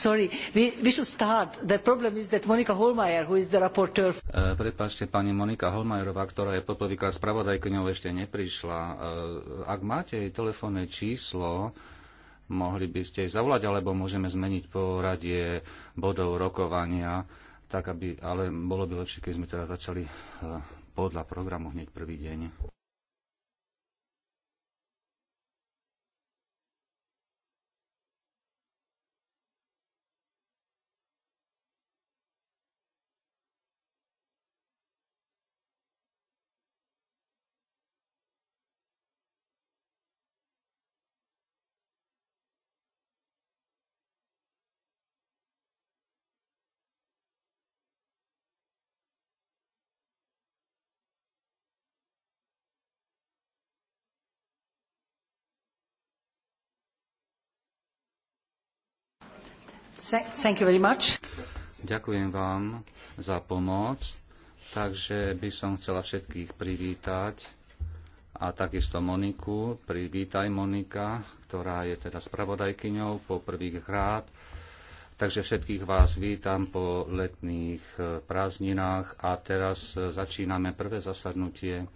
Sorry, we, we should start. The problem is that Monika who is the rapporteur... E, prepáčte, pani Monika Holmajerová, ktorá je poprvýkrát spravodajkňou, ešte neprišla. E, ak máte jej telefónne číslo, mohli by ste jej zavolať, alebo môžeme zmeniť poradie bodov rokovania, tak aby, ale bolo by lepšie, keď sme teda začali e, podľa programu hneď prvý deň. Thank you very much. Ďakujem vám za pomoc. Takže by som chcela všetkých privítať a takisto Moniku. Privítaj Monika, ktorá je teda spravodajkyňou po prvých hrát. Takže všetkých vás vítam po letných eh, prázdninách a teraz eh, začíname prvé zasadnutie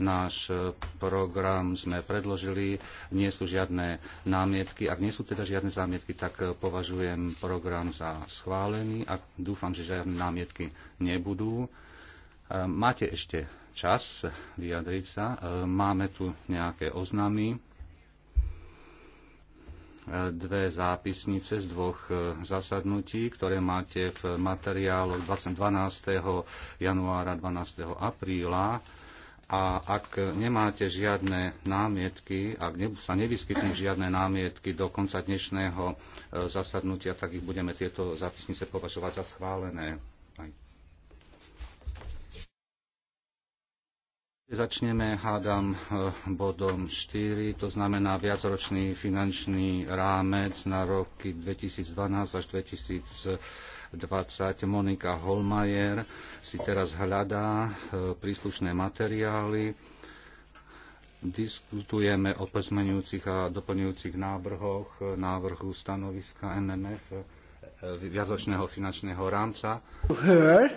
náš e, program sme predložili, nie sú žiadne námietky. Ak nie sú teda žiadne zámietky, tak e, považujem program za schválený a dúfam, že žiadne námietky nebudú. E, máte ešte čas vyjadriť sa. Máme tu nejaké oznamy dve zápisnice z dvoch zasadnutí, ktoré máte v materiáloch 12. januára, 12. apríla a ak nemáte žiadne námietky, ak sa nevyskytnú žiadne námietky do konca dnešného e, zasadnutia, tak ich budeme tieto zápisnice považovať za schválené. Začneme, hádam, e, bodom 4, to znamená viacročný finančný rámec na roky 2012 až 2020 20. Monika Holmajer si teraz hľadá e, príslušné materiály. Diskutujeme o pozmenujúcich a doplňujúcich návrhoch e, návrhu stanoviska MMF e, viazočného finančného rámca. Her.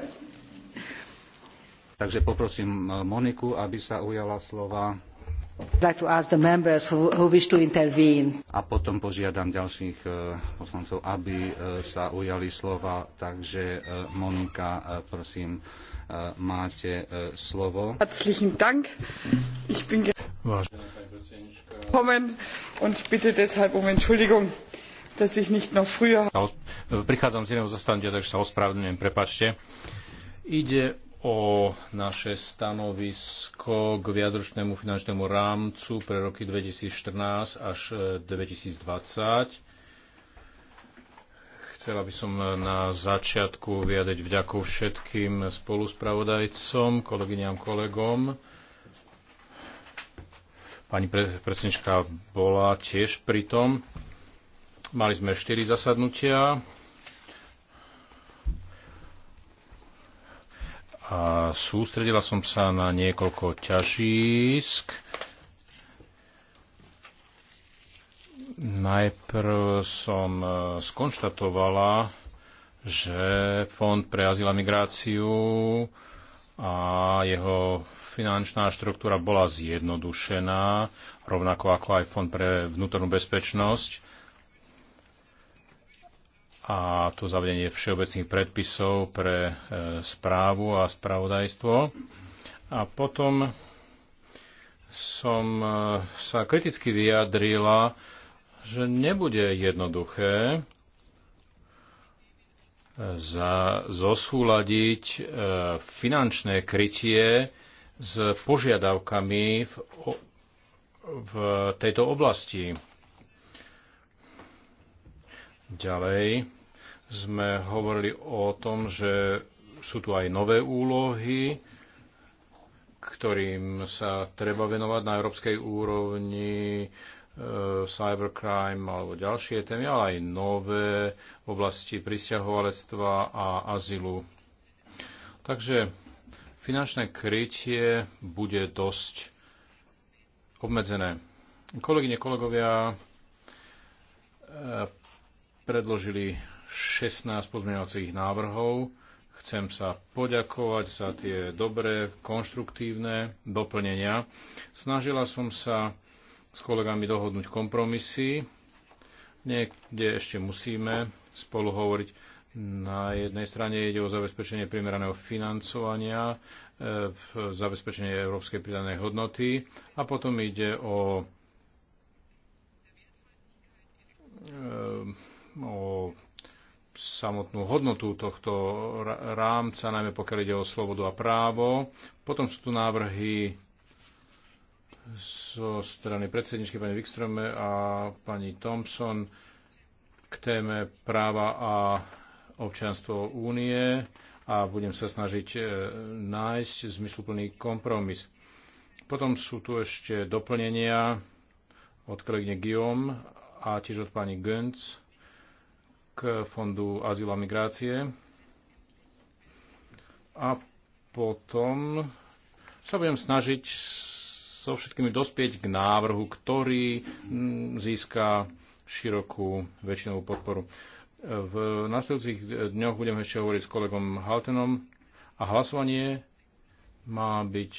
Takže poprosím Moniku, aby sa ujala slova. A potom požiadam ďalších eh, poslancov, aby eh, sa ujali slova. Takže eh, Monika, prosím, máte slovo. Herzlichen Dank. Ich bin gekommen und bitte deshalb um Entschuldigung. Dass ich nicht noch früher... Prichádzam z iného zastavenia, takže sa ospravedlňujem, prepačte. Ide o naše stanovisko k viadročnému finančnému rámcu pre roky 2014 až 2020. E, Chcela by som na začiatku vyjadriť vďaku všetkým spoluspravodajcom, kolegyňam, kolegom. Pani predsednička bola tiež pri tom. Mali sme štyri zasadnutia a sústredila som sa na niekoľko ťažísk. Najprv som e, skonštatovala, že Fond pre azyl a migráciu a jeho finančná štruktúra bola zjednodušená, rovnako ako aj Fond pre vnútornú bezpečnosť a to zavedenie všeobecných predpisov pre e, správu a spravodajstvo. A potom som e, sa kriticky vyjadrila, že nebude jednoduché e, za, zosúľadiť finančné krytie s požiadavkami v, v tejto oblasti Ďalej sme hovorili o tom, že sú tu aj nové úlohy, ktorým sa treba venovať na európskej úrovni, e, cybercrime alebo ďalšie témy, ale aj nové v oblasti prisťahovalectva a azylu. Takže finančné krytie bude dosť obmedzené. Kolegyne, kolegovia, e, predložili 16 pozmeňovacích návrhov. Chcem sa poďakovať za tie dobré, konštruktívne doplnenia. Snažila som sa s kolegami dohodnúť kompromisy. Niekde ešte musíme spolu hovoriť. Na jednej strane ide o zabezpečenie primeraného financovania, e, zabezpečenie európskej pridanej hodnoty a potom ide o e, o samotnú hodnotu tohto rámca, najmä pokiaľ ide o slobodu a právo. Potom sú tu návrhy zo strany predsedničky pani Wikströme a pani Thompson k téme práva a občianstvo únie a budem sa snažiť e, nájsť zmysluplný kompromis. Potom sú tu ešte doplnenia od kolegyne Guillaume a tiež od pani Gönc k Fondu azyl a migrácie. A potom sa budem snažiť so všetkými dospieť k návrhu, ktorý mm, získa širokú väčšinovú podporu. V nasledujúcich dňoch budem ešte hovoriť s kolegom Haltenom a hlasovanie má byť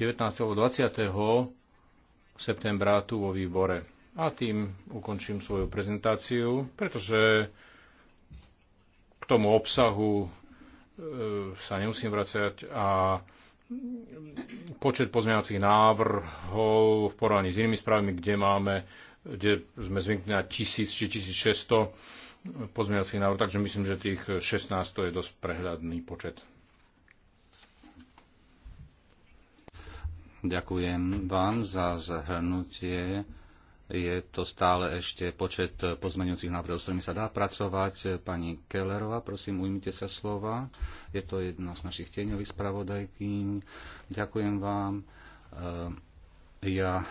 19. alebo 20. septembra tu vo výbore. A tým ukončím svoju prezentáciu, pretože k tomu obsahu e, sa nemusím vracať a počet pozmeňovacích návrhov v porovnaní s inými správami, kde máme, kde sme zvyknutí na 1000 či 1600 pozmeňovacích návrhov, takže myslím, že tých 16 to je dosť prehľadný počet. Ďakujem vám za zhrnutie je to stále ešte počet pozmeňujúcich návrhov, s ktorými sa dá pracovať. Pani Kellerová, prosím, ujmite sa slova. Je to jedna z našich tieňových spravodajkyň. Ďakujem vám. E, ja e,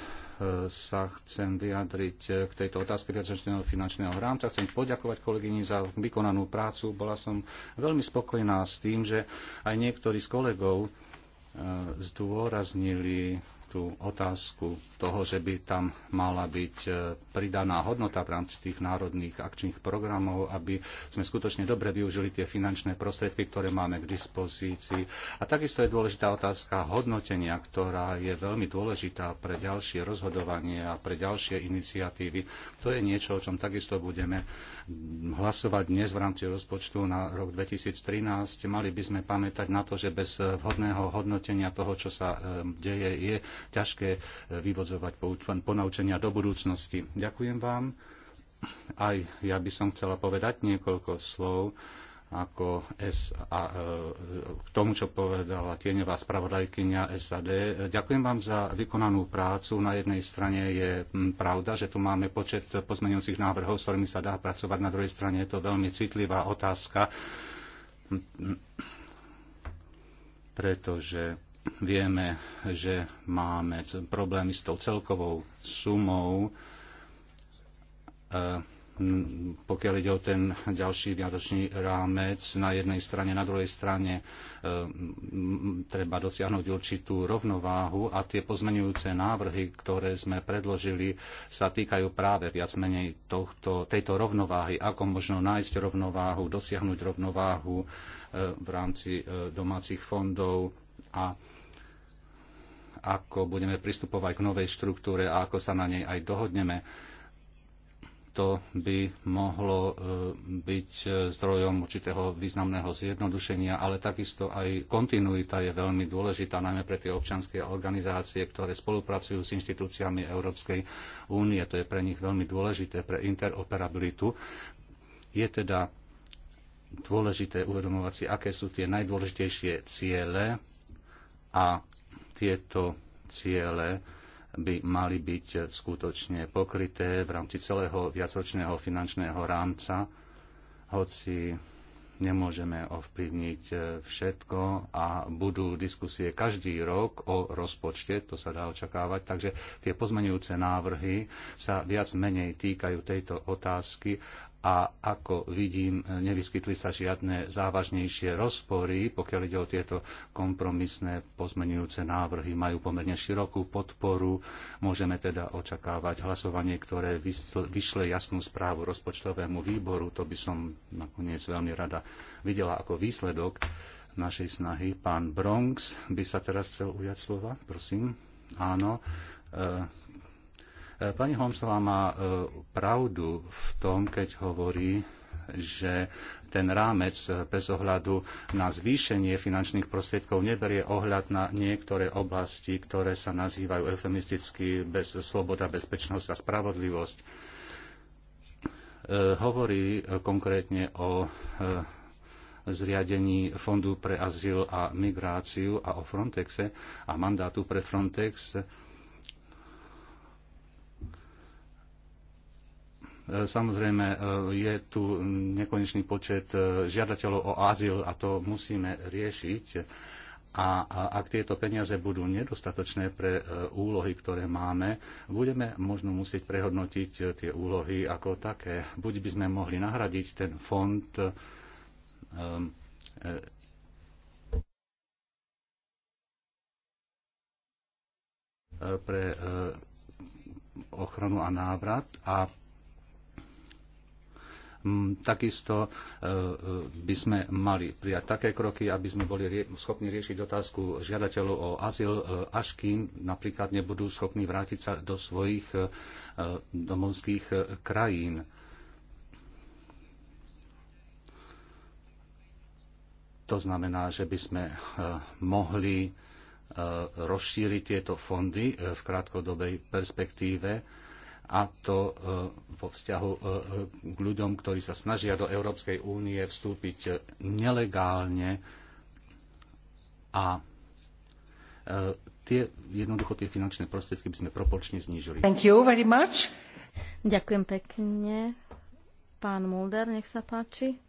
sa chcem vyjadriť k tejto otázke viacročného finančného rámca. Chcem poďakovať kolegyni za vykonanú prácu. Bola som veľmi spokojná s tým, že aj niektorí z kolegov e, zdôraznili tú otázku toho, že by tam mala byť e, pridaná hodnota v rámci tých národných akčných programov, aby sme skutočne dobre využili tie finančné prostriedky, ktoré máme k dispozícii. A takisto je dôležitá otázka hodnotenia, ktorá je veľmi dôležitá pre ďalšie rozhodovanie a pre ďalšie iniciatívy. To je niečo, o čom takisto budeme hlasovať dnes v rámci rozpočtu na rok 2013, mali by sme pamätať na to, že bez eh, vhodného hodnotenia toho, čo sa eh, deje, je ťažké eh, vyvodzovať ponaučenia do budúcnosti. Ďakujem vám. Aj ja by som chcela povedať niekoľko slov ako SA, e, k tomu, čo povedala tieňová spravodajkynia SAD. Ďakujem vám za vykonanú prácu. Na jednej strane je pravda, že tu máme počet pozmeňujúcich návrhov, s ktorými sa dá pracovať. Na druhej strane je to veľmi citlivá otázka, pretože vieme, že máme problémy s tou celkovou sumou e, Mm, pokiaľ ide o ten ďalší vianočný rámec, na jednej strane, na druhej strane e, treba dosiahnuť určitú rovnováhu a tie pozmenujúce návrhy, ktoré sme predložili, sa týkajú práve viac menej tohto, tejto rovnováhy, ako možno nájsť rovnováhu, dosiahnuť rovnováhu e, v rámci e, domácich fondov a ako budeme pristupovať k novej štruktúre a ako sa na nej aj dohodneme to by mohlo e, byť e, zdrojom určitého významného zjednodušenia, ale takisto aj kontinuita je veľmi dôležitá, najmä pre tie občanské organizácie, ktoré spolupracujú s inštitúciami Európskej únie. To je pre nich veľmi dôležité pre interoperabilitu. Je teda dôležité uvedomovať si, aké sú tie najdôležitejšie ciele a tieto ciele by mali byť skutočne pokryté v rámci celého viacročného finančného rámca, hoci nemôžeme ovplyvniť e, všetko a budú diskusie každý rok o rozpočte, to sa dá očakávať, takže tie pozmenujúce návrhy sa viac menej týkajú tejto otázky a ako vidím, nevyskytli sa žiadne závažnejšie rozpory, pokiaľ ide o tieto kompromisné pozmenujúce návrhy, majú pomerne širokú podporu. Môžeme teda očakávať hlasovanie, ktoré vyšle jasnú správu rozpočtovému výboru. To by som nakoniec veľmi rada videla ako výsledok našej snahy. Pán Bronx by sa teraz chcel ujať slova, prosím. Áno, e, E, pani Homsová má e, pravdu v tom, keď hovorí, že ten rámec e, bez ohľadu na zvýšenie finančných prostriedkov neberie ohľad na niektoré oblasti, ktoré sa nazývajú eufemisticky bez sloboda, bezpečnosť a spravodlivosť. Hovorí konkrétne o zriadení Fondu pre azyl a migráciu a o Frontexe a mandátu pre Frontex E, samozrejme, e, je tu nekonečný počet e, žiadateľov o azyl a to musíme riešiť. A ak tieto peniaze budú nedostatočné pre úlohy, ktoré máme, budeme možno musieť prehodnotiť tie úlohy ako také. Buď by sme mohli nahradiť ten fond pre ochranu a návrat a Mm, takisto e, e, by sme mali prijať také kroky, aby sme boli schopní riešiť otázku žiadateľov o azyl, e, až kým napríklad nebudú schopní vrátiť sa do svojich domovských krajín. To znamená, že by sme mohli rozšíriť tieto fondy v krátkodobej perspektíve a to e, vo vzťahu e, k ľuďom, ktorí sa snažia do Európskej únie vstúpiť e, nelegálne a tie, jednoducho tie finančné prostriedky by sme proporčne znížili. Thank you very much. Ďakujem pekne. Pán Mulder, nech sa páči.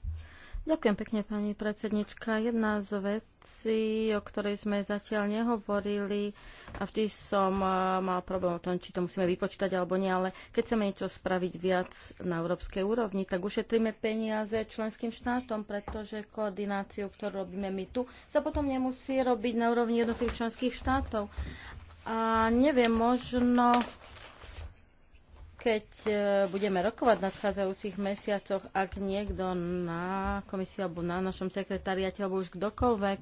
Ďakujem pekne, pani predsednička. Jedna z vecí, o ktorej sme zatiaľ nehovorili, a vždy som eh, mal problém o tom, či to musíme vypočítať alebo nie, ale keď chceme niečo spraviť viac na európskej úrovni, tak ušetríme peniaze členským štátom, pretože koordináciu, ktorú robíme my tu, sa potom nemusí robiť na úrovni jednotlivých členských štátov. A neviem, možno keď e, budeme rokovať v nadchádzajúcich mesiacoch, ak niekto na komisii alebo na našom sekretariate alebo už kdokoľvek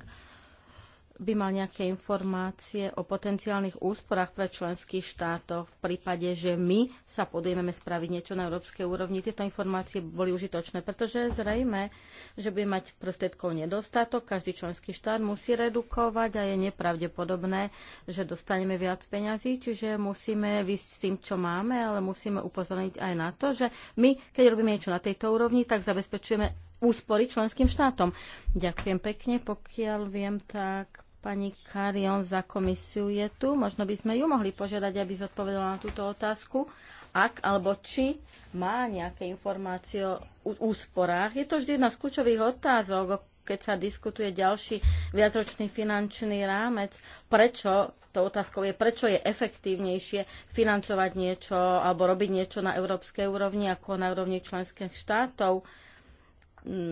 by mal nejaké informácie o potenciálnych úsporách pre členských štátov v prípade, že my sa podujeme spraviť niečo na európskej úrovni. Tieto informácie boli užitočné, pretože zrejme, že bude mať prostriedkov nedostatok, každý členský štát musí redukovať a je nepravdepodobné, že dostaneme viac peňazí, čiže musíme vysť s tým, čo máme, ale musíme upozorniť aj na to, že my, keď robíme niečo na tejto úrovni, tak zabezpečujeme úspory členským štátom. Ďakujem pekne, pokiaľ viem, tak Pani Karion za komisiu je tu. Možno by sme ju mohli požiadať, aby zodpovedala na túto otázku. Ak alebo či má nejaké informácie o úsporách. Je to vždy jedna z kľúčových otázok, keď sa diskutuje ďalší viacročný finančný rámec. Prečo, to otázkou je, prečo je efektívnejšie financovať niečo alebo robiť niečo na európskej úrovni ako na úrovni členských štátov?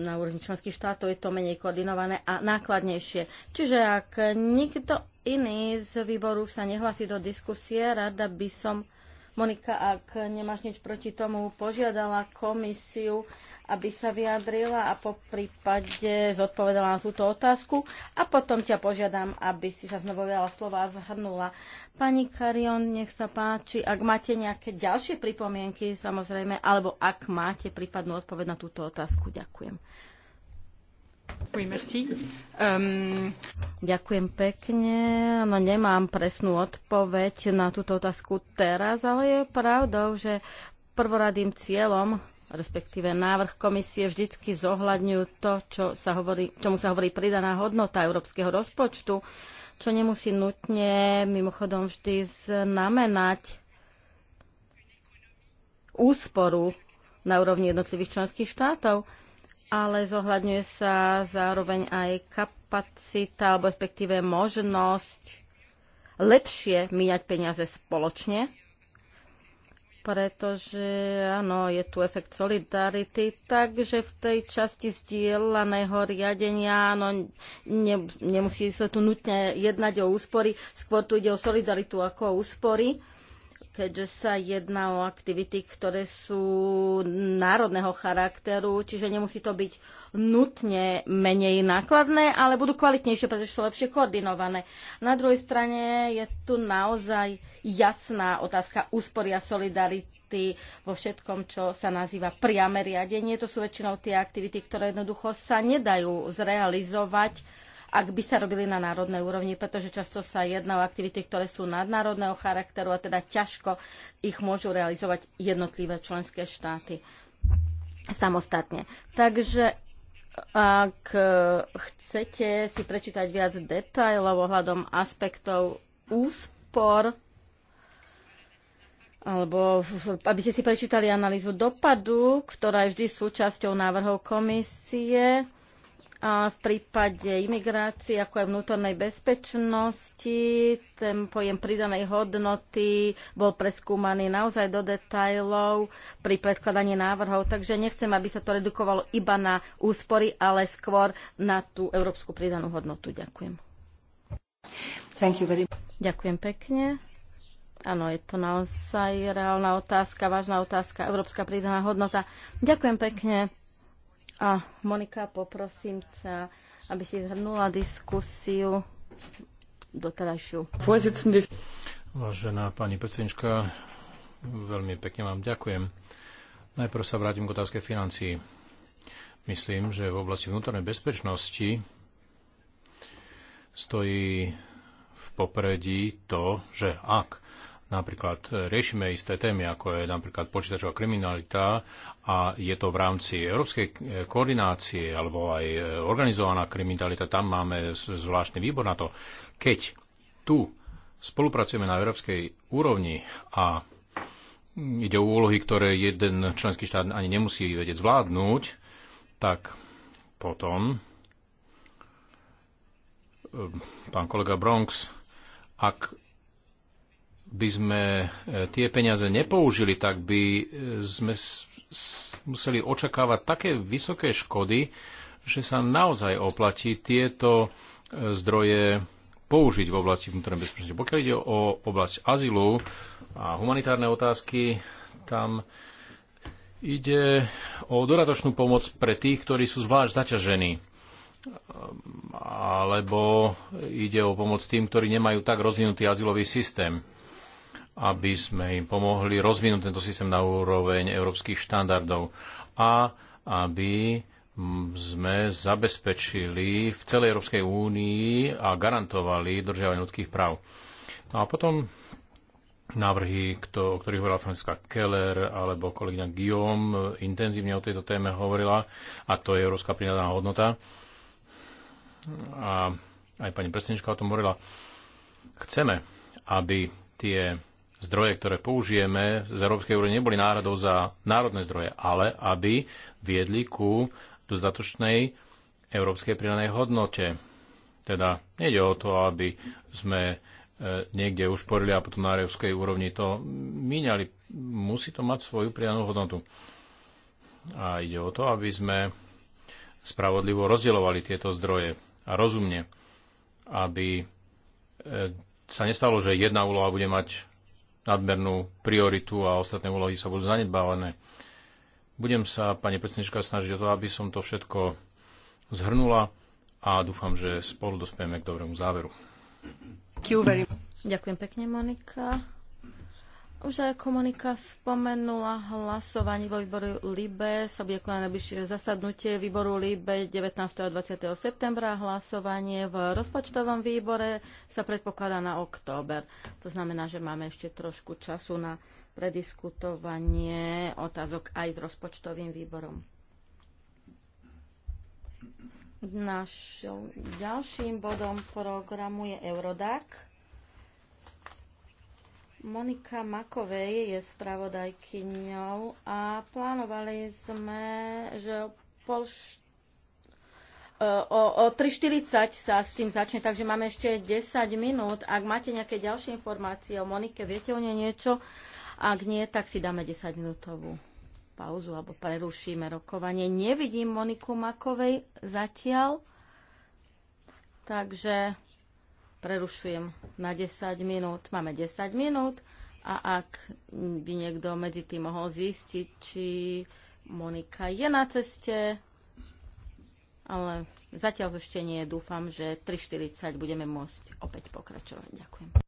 na úrovni členských štátov je to menej koordinované a nákladnejšie. Čiže ak nikto iný z výboru sa nehlasí do diskusie, rada by som Monika, ak nemáš nič proti tomu, požiadala komisiu, aby sa vyjadrila a po prípade zodpovedala na túto otázku a potom ťa požiadam, aby si sa znovu vyjala slova a zhrnula. Pani Karion, nech sa páči, ak máte nejaké ďalšie pripomienky, samozrejme, alebo ak máte prípadnú odpoveď na túto otázku, ďakujem. Um, Ďakujem pekne. No nemám presnú odpoveď na túto otázku teraz, ale je pravdou, že prvoradým cieľom respektíve návrh komisie vždycky zohľadňujú to, čo sa hovorí, čomu sa hovorí pridaná hodnota európskeho rozpočtu, čo nemusí nutne mimochodom vždy znamenať úsporu na úrovni jednotlivých členských štátov ale zohľadňuje sa zároveň aj kapacita, alebo respektíve možnosť lepšie míňať peniaze spoločne, pretože áno, je tu efekt solidarity, takže v tej časti zdieľaného riadenia áno, ne, nemusí sa tu nutne jednať o úspory, skôr tu ide o solidaritu ako o úspory keďže sa jedná o aktivity, ktoré sú národného charakteru, čiže nemusí to byť nutne menej nákladné, ale budú kvalitnejšie, pretože sú lepšie koordinované. Na druhej strane je tu naozaj jasná otázka úspory a solidarity vo všetkom, čo sa nazýva priame riadenie. To sú väčšinou tie aktivity, ktoré jednoducho sa nedajú zrealizovať ak by sa robili na národnej úrovni, pretože často sa jedná o aktivity, ktoré sú nadnárodného charakteru a teda ťažko ich môžu realizovať jednotlivé členské štáty samostatne. Takže ak chcete si prečítať viac detajlov ohľadom aspektov úspor, alebo aby ste si prečítali analýzu dopadu, ktorá je vždy súčasťou návrhov komisie, v prípade imigrácie, ako aj vnútornej bezpečnosti, ten pojem pridanej hodnoty bol preskúmaný naozaj do detajlov pri predkladaní návrhov, takže nechcem, aby sa to redukovalo iba na úspory, ale skôr na tú európsku pridanú hodnotu. Ďakujem. Ďakujem pekne. Áno, je to naozaj reálna otázka, vážna otázka, európska pridaná hodnota. Ďakujem pekne a Monika, poprosím ťa, aby si zhrnula diskusiu doterajšiu. Vážená pani predsednička, veľmi pekne vám ďakujem. Najprv sa vrátim k otázke financií. Myslím, že v oblasti vnútornej bezpečnosti stojí v popredí to, že ak Napríklad e, riešime isté témy, ako je napríklad počítačová kriminalita a je to v rámci európskej e, koordinácie alebo aj e, organizovaná kriminalita, tam máme zvláštny výbor na to. Keď tu spolupracujeme na európskej úrovni a ide o úlohy, ktoré jeden členský štát ani nemusí vedieť zvládnuť, tak potom pán kolega Bronx, ak by sme e, tie peniaze nepoužili, tak by e, sme museli očakávať také vysoké škody, že sa naozaj oplatí tieto e, zdroje použiť v oblasti vnútornej bezpečnosti. Pokiaľ ide o oblasť azylu a humanitárne otázky, tam ide o dodatočnú pomoc pre tých, ktorí sú zvlášť zaťažení alebo ide o pomoc tým, ktorí nemajú tak rozvinutý azylový systém aby sme im pomohli rozvinúť tento systém na úroveň európskych štandardov a aby mm, sme zabezpečili v celej Európskej únii a garantovali dodržiavanie ľudských práv. No a potom návrhy, kto, o ktorých hovorila Franciska Keller alebo kolegyňa Guillaume, intenzívne o tejto téme hovorila a to je európska prinadaná hodnota. A aj pani predsednička o tom hovorila. Chceme, aby tie zdroje, ktoré použijeme z Európskej únie, neboli náhradou za národné zdroje, ale aby viedli ku dodatočnej európskej pridanej hodnote. Teda nejde o to, aby sme e, niekde ušporili a potom na európskej úrovni to míňali. Musí to mať svoju pridanú hodnotu. A ide o to, aby sme spravodlivo rozdielovali tieto zdroje a rozumne, aby e, sa nestalo, že jedna úloha bude mať nadmernú prioritu a ostatné úlohy sa budú zanedbávané. Budem sa, pani predsednička, snažiť o to, aby som to všetko zhrnula a dúfam, že spolu dospieme k dobrému záveru. Ďakujem pekne, Monika. Už aj komunika spomenula hlasovanie vo výboru LIBE, sa bude konať najbližšie zasadnutie výboru LIBE 19. a 20. septembra. a Hlasovanie v rozpočtovom výbore sa predpokladá na október. To znamená, že máme ešte trošku času na prediskutovanie otázok aj s rozpočtovým výborom. Našou ďalším bodom programu je Eurodac Monika Makovej je spravodajkyňou a plánovali sme, že o pol št... E, o, o 3.40 sa s tým začne, takže máme ešte 10 minút. Ak máte nejaké ďalšie informácie o Monike, viete o nej niečo? Ak nie, tak si dáme 10-minútovú pauzu alebo prerušíme rokovanie. Nevidím Moniku Makovej zatiaľ, takže prerušujem na 10 minút. Máme 10 minút a ak by niekto medzi tým mohol zistiť, či Monika je na ceste, ale zatiaľ ešte nie. Dúfam, že 3.40 budeme môcť opäť pokračovať. Ďakujem.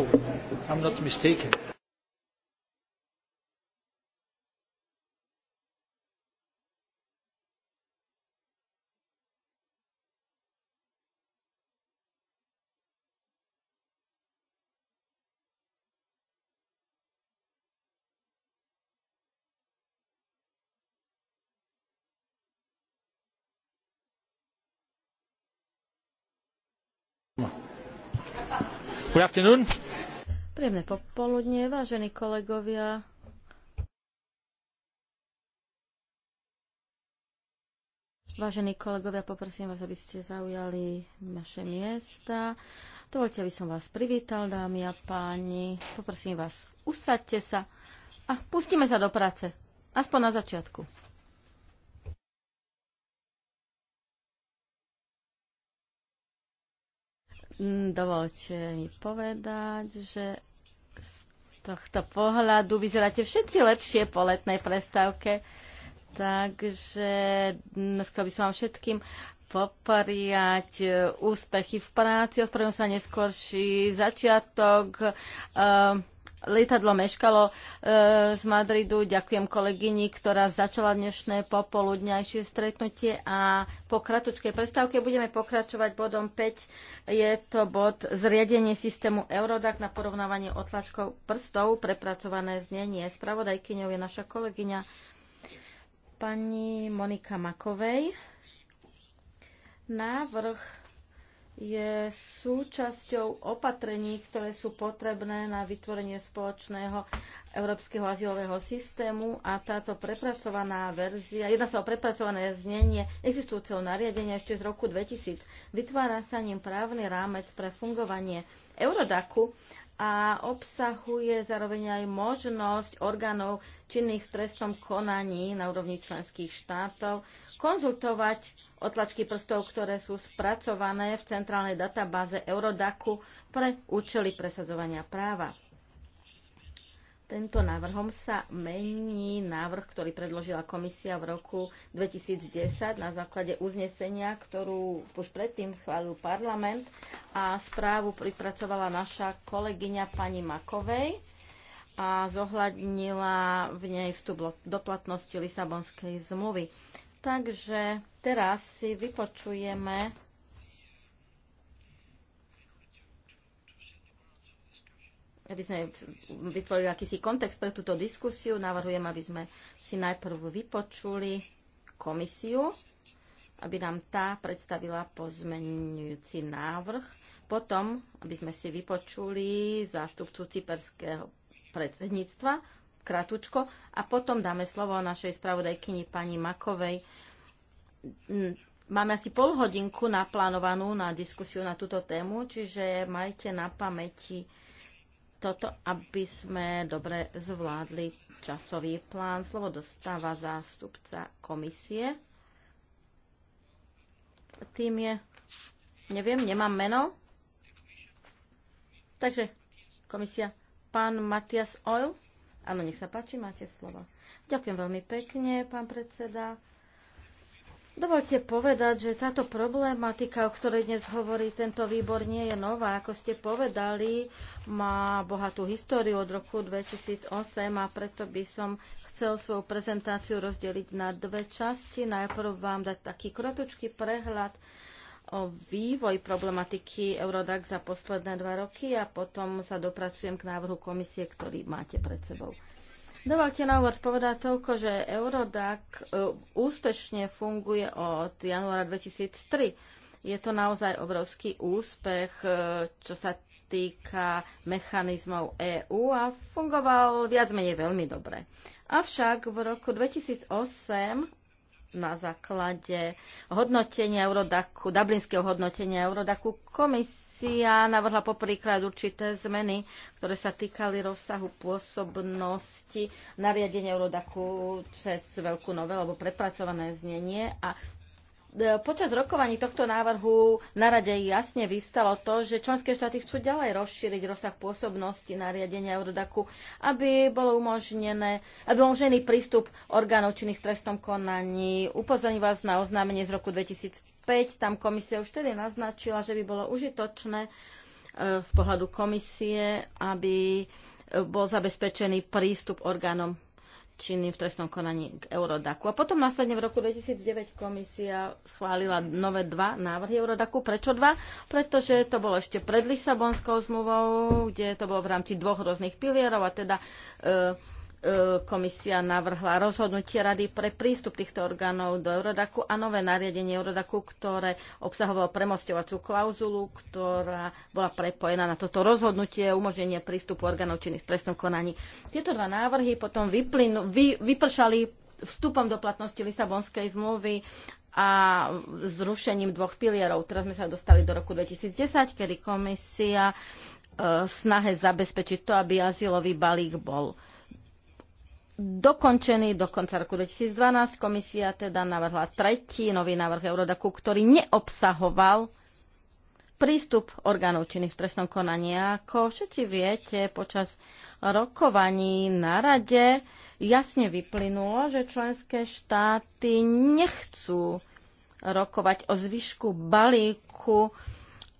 so, if I'm not mistaken. No. Good afternoon. Príjemné popoludne, vážení kolegovia. Vážení kolegovia, poprosím vás, aby ste zaujali naše miesta. Dovolte, aby som vás privítal, dámy a páni. Poprosím vás, usaďte sa a pustíme sa do práce. Aspoň na začiatku. Mm, dovolte mi povedať, že z tohto pohľadu vyzeráte všetci lepšie po letnej prestávke. Takže mm, chcel by som vám všetkým popriať e, úspechy v práci, ospravedlňujem sa neskôrší začiatok. Uh, lietadlo meškalo e, z Madridu. Ďakujem kolegyni, ktorá začala dnešné popoludňajšie stretnutie a po kratučkej prestávke budeme pokračovať bodom 5. Je to bod zriadenie systému Eurodac na porovnávanie otlačkov prstov, prepracované znenie. Spravodajkyňou je naša kolegyňa pani Monika Makovej. Návrh je súčasťou opatrení, ktoré sú potrebné na vytvorenie spoločného európskeho azylového systému a táto prepracovaná verzia, jedna sa o prepracované znenie existujúceho nariadenia ešte z roku 2000, vytvára sa ním právny rámec pre fungovanie Eurodaku a obsahuje zároveň aj možnosť orgánov činných v trestnom konaní na úrovni členských štátov konzultovať otlačky prstov, ktoré sú spracované v centrálnej databáze Eurodacu pre účely presadzovania práva. Tento návrhom sa mení návrh, ktorý predložila komisia v roku 2010 na základe uznesenia, ktorú už predtým chválil parlament a správu pripracovala naša kolegyňa pani Makovej a zohľadnila v nej vstup do platnosti Lisabonskej zmluvy. Takže Teraz si vypočujeme aby sme vytvorili akýsi kontext pre túto diskusiu. Navrhujem, aby sme si najprv vypočuli komisiu, aby nám tá predstavila pozmenujúci návrh. Potom, aby sme si vypočuli zástupcu cyperského predsedníctva, kratučko, a potom dáme slovo našej spravodajkyni pani Makovej, Mm, máme asi pol hodinku naplánovanú na diskusiu na túto tému, čiže majte na pamäti toto, aby sme dobre zvládli časový plán. Slovo dostáva zástupca komisie. Tým je, neviem, nemám meno. Takže, komisia, pán Matias Oil. Áno, nech sa páči, máte slovo. Ďakujem veľmi pekne, pán predseda. Dovolte povedať, že táto problematika, o ktorej dnes hovorí tento výbor, nie je nová. Ako ste povedali, má bohatú históriu od roku 2008 a preto by som chcel svoju prezentáciu rozdeliť na dve časti. Najprv vám dať taký krotočký prehľad o vývoj problematiky Eurodax za posledné dva roky a potom sa dopracujem k návrhu komisie, ktorý máte pred sebou. Dovolte na úvod povedať toľko, že Eurodac e, úspešne funguje od januára 2003. Je to naozaj obrovský úspech, e, čo sa týka mechanizmov EÚ a fungoval viac menej veľmi dobre. Avšak v roku 2008 na základe hodnotenia Eurodaku, dublinského hodnotenia Eurodaku, komisie Komisia navrhla poprýklad určité zmeny, ktoré sa týkali rozsahu pôsobnosti nariadenia Eurodaku cez veľkú novelu alebo prepracované znenie a e, Počas rokovaní tohto návrhu na rade jasne vyvstalo to, že členské štáty chcú ďalej rozšíriť rozsah pôsobnosti nariadenia Eurodaku, aby bolo umožnené, aby bol umožnený prístup orgánov činných trestom konaní. Upozorním vás na oznámenie z roku 2005 tam komisia už tedy naznačila, že by bolo užitočné e, z pohľadu komisie, aby e, bol zabezpečený prístup orgánom činným v trestnom konaní k Eurodaku. A potom následne v roku 2009 komisia schválila nové dva návrhy Eurodaku. Prečo dva? Pretože to bolo ešte pred Lisabonskou zmluvou, kde to bolo v rámci dvoch rôznych pilierov a teda e, E, komisia navrhla rozhodnutie Rady pre prístup týchto orgánov do Eurodaku a nové nariadenie Eurodaku, ktoré obsahovalo premostovaciu klauzulu, ktorá bola prepojená na toto rozhodnutie umožnenie prístupu orgánov činných v trestnom konaní. Tieto dva návrhy potom vyplynu, vy, vypršali vstupom do platnosti Lisabonskej zmluvy a zrušením dvoch pilierov. Teraz sme sa dostali do roku 2010, kedy komisia e, snahe zabezpečiť to, aby azylový balík bol dokončený do konca roku 2012. Komisia teda navrhla tretí nový návrh Eurodaku, ktorý neobsahoval prístup orgánov činných v trestnom konaní. Ako všetci viete, počas rokovaní na rade jasne vyplynulo, že členské štáty nechcú rokovať o zvyšku balíku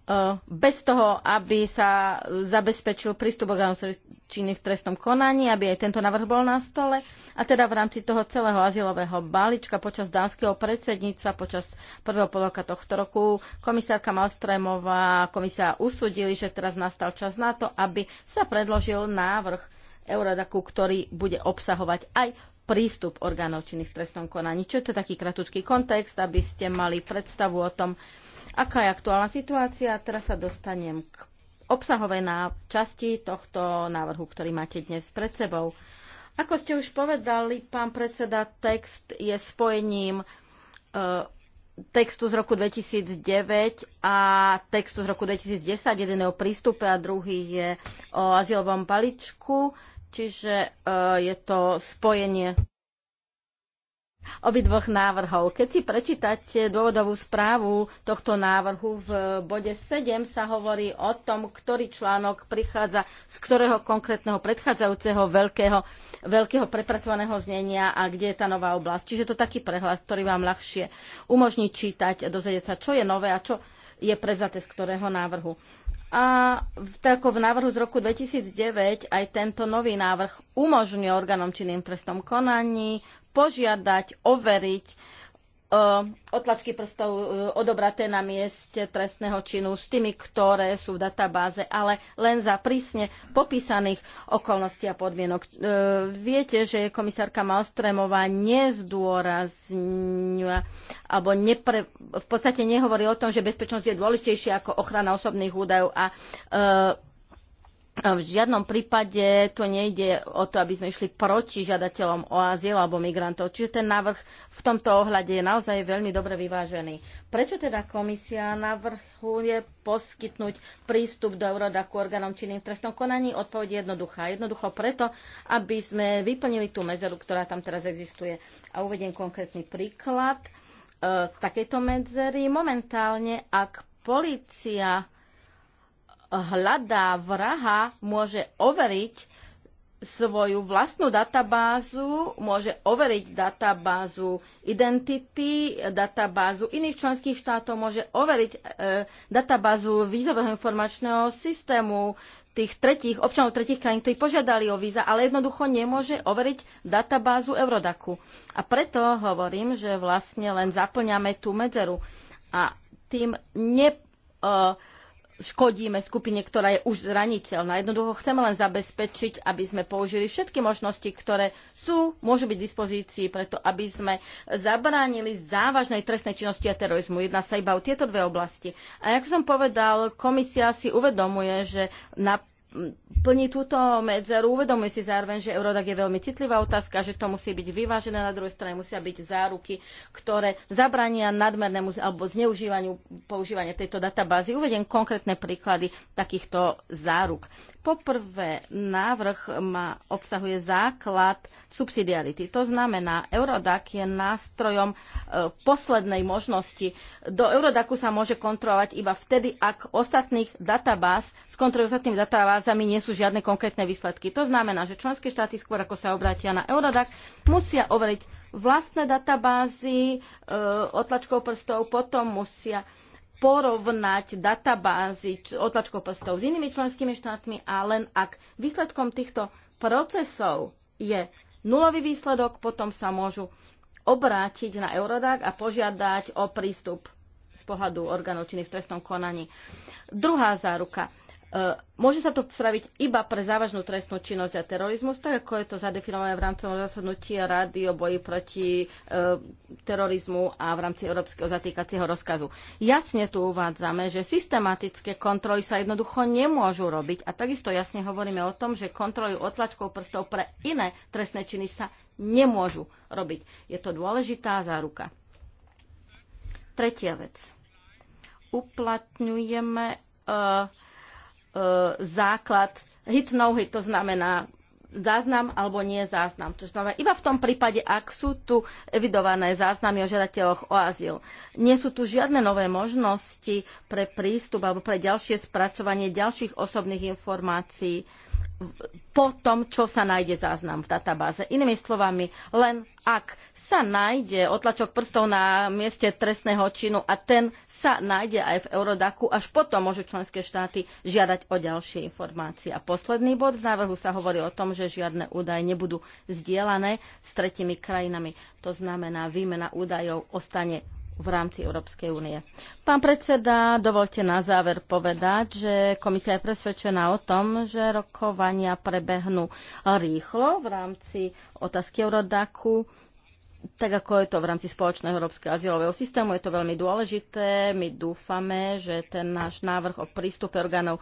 Eh, bez toho, aby sa zabezpečil prístup orgánov činných v trestnom konaní, aby aj tento návrh bol na stole. A teda v rámci toho celého azylového balíčka počas dánskeho predsedníctva, počas prvého poloka tohto roku, komisárka Malstrémová a komisia usúdili, že teraz nastal čas na to, aby sa predložil návrh Eurodaku, ktorý bude obsahovať aj prístup orgánov činných v trestnom konaní. Čo je to taký kratučký kontext, aby ste mali predstavu o tom, Aká je aktuálna situácia? Teraz sa dostanem k obsahovej časti tohto návrhu, ktorý máte dnes pred sebou. Ako ste už povedali, pán predseda, text je spojením e, textu z roku 2009 a textu z roku 2010. Jeden je o prístupe a druhý je o azylovom paličku, čiže e, je to spojenie obidvoch návrhov. Keď si prečítate dôvodovú správu tohto návrhu, v bode 7 sa hovorí o tom, ktorý článok prichádza z ktorého konkrétneho predchádzajúceho veľkého, veľkého prepracovaného znenia a kde je tá nová oblasť. Čiže to taký prehľad, ktorý vám ľahšie umožní čítať a dozvedieť sa, čo je nové a čo je prezaté z ktorého návrhu. A v, tak v návrhu z roku 2009 aj tento nový návrh umožňuje orgánom činným trestom konaní požiadať, overiť e, otlačky prstov e, odobraté na mieste trestného činu s tými, ktoré sú v databáze, ale len za prísne popísaných okolností a podmienok. E, viete, že komisárka Malstremová nezdôrazňuje alebo nepre, v podstate nehovorí o tom, že bezpečnosť je dôležitejšia ako ochrana osobných údajov a v žiadnom prípade to nejde o to, aby sme išli proti žiadateľom o azyl alebo migrantov. Čiže ten návrh v tomto ohľade je naozaj veľmi dobre vyvážený. Prečo teda komisia navrhuje poskytnúť prístup do Eurodaku orgánom činným v trestnom konaní? Odpoveď je jednoduchá. Jednoducho preto, aby sme vyplnili tú medzeru, ktorá tam teraz existuje. A uvediem konkrétny príklad e, takejto medzery. Momentálne, ak policia hľadá vraha, môže overiť svoju vlastnú databázu, môže overiť databázu identity, databázu iných členských štátov, môže overiť e, databázu vízového informačného systému tých tretích, občanov tretich krajín, ktorí požiadali o víza, ale jednoducho nemôže overiť databázu Eurodaku. A preto hovorím, že vlastne len zaplňame tú medzeru. A tým ne, e, škodíme skupine, ktorá je už zraniteľná. Jednoducho chceme len zabezpečiť, aby sme použili všetky možnosti, ktoré sú, môžu byť v dispozícii, preto aby sme zabránili závažnej trestnej činnosti a terorizmu. Jedná sa iba o tieto dve oblasti. A jak som povedal, komisia si uvedomuje, že na plní túto medzeru. Uvedomuje si zároveň, že Eurodac je veľmi citlivá otázka, že to musí byť vyvážené, na druhej strane musia byť záruky, ktoré zabrania nadmernému alebo zneužívaniu používania tejto databázy. Uvediem konkrétne príklady takýchto záruk. Poprvé, návrh má, obsahuje základ subsidiarity. To znamená, Eurodac je nástrojom e, poslednej možnosti. Do Eurodacu sa môže kontrolovať iba vtedy, ak ostatných databáz s kontrolou databázami nie sú žiadne konkrétne výsledky. To znamená, že členské štáty skôr ako sa obrátia na Eurodac, musia overiť vlastné databázy e, otlačkou prstov, potom musia porovnať databázy otlačkov prstov s inými členskými štátmi a len ak výsledkom týchto procesov je nulový výsledok, potom sa môžu obrátiť na Eurodac a požiadať o prístup z pohľadu orgánov činy v trestnom konaní. Druhá záruka. E, môže sa to spraviť iba pre závažnú trestnú činnosť a terorizmus, tak ako je to zadefinované v rámci rozhodnutí Rady o boji proti e, terorizmu a v rámci Európskeho zatýkacieho rozkazu. Jasne tu uvádzame, že systematické kontroly sa jednoducho nemôžu robiť a takisto jasne hovoríme o tom, že kontroly otlačkou prstov pre iné trestné činy sa nemôžu robiť. Je to dôležitá záruka. Tretia vec. Uplatňujeme e, E, základ hit no hit, to znamená záznam alebo nie záznam. To znamená, iba v tom prípade, ak sú tu evidované záznamy o žiadateľoch o azyl. Nie sú tu žiadne nové možnosti pre prístup alebo pre ďalšie spracovanie ďalších osobných informácií po tom, čo sa nájde záznam v databáze. Inými slovami, len ak sa nájde otlačok prstov na mieste trestného činu a ten sa nájde aj v Eurodaku, až potom môžu členské štáty žiadať o ďalšie informácie. A posledný bod v návrhu sa hovorí o tom, že žiadne údaje nebudú zdieľané s tretimi krajinami. To znamená, výmena údajov ostane v rámci Európskej únie. Pán predseda, dovolte na záver povedať, že komisia je presvedčená o tom, že rokovania prebehnú rýchlo v rámci otázky Eurodaku tak ako je to v rámci spoločného európskeho azylového systému, je to veľmi dôležité. My dúfame, že ten náš návrh o prístupe orgánov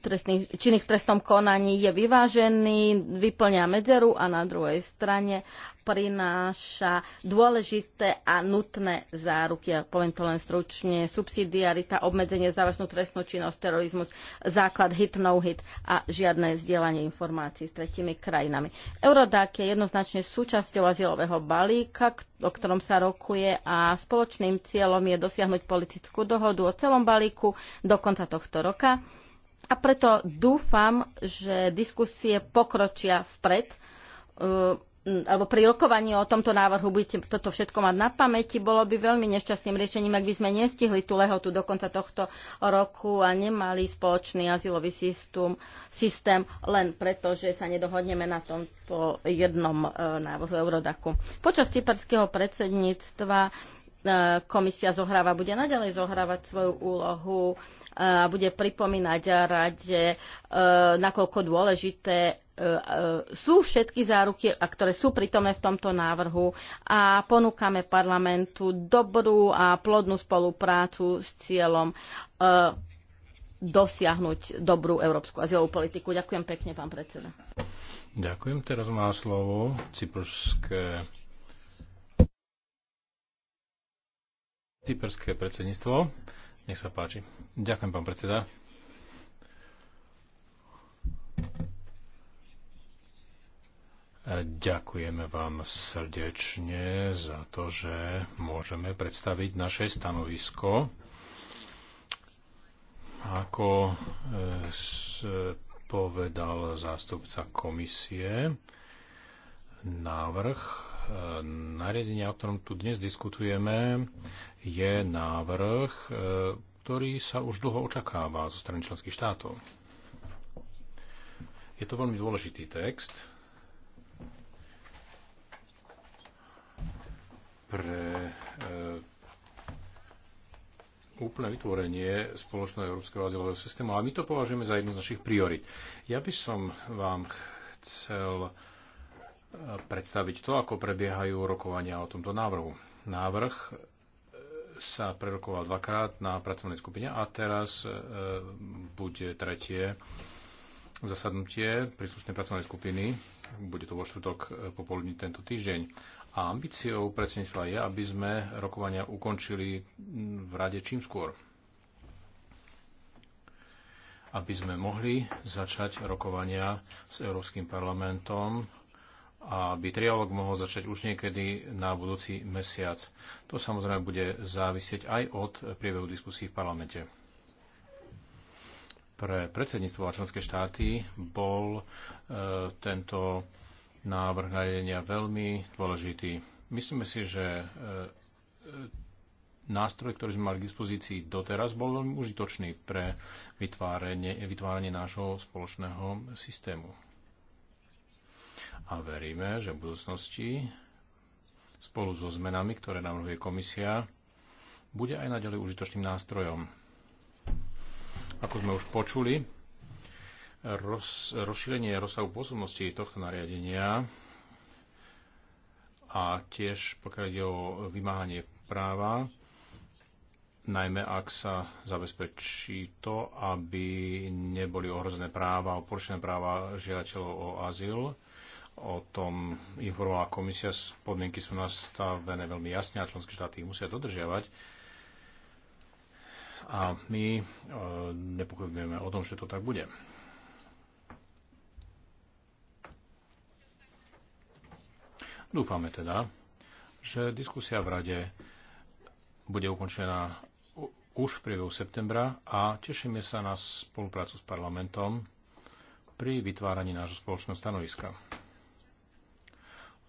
trestných, činných v trestnom konaní je vyvážený, vyplňa medzeru a na druhej strane prináša dôležité a nutné záruky. Ja poviem to len stručne. Subsidiarita, obmedzenie závažnú trestnú činnosť, terorizmus, základ hit, no hit a žiadne zdieľanie informácií s tretimi krajinami. Eurodák je jednoznačne súčasťou azylového balíka, o ktorom sa rokuje a spoločným cieľom je dosiahnuť politickú dohodu o celom balíku do konca tohto roka. A preto dúfam, že diskusie pokročia vpred ehm, alebo pri rokovaní o tomto návrhu budete toto všetko mať na pamäti. Bolo by veľmi nešťastným riešením, ak by sme nestihli tú lehotu do konca tohto roku a nemali spoločný azylový systém, systém len preto, že sa nedohodneme na tom po jednom e, návrhu Eurodaku. Počas cyperského predsedníctva e, komisia zohráva, bude naďalej zohrávať svoju úlohu e, a bude pripomínať rade, nakoľko dôležité E, sú všetky záruky, a ktoré sú pritomné v tomto návrhu a ponúkame parlamentu dobrú a plodnú spoluprácu s cieľom e, dosiahnuť dobrú európsku azylovú politiku. Ďakujem pekne, pán predseda. Ďakujem. Teraz má slovo cyperské cyperské predsedníctvo. Nech sa páči. Ďakujem, pán predseda. Ďakujeme vám srdečne za to, že môžeme predstaviť naše stanovisko. Ako e, povedal zástupca komisie, návrh e, nariadenia, o ktorom tu dnes diskutujeme, je návrh, e, ktorý sa už dlho očakáva zo strany členských štátov. Je to veľmi dôležitý text, pre e, úplné vytvorenie spoločného európskeho azylového systému, ale my to považujeme za jednu z našich priorit. Ja by som vám chcel e, predstaviť to, ako prebiehajú rokovania o tomto návrhu. Návrh e, sa prerokoval dvakrát na pracovnej skupine a teraz bude tretie zasadnutie príslušnej pracovnej skupiny. Bude to vo štvrtok popoludní tento týždeň. A ambíciou predsedníctva je, aby sme rokovania ukončili v rade čím skôr. Aby sme mohli začať rokovania s Európskym parlamentom a aby trialog mohol začať už niekedy na budúci mesiac. To samozrejme bude závisieť aj od priebehu diskusí v parlamente. Pre predsedníctvo a členské štáty bol e, tento návrh nariadenia veľmi dôležitý. Myslíme si, že e, e, nástroj, ktorý sme mali k dispozícii doteraz, bol veľmi užitočný pre vytváranie, vytváranie nášho spoločného systému. A veríme, že v budúcnosti spolu so zmenami, ktoré navrhuje komisia, bude aj naďalej užitočným nástrojom. Ako sme už počuli, roz, rozšírenie rozsahu pôsobnosti tohto nariadenia a tiež pokiaľ ide o vymáhanie práva, najmä ak sa zabezpečí to, aby neboli ohrozené práva, oporčené práva žiadateľov o azyl. O tom informovala komisia, podmienky sú nastavené veľmi jasne a členské štáty ich musia dodržiavať. A my e, nepochybujeme o tom, že to tak bude. Dúfame teda, že diskusia v rade bude ukončená už v priebehu septembra a tešíme sa na spoluprácu s parlamentom pri vytváraní nášho spoločného stanoviska.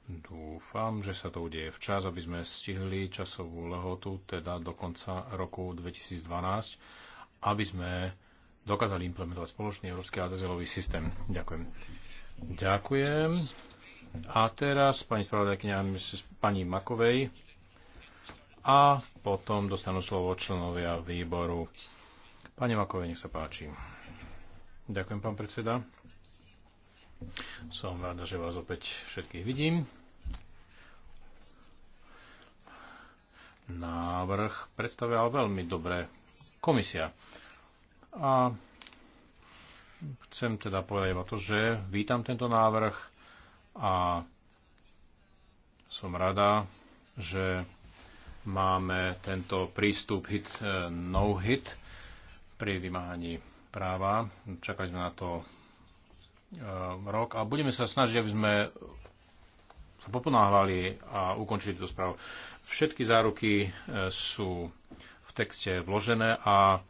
Dúfam, že sa to udeje včas, aby sme stihli časovú lehotu, teda do konca roku 2012, aby sme dokázali implementovať spoločný európsky adezelový systém. Ďakujem. Ďakujem. A teraz pani spravodajkyňa pani Makovej a potom dostanú slovo členovia výboru. Pani Makovej, nech sa páči. Ďakujem, pán predseda. Som rada, že vás opäť všetkých vidím. Návrh predstavila veľmi dobre komisia. A chcem teda povedať iba to, že vítam tento návrh a som rada, že máme tento prístup hit, eh, no hit pri vymáhaní práva. Čakali sme na to eh, rok a budeme sa snažiť, aby sme sa poponáhľali a ukončili túto správu. Všetky záruky eh, sú v texte vložené a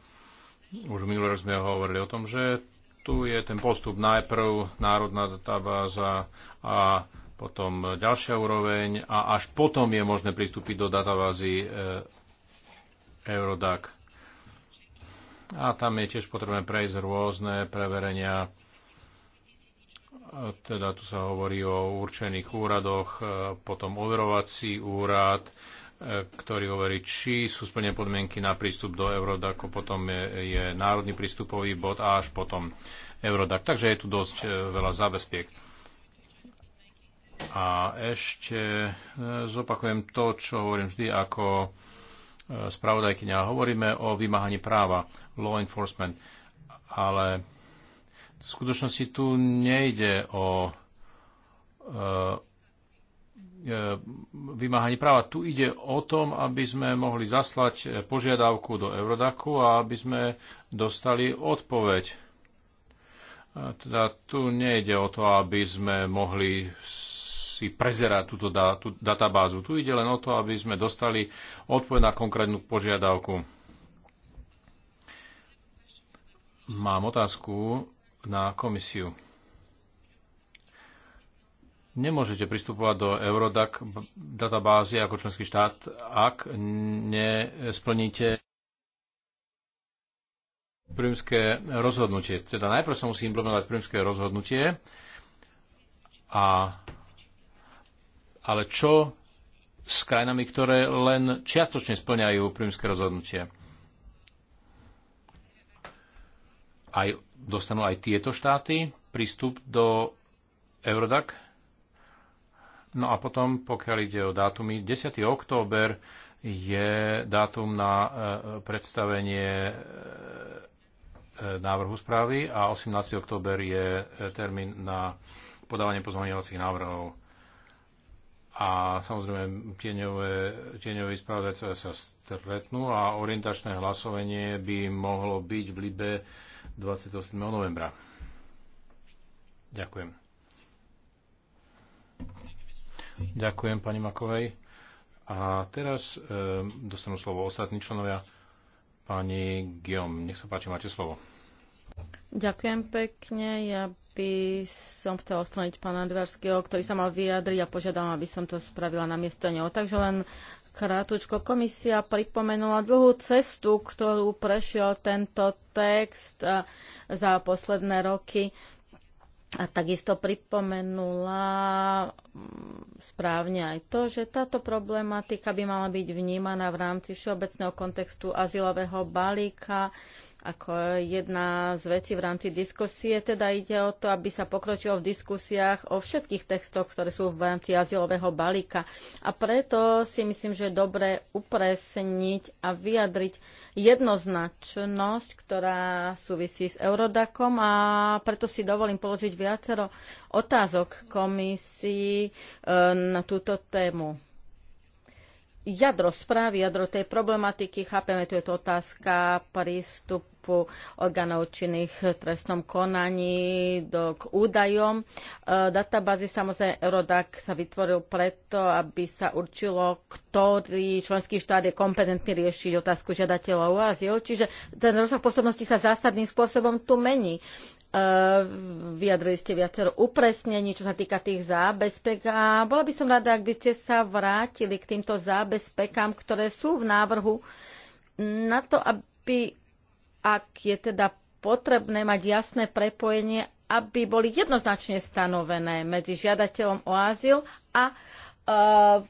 už minulý rok sme hovorili o tom, že tu je ten postup najprv národná databáza a potom ďalšia úroveň a až potom je možné pristúpiť do databázy e, Eurodac. A tam je tiež potrebné prejsť rôzne preverenia. E, teda tu sa hovorí o určených úradoch, e, potom overovací úrad, E, ktorý hovorí, či sú splnené podmienky na prístup do Eurodaku, potom je, je národný prístupový bod a až potom Eurodak. Takže je tu dosť e, veľa zábezpiek. A ešte e, zopakujem to, čo hovorím vždy ako spravodajkyňa. Hovoríme o vymáhaní práva, law enforcement, ale v skutočnosti tu nejde o E, vymáhaní práva. Tu ide o tom, aby sme mohli zaslať požiadavku do Eurodaku a aby sme dostali odpoveď. E, teda tu nejde o to, aby sme mohli si prezerať túto databázu. Tu ide len o to, aby sme dostali odpoveď na konkrétnu požiadavku. Mám otázku na komisiu. Nemôžete pristupovať do Eurodac databázy ako členský štát, ak nesplníte prímske rozhodnutie. Teda najprv sa musí implementovať prímske rozhodnutie, a, ale čo s krajinami, ktoré len čiastočne splňajú prímske rozhodnutie? Aj, dostanú aj tieto štáty prístup do Eurodac? No a potom, pokiaľ ide o dátumy, 10. október je dátum na e, predstavenie e, e, návrhu správy a 18. október je termín na podávanie pozmaňovacích návrhov. A samozrejme, tieňové, tieňové sa stretnú a orientačné hlasovanie by mohlo byť v Libe 28. novembra. Ďakujem. Ďakujem pani Makovej. A teraz e, dostanú slovo ostatní členovia. Pani Guillaume, nech sa páči, máte slovo. Ďakujem pekne. Ja by som chcela ospravedlniť pána Dvarského, ktorý sa mal vyjadriť a požiadam, aby som to spravila na miesto neho. Takže len Krátučko, komisia pripomenula dlhú cestu, ktorú prešiel tento text e, za posledné roky. A takisto pripomenula mm, správne aj to, že táto problematika by mala byť vnímaná v rámci všeobecného kontextu azylového balíka, ako jedna z vecí v rámci diskusie. Teda ide o to, aby sa pokročilo v diskusiách o všetkých textoch, ktoré sú v rámci azylového balíka. A preto si myslím, že je dobre upresniť a vyjadriť jednoznačnosť, ktorá súvisí s Eurodakom a preto si dovolím položiť viacero otázok komisii eh, na túto tému jadro správy, jadro tej problematiky. Chápeme, tu je to otázka prístupu orgánov činných v trestnom konaní do, k údajom. E, databázy samozrejme Eurodac sa vytvoril preto, aby sa určilo, ktorý členský štát je kompetentný riešiť otázku žiadateľov o azyl. Čiže ten rozsah pôsobnosti sa zásadným spôsobom tu mení. Eh, vyjadrili ste viacero upresnení, čo sa týka tých zábezpek a bola by som rada, ak by ste sa vrátili k týmto zábezpekám, ktoré sú v návrhu na to, aby, ak je teda potrebné mať jasné prepojenie, aby boli jednoznačne stanovené medzi žiadateľom o azyl a uh,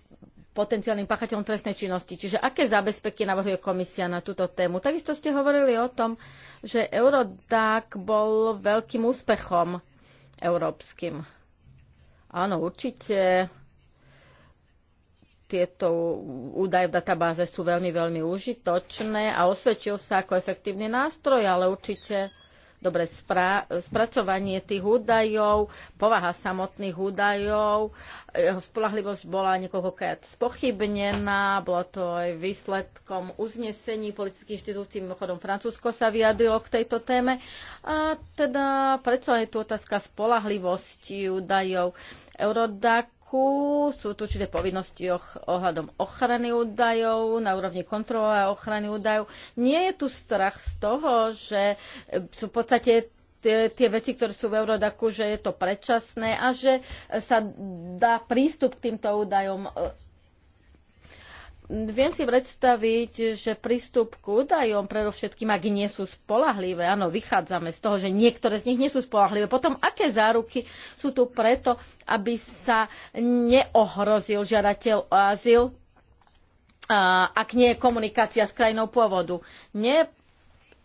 potenciálnym páchateľom trestnej činnosti. Čiže aké zábezpeky navrhuje komisia na túto tému? Takisto ste hovorili o tom, že Eurodac bol veľkým úspechom európskym. Áno, určite tieto údaje v databáze sú veľmi, veľmi užitočné a osvedčil sa ako efektívny nástroj, ale určite dobre spra- spracovanie tých údajov, povaha samotných údajov, jeho spolahlivosť bola niekoľkokrát spochybnená, bolo to aj výsledkom uznesení politických inštitúcií, mimochodom Francúzsko sa vyjadrilo k tejto téme. A teda predsa je tu otázka spolahlivosti údajov. Eurodac roku. Sú tu určité povinnosti ohľadom ochrany údajov, na úrovni kontroly a ochrany údajov. Nie je tu strach z toho, že e, sú v podstate tie, tie veci, ktoré sú v Eurodaku, že je to predčasné a že sa dá prístup k týmto údajom e, Viem si predstaviť, že prístup k údajom, predovšetkým ak nie sú spolahlivé, áno, vychádzame z toho, že niektoré z nich nie sú spolahlivé. Potom, aké záruky sú tu preto, aby sa neohrozil žiadateľ o azyl, ak nie je komunikácia s krajinou pôvodu. Nie,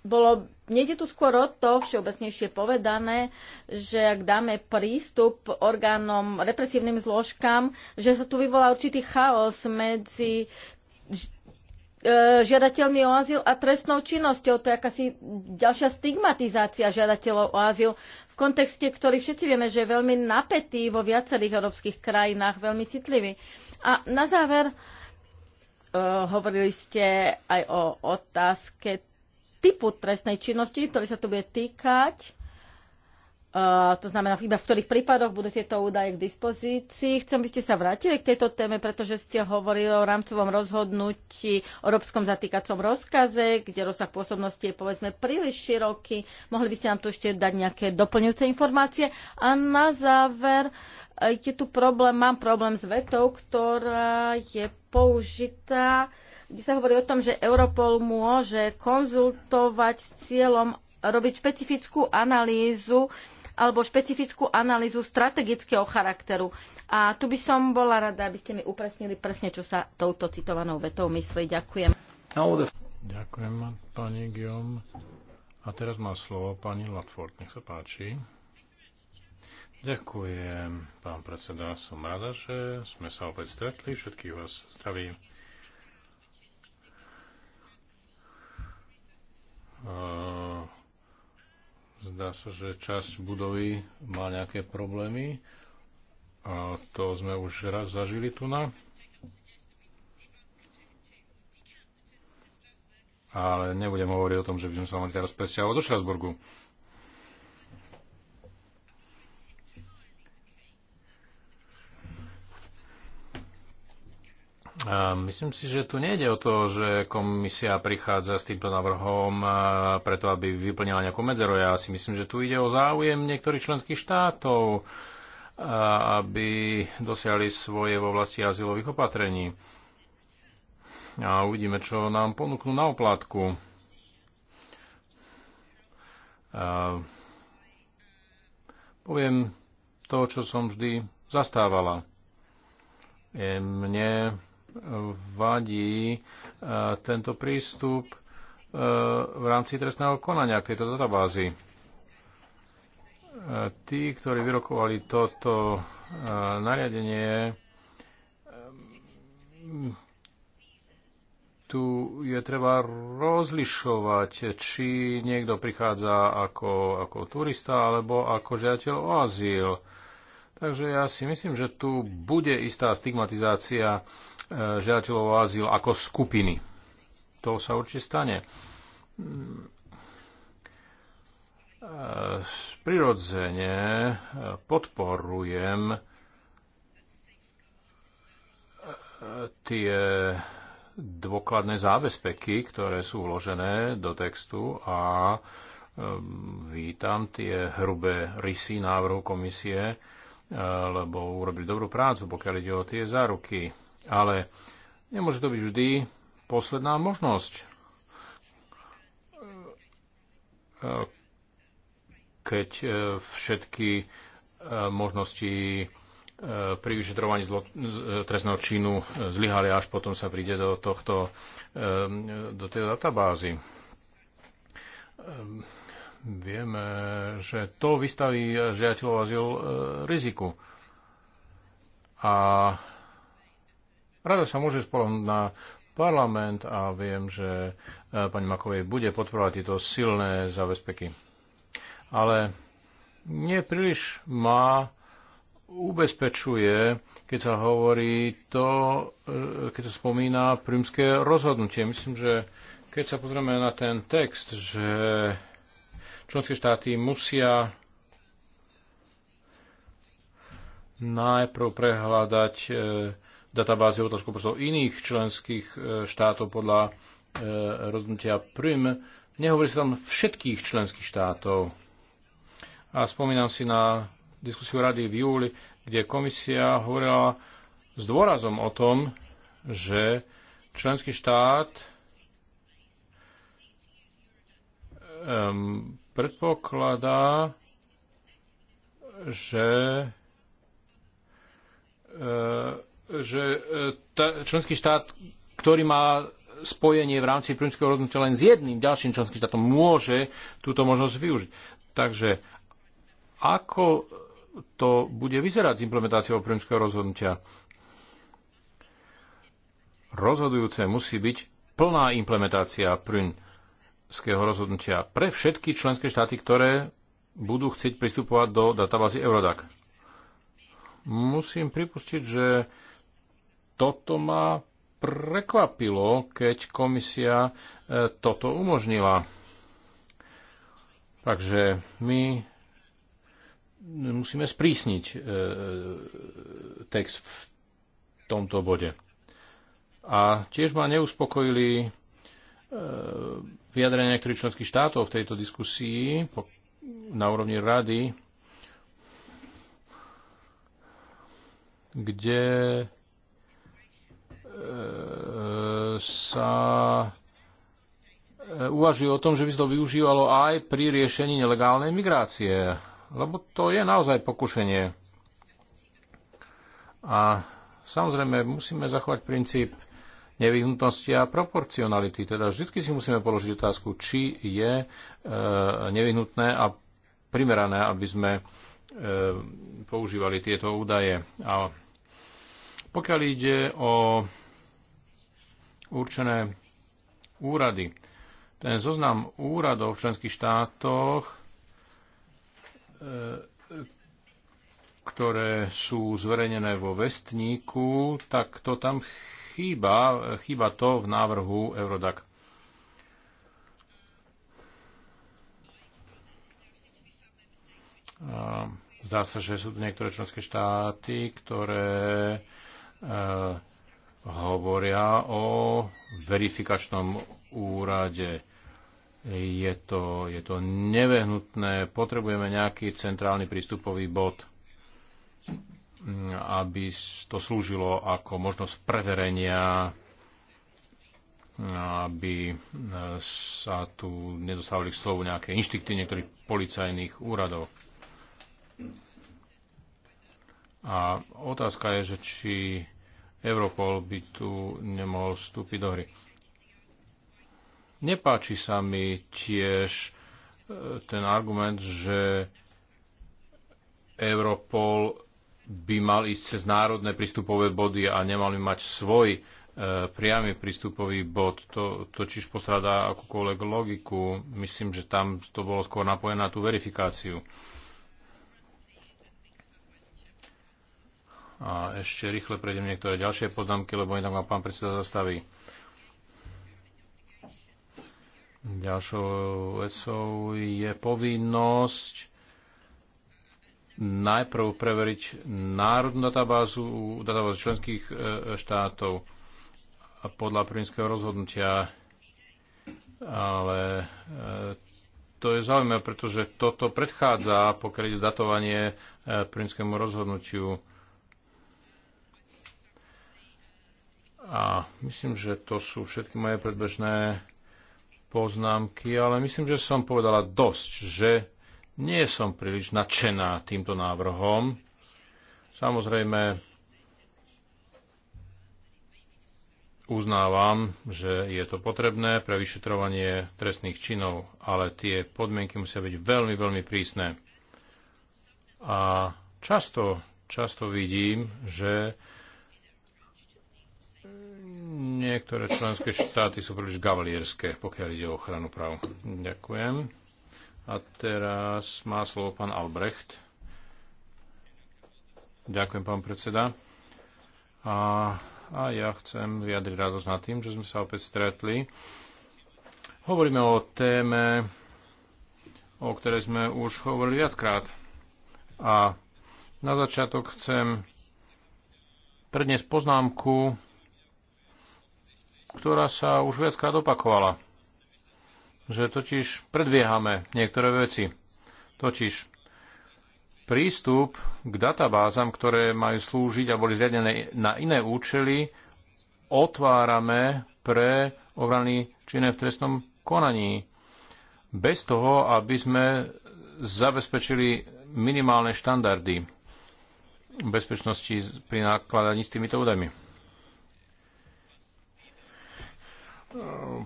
bolo, nejde tu skôr o to, všeobecnejšie povedané, že ak dáme prístup orgánom, represívnym zložkám, že sa tu vyvolá určitý chaos medzi E, žiadateľmi o azyl a trestnou činnosťou. To je akási ďalšia stigmatizácia žiadateľov o azyl v kontexte, ktorý všetci vieme, že je veľmi napätý vo viacerých európskych krajinách, veľmi citlivý. A na záver uh, hovorili ste aj o otázke typu trestnej činnosti, ktorý sa tu bude týkať Eh, to znamená, iba v ktorých prípadoch budú tieto údaje k dispozícii. Chcem, by ste sa vrátili k tejto téme, pretože ste hovorili o rámcovom rozhodnutí, o európskom zatýkacom rozkaze, kde rozsah pôsobnosti je povedzme príliš široký. Mohli by ste nám tu ešte dať nejaké doplňujúce informácie. A na záver, eh, je tu problém, mám problém s vetou, ktorá je použitá, kde sa hovorí o tom, že Europol môže konzultovať s cieľom robiť špecifickú analýzu uh, alebo špecifickú analýzu strategického charakteru. A tu by som bola rada, aby ste mi upresnili presne, čo sa touto citovanou vetou myslí. Ďakujem. Ďakujem, pani Giom. A teraz má slovo pani Latford. Nech sa páči. Ďakujem, pán predseda. Som rada, že sme sa opäť stretli. Všetkých vás zdravím. Uh, Zdá sa, že časť budovy má nejaké problémy a to sme už raz zažili tu na. Ale nebudem hovoriť o tom, že by sme sa mali teraz presťahovať do Štrasburgu. Myslím si, že tu nejde o to, že komisia prichádza s týmto návrhom preto, aby vyplnila nejakú medzeru. Ja si myslím, že tu ide o záujem niektorých členských štátov, aby dosiahli svoje vo vlasti azylových opatrení. A uvidíme, čo nám ponúknú na oplátku. poviem to, čo som vždy zastávala. Mne vadí e, tento prístup e, v rámci trestného konania k tejto databázi. E, tí, ktorí vyrokovali toto nariadenie, tu je treba rozlišovať, či niekto prichádza ako, ako turista alebo ako žiadateľ o azyl Takže ja si myslím, že tu bude istá stigmatizácia e, žiadateľov o azyl ako skupiny. To sa určite stane. E, prirodzene e, podporujem tie dôkladné zábezpeky, ktoré sú vložené do textu a vítam tie hrubé rysy návrhu komisie, lebo urobili dobrú prácu, pokiaľ ide o tie záruky. Ale nemôže to byť vždy posledná možnosť. Keď e, všetky e, možnosti e, pri vyšetrovaní zlo, trestného činu zlyhali, až potom sa príde do, tohto, do tej databázy Vieme, že to vystaví žiateľov azyl e, riziku. A rada sa môže spolahnúť na parlament a viem, že e, pani Makovej bude podporovať tieto silné zabezpeky. Ale nepríliš ma ubezpečuje, keď sa hovorí to, e, keď sa spomína prímske rozhodnutie. Myslím, že keď sa pozrieme na ten text, že Členské štáty musia najprv prehľadať e, databázy otázku poslov iných členských e, štátov podľa e, rozhodnutia PRIM. Nehovorí sa tam všetkých členských štátov. A spomínam si na diskusiu rady v júli, kde komisia hovorila s dôrazom o tom, že členský štát predpokladá, že, e, že e, členský štát, ktorý má spojenie v rámci prúmského rozhodnutia len s jedným ďalším členským štátom, môže túto možnosť využiť. Takže ako to bude vyzerať s implementáciou prúmského rozhodnutia? Rozhodujúce musí byť plná implementácia prún európskeho rozhodnutia pre všetky členské štáty, ktoré budú chcieť pristupovať do databázy Eurodac. Musím pripustiť, že toto ma prekvapilo, keď komisia e, toto umožnila. Takže my musíme sprísniť e, e, text v tomto bode. A tiež ma neuspokojili vyjadrenia niektorých členských štátov v tejto diskusii na úrovni rady, kde e, sa e, uvažuje o tom, že by sa to využívalo aj pri riešení nelegálnej migrácie, lebo to je naozaj pokušenie. A samozrejme musíme zachovať princíp nevyhnutnosti a proporcionality. Teda vždy si musíme položiť otázku, či je e, nevyhnutné a primerané, aby sme e, používali tieto údaje. A pokiaľ ide o určené úrady, ten zoznam úradov v členských štátoch, e, ktoré sú zverejnené vo vestníku, tak to tam chýba, chýba to v návrhu Eurodac. Zdá sa, že sú tu niektoré členské štáty, ktoré e, hovoria o verifikačnom úrade. Je to, je to nevehnutné, potrebujeme nejaký centrálny prístupový bod aby to slúžilo ako možnosť preverenia, aby sa tu nedostávali k slovu nejaké inštikty niektorých policajných úradov. A otázka je, že či Europol by tu nemohol vstúpiť do hry. Nepáči sa mi tiež e, ten argument, že Europol by mal ísť cez národné prístupové body a nemal by mať svoj e, priamy prístupový bod. To, to čiž postradá akúkoľvek logiku. Myslím, že tam to bolo skôr napojené na tú verifikáciu. A ešte rýchle prejdem niektoré ďalšie poznámky, lebo inak ma pán predseda zastaví. Ďalšou vecou je povinnosť najprv preveriť národnú databázu, databázu členských e, štátov a podľa prínskeho rozhodnutia. Ale e, to je zaujímavé, pretože toto predchádza, pokiaľ ide datovanie e, prínskému rozhodnutiu. A myslím, že to sú všetky moje predbežné poznámky, ale myslím, že som povedala dosť, že nie som príliš nadšená týmto návrhom. Samozrejme, uznávam, že je to potrebné pre vyšetrovanie trestných činov, ale tie podmienky musia byť veľmi, veľmi prísne. A často, často vidím, že niektoré členské štáty sú príliš gavalierské, pokiaľ ide o ochranu práv. Ďakujem. A teraz má slovo pán Albrecht. Ďakujem, pán predseda. A, a ja chcem vyjadriť radosť nad tým, že sme sa opäť stretli. Hovoríme o téme, o ktorej sme už hovorili viackrát. A na začiatok chcem predniesť poznámku, ktorá sa už viackrát opakovala že totiž predbiehame niektoré veci. Totiž prístup k databázam, ktoré majú slúžiť a boli zriadené na iné účely, otvárame pre obrany činné v trestnom konaní. Bez toho, aby sme zabezpečili minimálne štandardy bezpečnosti pri nakladaní s týmito údajmi.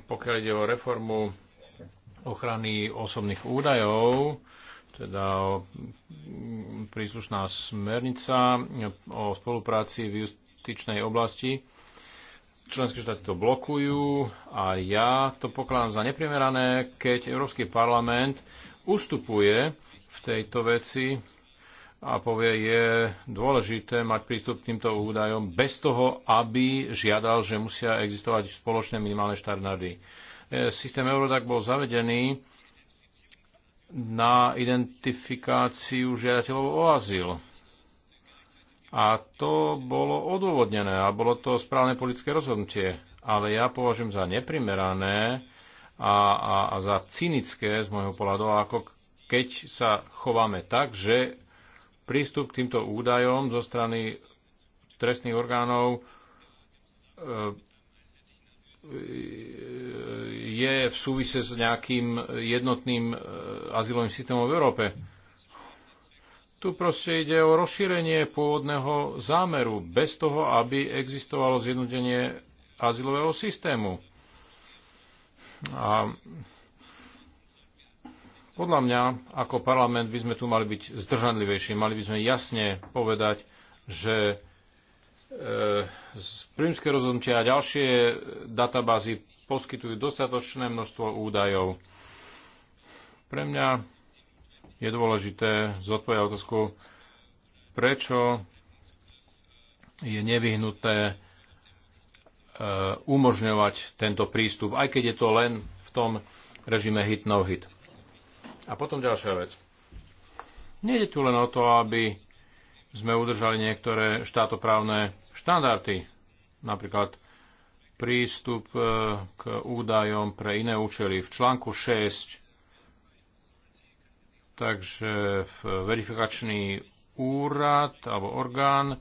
Pokiaľ ide o reformu ochrany osobných údajov, teda príslušná smernica o spolupráci v justičnej oblasti. Členské štáty to blokujú a ja to pokladám za neprimerané, keď Európsky parlament ustupuje v tejto veci a povie, je dôležité mať prístup k týmto údajom bez toho, aby žiadal, že musia existovať spoločné minimálne štandardy E, systém Eurodac bol zavedený na identifikáciu žiadateľov o azyl. A to bolo odôvodnené a bolo to správne politické rozhodnutie. Ale ja považujem za neprimerané a, a, a za cynické z môjho pohľadu, ako keď sa chováme tak, že prístup k týmto údajom zo strany trestných orgánov e, e, je v súvise s nejakým jednotným e, azylovým systémom v Európe. Tu proste ide o rozšírenie pôvodného zámeru, bez toho, aby existovalo zjednotenie azylového systému. A podľa mňa, ako parlament by sme tu mali byť zdržanlivejší. Mali by sme jasne povedať, že e, prímske rozhodnutia a ďalšie databázy poskytujú dostatočné množstvo údajov. Pre mňa je dôležité zodpovedať otázku, prečo je nevyhnuté e, umožňovať tento prístup, aj keď je to len v tom režime hit no hit. A potom ďalšia vec. Nejde tu len o to, aby sme udržali niektoré štátoprávne štandardy, napríklad prístup e, k údajom pre iné účely v článku 6. Takže verifikačný úrad alebo orgán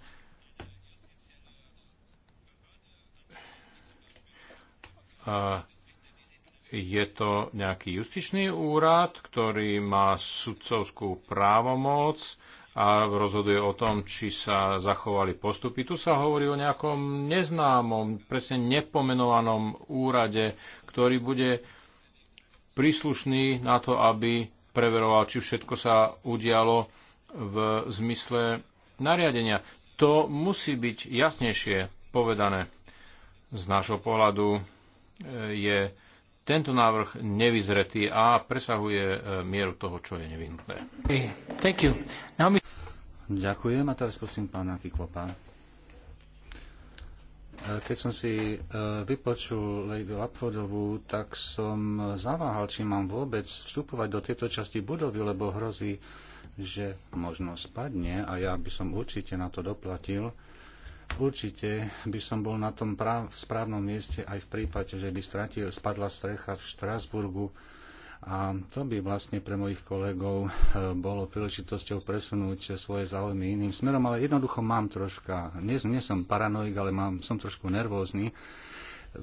je to nejaký justičný úrad, ktorý má sudcovskú právomoc a rozhoduje o tom, či sa zachovali postupy. Tu sa hovorí o nejakom neznámom, presne nepomenovanom úrade, ktorý bude príslušný na to, aby preveroval, či všetko sa udialo v zmysle nariadenia. To musí byť jasnejšie povedané. Z nášho pohľadu e, je tento návrh nevyzretý a presahuje e, mieru toho, čo je nevyhnutné. Thank you. Now... Ďakujem a teraz prosím pána Kiklopa. E, keď som si e, vypočul Lady Lapfordovú, tak som zaváhal, či mám vôbec vstupovať do tejto časti budovy, lebo hrozí, že možno spadne a ja by som určite na to doplatil. Určite by som bol na tom práv, správnom mieste aj v prípade, že by stratil, spadla strecha v Štrásburgu a to by vlastne pre mojich kolegov eh, bolo príležitosťou presunúť svoje záujmy iným smerom, ale jednoducho mám troška, nie, nie som paranoik, ale mám, som trošku nervózny,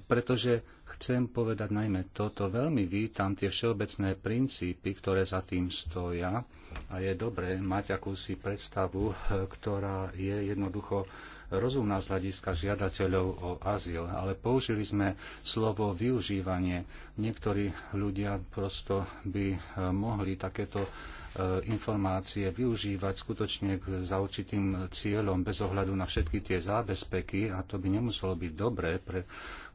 pretože chcem povedať najmä toto. Veľmi vítam tie všeobecné princípy, ktoré za tým stoja a je dobré mať akúsi predstavu, eh, ktorá je jednoducho rozumná z hľadiska žiadateľov o azyl, ale použili sme slovo využívanie. Niektorí ľudia prosto by e, mohli takéto e, informácie využívať skutočne za určitým cieľom bez ohľadu na všetky tie zábezpeky a to by nemuselo byť dobré pre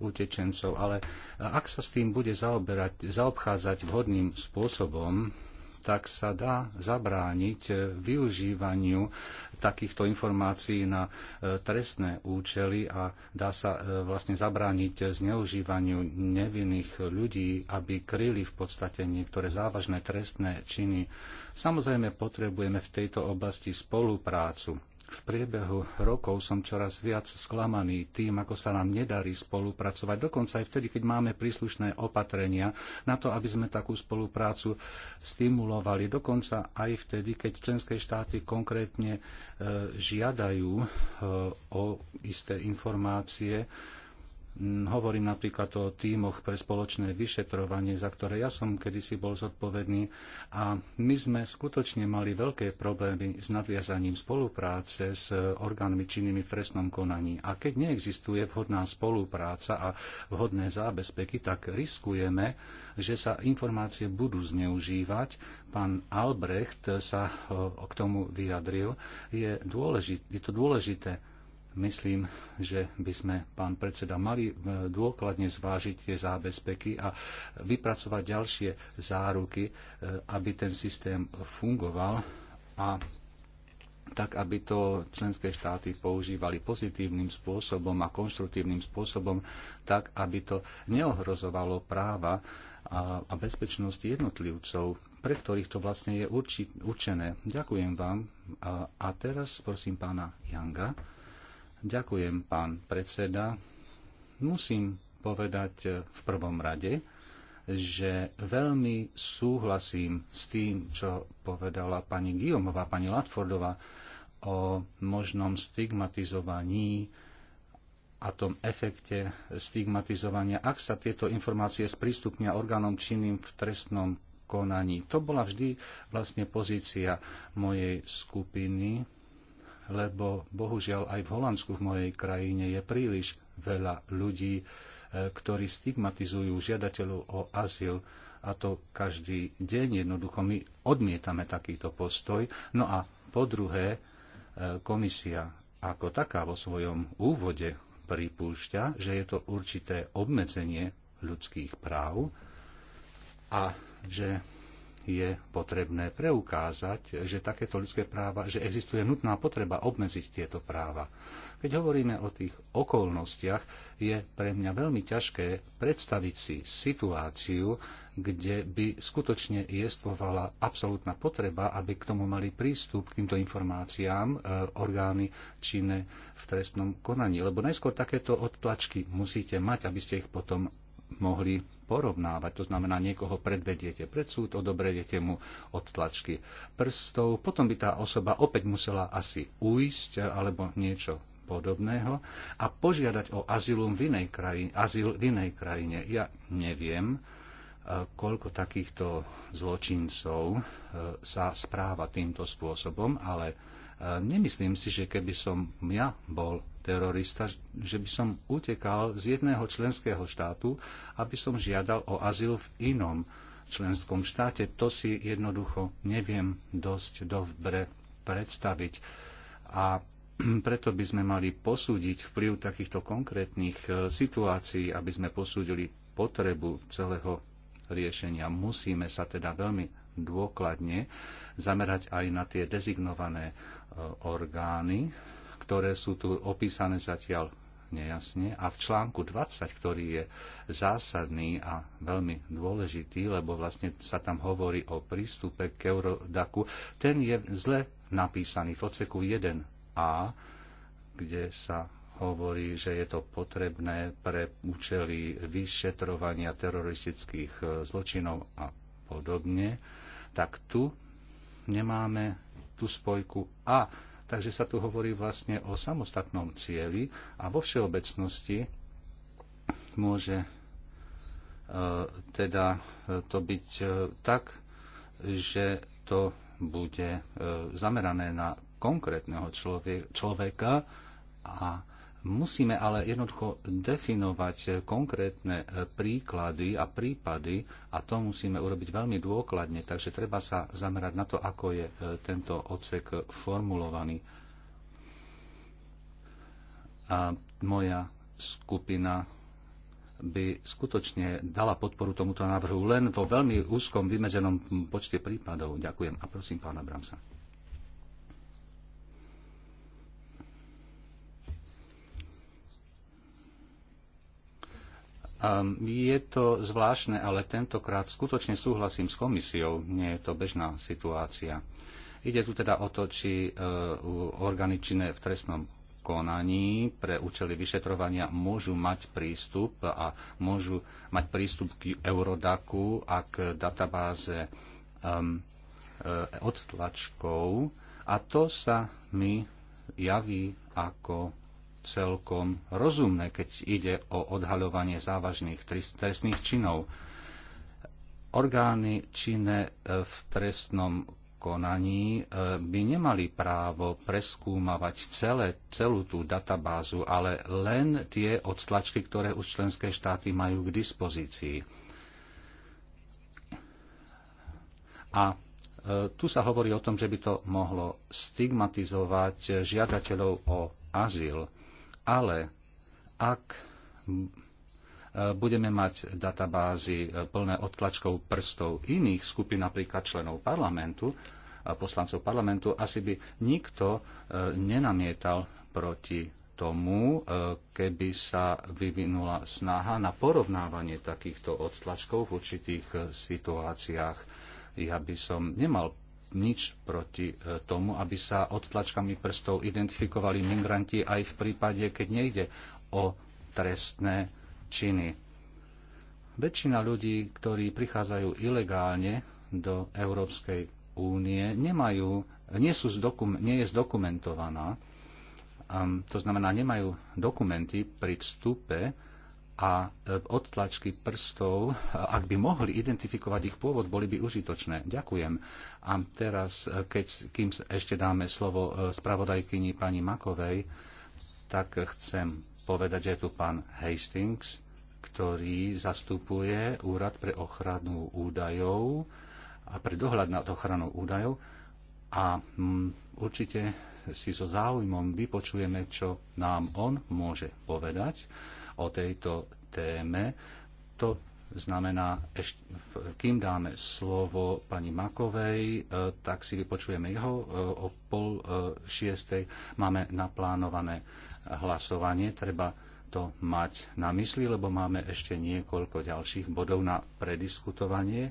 utečencov, ale e, ak sa s tým bude zaoberať, zaobchádzať vhodným spôsobom, tak sa dá zabrániť e, využívaniu takýchto informácií na e, trestné účely a dá sa e, vlastne zabrániť zneužívaniu nevinných ľudí, aby kryli v podstate niektoré závažné trestné činy. Samozrejme potrebujeme v tejto oblasti spoluprácu v priebehu rokov som čoraz viac sklamaný tým, ako sa nám nedarí spolupracovať, dokonca aj vtedy, keď máme príslušné opatrenia na to, aby sme takú spoluprácu stimulovali, dokonca aj vtedy, keď členské štáty konkrétne e, žiadajú e, o isté informácie, Mm, hovorím napríklad o týmoch pre spoločné vyšetrovanie, za ktoré ja som kedysi bol zodpovedný a my sme skutočne mali veľké problémy s nadviazaním spolupráce s e, orgánmi činnými v trestnom konaní. A keď neexistuje vhodná spolupráca a vhodné zábezpeky, tak riskujeme, že sa informácie budú zneužívať. Pán Albrecht sa e, k tomu vyjadril. Je, dôležité, je to dôležité myslím, že by sme, pán predseda, mali e, dôkladne zvážiť tie zábezpeky a vypracovať ďalšie záruky, e, aby ten systém fungoval a tak, aby to členské štáty používali pozitívnym spôsobom a konštruktívnym spôsobom, tak, aby to neohrozovalo práva a, bezpečnosti bezpečnosť jednotlivcov, pre ktorých to vlastne je určené. Ďakujem vám. a teraz prosím pána Janga. Ďakujem, pán predseda. Musím povedať eh, v prvom rade, že veľmi súhlasím s tým, čo povedala pani Guillaumeová, pani Latfordová o možnom stigmatizovaní a tom efekte stigmatizovania, ak sa tieto informácie sprístupnia orgánom činným v trestnom konaní. To bola vždy vlastne pozícia mojej skupiny lebo bohužiaľ aj v Holandsku, v mojej krajine, je príliš veľa ľudí, e, ktorí stigmatizujú žiadateľov o azyl a to každý deň. Jednoducho my odmietame takýto postoj. No a po druhé, e, komisia ako taká vo svojom úvode pripúšťa, že je to určité obmedzenie ľudských práv a že je potrebné preukázať, že takéto ľudské práva, že existuje nutná potreba obmedziť tieto práva. Keď hovoríme o tých okolnostiach, je pre mňa veľmi ťažké predstaviť si situáciu, kde by skutočne jestvovala absolútna potreba, aby k tomu mali prístup k týmto informáciám e, orgány činné v trestnom konaní. Lebo najskôr takéto odtlačky musíte mať, aby ste ich potom mohli porovnávať. To znamená, niekoho predvediete pred súd, odobrediete mu odtlačky prstov, potom by tá osoba opäť musela asi uísť eh, alebo niečo podobného a požiadať o azylum v inej krajine, azyl v inej krajine. Ja neviem, eh, koľko takýchto zločincov eh, sa správa týmto spôsobom, ale Nemyslím si, že keby som ja bol terorista, že by som utekal z jedného členského štátu, aby som žiadal o azyl v inom členskom štáte. To si jednoducho neviem dosť dobre predstaviť. A preto by sme mali posúdiť vplyv takýchto konkrétnych e, situácií, aby sme posúdili potrebu celého riešenia. Musíme sa teda veľmi dôkladne zamerať aj na tie dezignované e, orgány, ktoré sú tu opísané zatiaľ nejasne. A v článku 20, ktorý je zásadný a veľmi dôležitý, lebo vlastne sa tam hovorí o prístupe k Eurodaku, ten je zle napísaný v oceku 1a, kde sa hovorí, že je to potrebné pre účely vyšetrovania teroristických e, zločinov a podobne tak tu nemáme tú spojku a. Takže sa tu hovorí vlastne o samostatnom cieli a vo všeobecnosti môže e, teda e, to byť e, tak, že to bude zamerané na konkrétneho človeka a Musíme ale jednoducho definovať konkrétne e, príklady a prípady a to musíme urobiť veľmi dôkladne, takže treba sa zamerať na to, ako je e, tento odsek formulovaný. A moja skupina by skutočne dala podporu tomuto návrhu len vo veľmi úzkom vymedzenom počte prípadov. Ďakujem a prosím pána Bramsa. Ehm, je to zvláštne, ale tentokrát skutočne súhlasím s komisiou. Nie je to bežná situácia. Ide tu teda o to, či eh, orgány činné v trestnom konaní pre účely vyšetrovania môžu mať prístup a môžu mať prístup k Eurodaku a k databáze ehm, eh, odtlačkov. A to sa mi javí ako celkom rozumné, keď ide o odhaľovanie závažných trestných činov. Orgány činné e, v trestnom konaní e, by nemali právo preskúmavať celé, celú tú databázu, ale len tie odtlačky, ktoré už členské štáty majú k dispozícii. A e, tu sa hovorí o tom, že by to mohlo stigmatizovať žiadateľov o azyl. Ale ak e, budeme mať databázy e, plné odtlačkov prstov iných skupín, napríklad členov parlamentu, poslancov parlamentu, asi by nikto e, nenamietal proti tomu, keby sa vyvinula snaha na porovnávanie takýchto odtlačkov v určitých situáciách. Ja by som nemal nič proti e, tomu, aby sa odtlačkami prstov identifikovali migranti aj v prípade, keď nejde o trestné činy. Väčšina ľudí, ktorí prichádzajú ilegálne do Európskej únie, nemajú, nie, sú zdokum, nie je zdokumentovaná. Um, to znamená, nemajú dokumenty pri vstupe a e, odtlačky prstov, ak by mohli identifikovať ich pôvod, boli by užitočné. Ďakujem. A teraz, e, keď, kým ešte dáme slovo e, spravodajkyni pani Makovej, tak chcem povedať, že je tu pán Hastings, ktorý zastupuje Úrad pre ochranu údajov a pre dohľad nad ochranou údajov a mm, určite si so záujmom vypočujeme, čo nám on môže povedať o tejto téme. To znamená, kým dáme slovo pani Makovej, e, tak si vypočujeme jeho e, o pol e, šiestej. Máme naplánované hlasovanie, treba to mať na mysli, lebo máme ešte niekoľko ďalších bodov na prediskutovanie.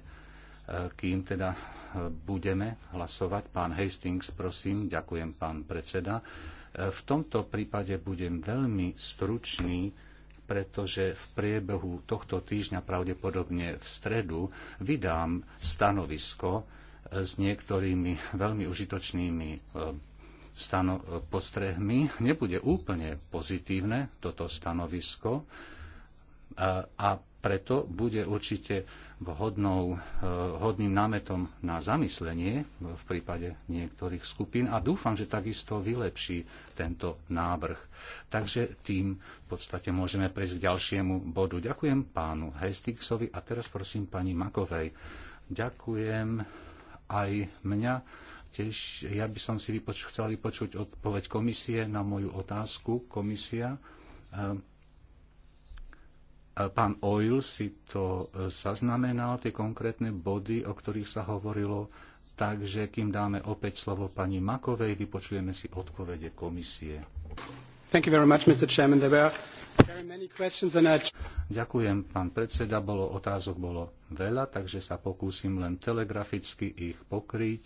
Kým teda budeme hlasovať, pán Hastings, prosím, ďakujem, pán predseda. V tomto prípade budem veľmi stručný pretože v priebehu tohto týždňa, pravdepodobne v stredu, vydám stanovisko eh, s niektorými veľmi užitočnými eh, postrehmi. Nebude úplne pozitívne toto stanovisko eh, a preto bude určite vhodnou, eh, hodným námetom na zamyslenie v prípade niektorých skupín a dúfam, že takisto vylepší tento návrh. Takže tým v podstate môžeme prejsť k ďalšiemu bodu. Ďakujem pánu Hestixovi a teraz prosím pani Makovej. Ďakujem aj mňa. Tiež ja by som si vypoč- chcel vypočuť odpoveď komisie na moju otázku. Komisia eh, Pán Oil si to e, zaznamenal, tie konkrétne body, o ktorých sa hovorilo. Takže kým dáme opäť slovo pani Makovej, vypočujeme si odpovede komisie. Much, were... I... Ďakujem, pán predseda. Bolo otázok bolo veľa, takže sa pokúsim len telegraficky ich pokryť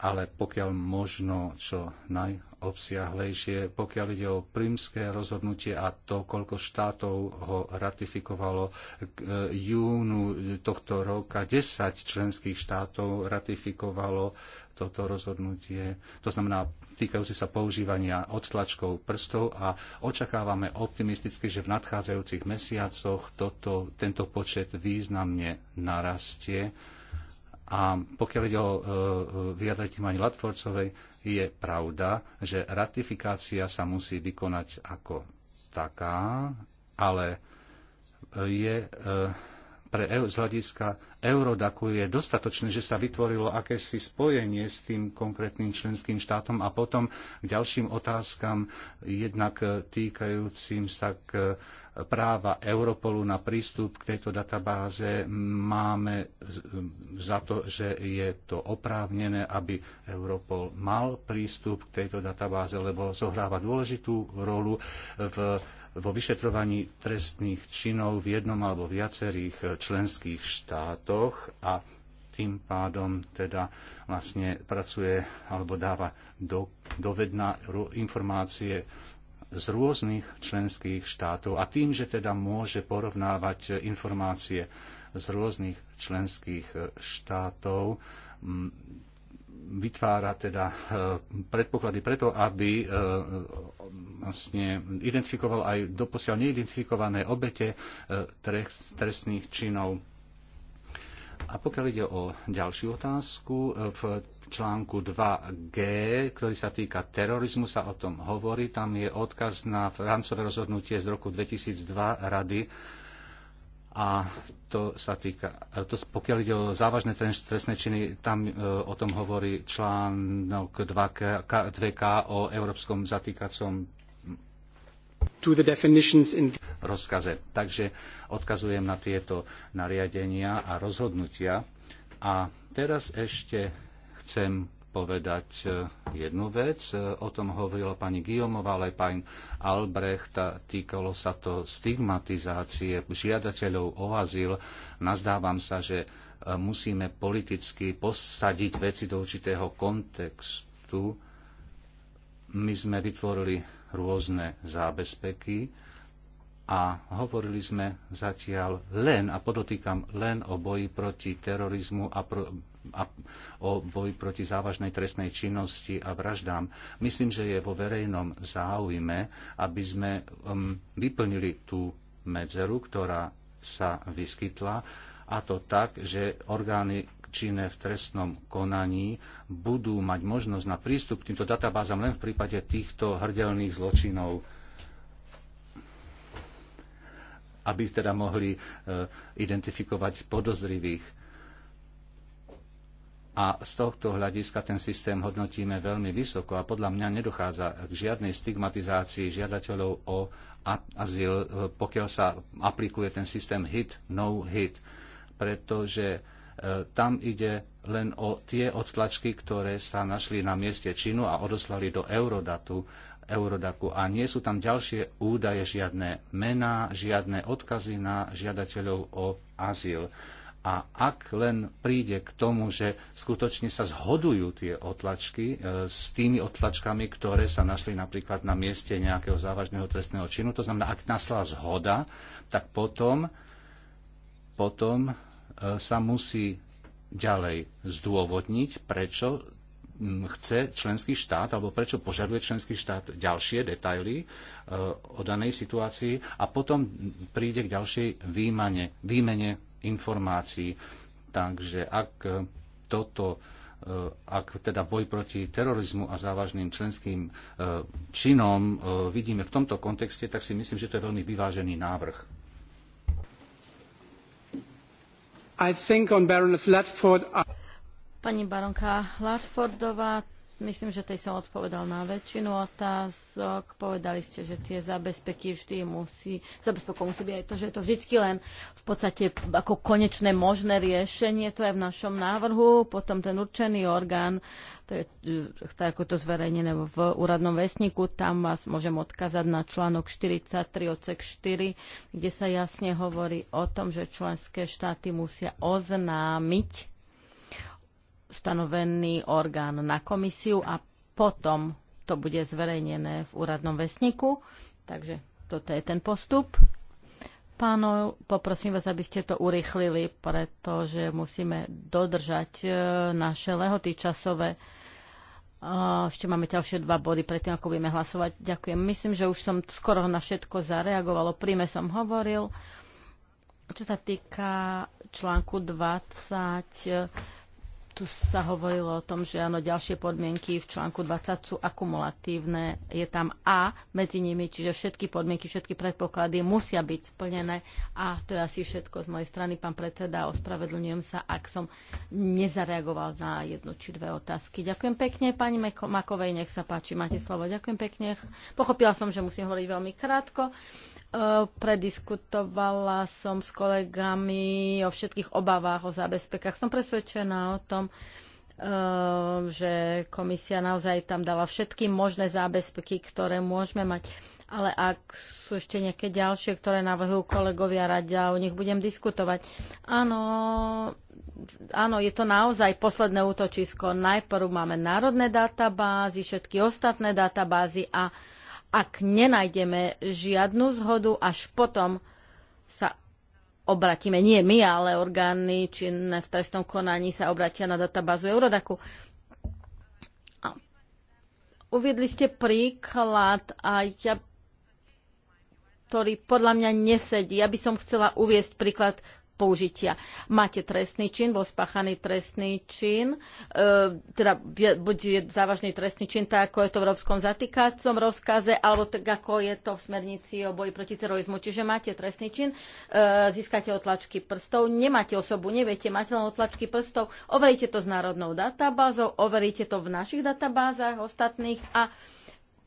ale pokiaľ možno čo najobsiahlejšie, pokiaľ ide o prímske rozhodnutie a to, koľko štátov ho ratifikovalo k e, júnu tohto roka, 10 členských štátov ratifikovalo toto rozhodnutie, to znamená týkajúce sa používania odtlačkov prstov a očakávame optimisticky, že v nadchádzajúcich mesiacoch toto, tento počet významne narastie a pokiaľ ide o e, e, vyjadrenie pani Latvorcovej, je pravda, že ratifikácia sa musí vykonať ako taká, ale e, je pre, z hľadiska Eurodaku je dostatočné, že sa vytvorilo akési spojenie s tým konkrétnym členským štátom a potom k ďalším otázkam, jednak týkajúcim sa k práva Europolu na prístup k tejto databáze máme za to, že je to oprávnené, aby Europol mal prístup k tejto databáze, lebo zohráva dôležitú rolu v, vo vyšetrovaní trestných činov v jednom alebo viacerých členských štátoch a tým pádom teda vlastne pracuje alebo dáva do, dovedná informácie z rôznych členských štátov a tým, že teda môže porovnávať eh, informácie z rôznych členských eh, štátov, mm, vytvára teda eh, predpoklady preto, aby vlastne identifikoval aj doposiaľ neidentifikované obete trestných činov a pokiaľ ide o ďalšiu otázku, v článku 2G, ktorý sa týka terorizmu, sa o tom hovorí. Tam je odkaz na rámcové rozhodnutie z roku 2002 Rady a to sa týka, to, pokiaľ ide o závažné trestné činy, tam e, o tom hovorí článok 2K, 2K o európskom zatýkacom rozkaze. Takže odkazujem na tieto nariadenia a rozhodnutia. A teraz ešte chcem povedať e, jednu vec. E, o tom hovorila pani Guillaumeová, ale aj pán Albrecht. Týkalo sa to stigmatizácie žiadateľov o azyl. Nazdávam sa, že e, musíme politicky posadiť veci do určitého kontextu. My sme vytvorili rôzne zábezpeky a hovorili sme zatiaľ len, a podotýkam len o boji proti terorizmu a, pro, a o boji proti závažnej trestnej činnosti a vraždám. Myslím, že je vo verejnom záujme, aby sme um, vyplnili tú medzeru, ktorá sa vyskytla a to tak, že orgány činné v trestnom konaní budú mať možnosť na prístup k týmto databázam len v prípade týchto hrdelných zločinov aby teda mohli e, identifikovať podozrivých. A z tohto hľadiska ten systém hodnotíme veľmi vysoko a podľa mňa nedochádza k žiadnej stigmatizácii žiadateľov o azyl, e, pokiaľ sa aplikuje ten systém hit, no hit pretože e, tam ide len o tie odtlačky, ktoré sa našli na mieste činu a odoslali do Eurodatu, Eurodaku a nie sú tam ďalšie údaje, žiadne mená, žiadne odkazy na žiadateľov o azyl. A ak len príde k tomu, že skutočne sa zhodujú tie otlačky e, s tými otlačkami, ktoré sa našli napríklad na mieste nejakého závažného trestného činu, to znamená, ak nastala zhoda, tak potom, potom E, sa musí ďalej zdôvodniť, prečo chce členský štát, alebo prečo požaduje členský štát ďalšie detaily e, o danej situácii a potom príde k ďalšej výmane, výmene informácií. Takže ak toto e, ak teda boj proti terorizmu a závažným členským činom vidíme v tomto kontexte, tak si myslím, že to je veľmi vyvážený návrh. pani barónka ludfordová I think on Baroness Latford... I... Pani baronka Latfordová, Myslím, že tej som odpovedal na väčšinu otázok. Povedali ste, že tie zabezpeky vždy musí, zabezpekou musí byť aj to, že je to vždy len v podstate ako konečné možné riešenie, to je v našom návrhu, potom ten určený orgán, to je e, ako to zverejnené v úradnom vesniku, tam vás môžem odkázať na článok 43 odsek 4, kde sa jasne hovorí o tom, že členské štáty musia oznámiť stanovený orgán na komisiu a potom to bude zverejnené v úradnom vesniku. Takže toto je ten postup. Páno, poprosím vás, aby ste to urychlili, pretože musíme dodržať e, naše lehoty časové. E, ešte máme ďalšie dva body predtým, ako budeme hlasovať. Ďakujem. Myslím, že už som skoro na všetko zareagovalo. Príme som hovoril. Čo sa týka článku 20, tu sa hovorilo o tom, že áno, ďalšie podmienky v článku 20 sú akumulatívne. Je tam A medzi nimi, čiže všetky podmienky, všetky predpoklady musia byť splnené. A to je asi všetko z mojej strany, pán predseda. Ospravedlňujem sa, ak som nezareagoval na jednu či dve otázky. Ďakujem pekne, pani Makovej, nech sa páči, máte slovo. Ďakujem pekne. Pochopila som, že musím hovoriť veľmi krátko. Prediskutovala som s kolegami o všetkých obavách, o zábezpekách. Som presvedčená o tom, že komisia naozaj tam dala všetky možné zábezpeky, ktoré môžeme mať. Ale ak sú ešte nejaké ďalšie, ktoré navrhujú kolegovia radia, o nich budem diskutovať. Áno, áno, je to naozaj posledné útočisko. Najprv máme národné databázy, všetky ostatné databázy a ak nenájdeme žiadnu zhodu, až potom sa obratíme, nie my, ale orgány činné v trestnom konaní sa obratia na databázu Eurodaku. Uviedli ste príklad a ja ktorý podľa mňa nesedí. Ja by som chcela uviesť príklad použitia. Máte trestný čin, bol spáchaný trestný čin, e, teda buď je závažný trestný čin, tak ako je to v Európskom zatýkacom rozkaze, alebo tak ako je to v smernici o boji proti terorizmu. Čiže máte trestný čin, e, získate otlačky prstov, nemáte osobu, neviete, máte len otlačky prstov, overíte to s národnou databázou, overíte to v našich databázach ostatných a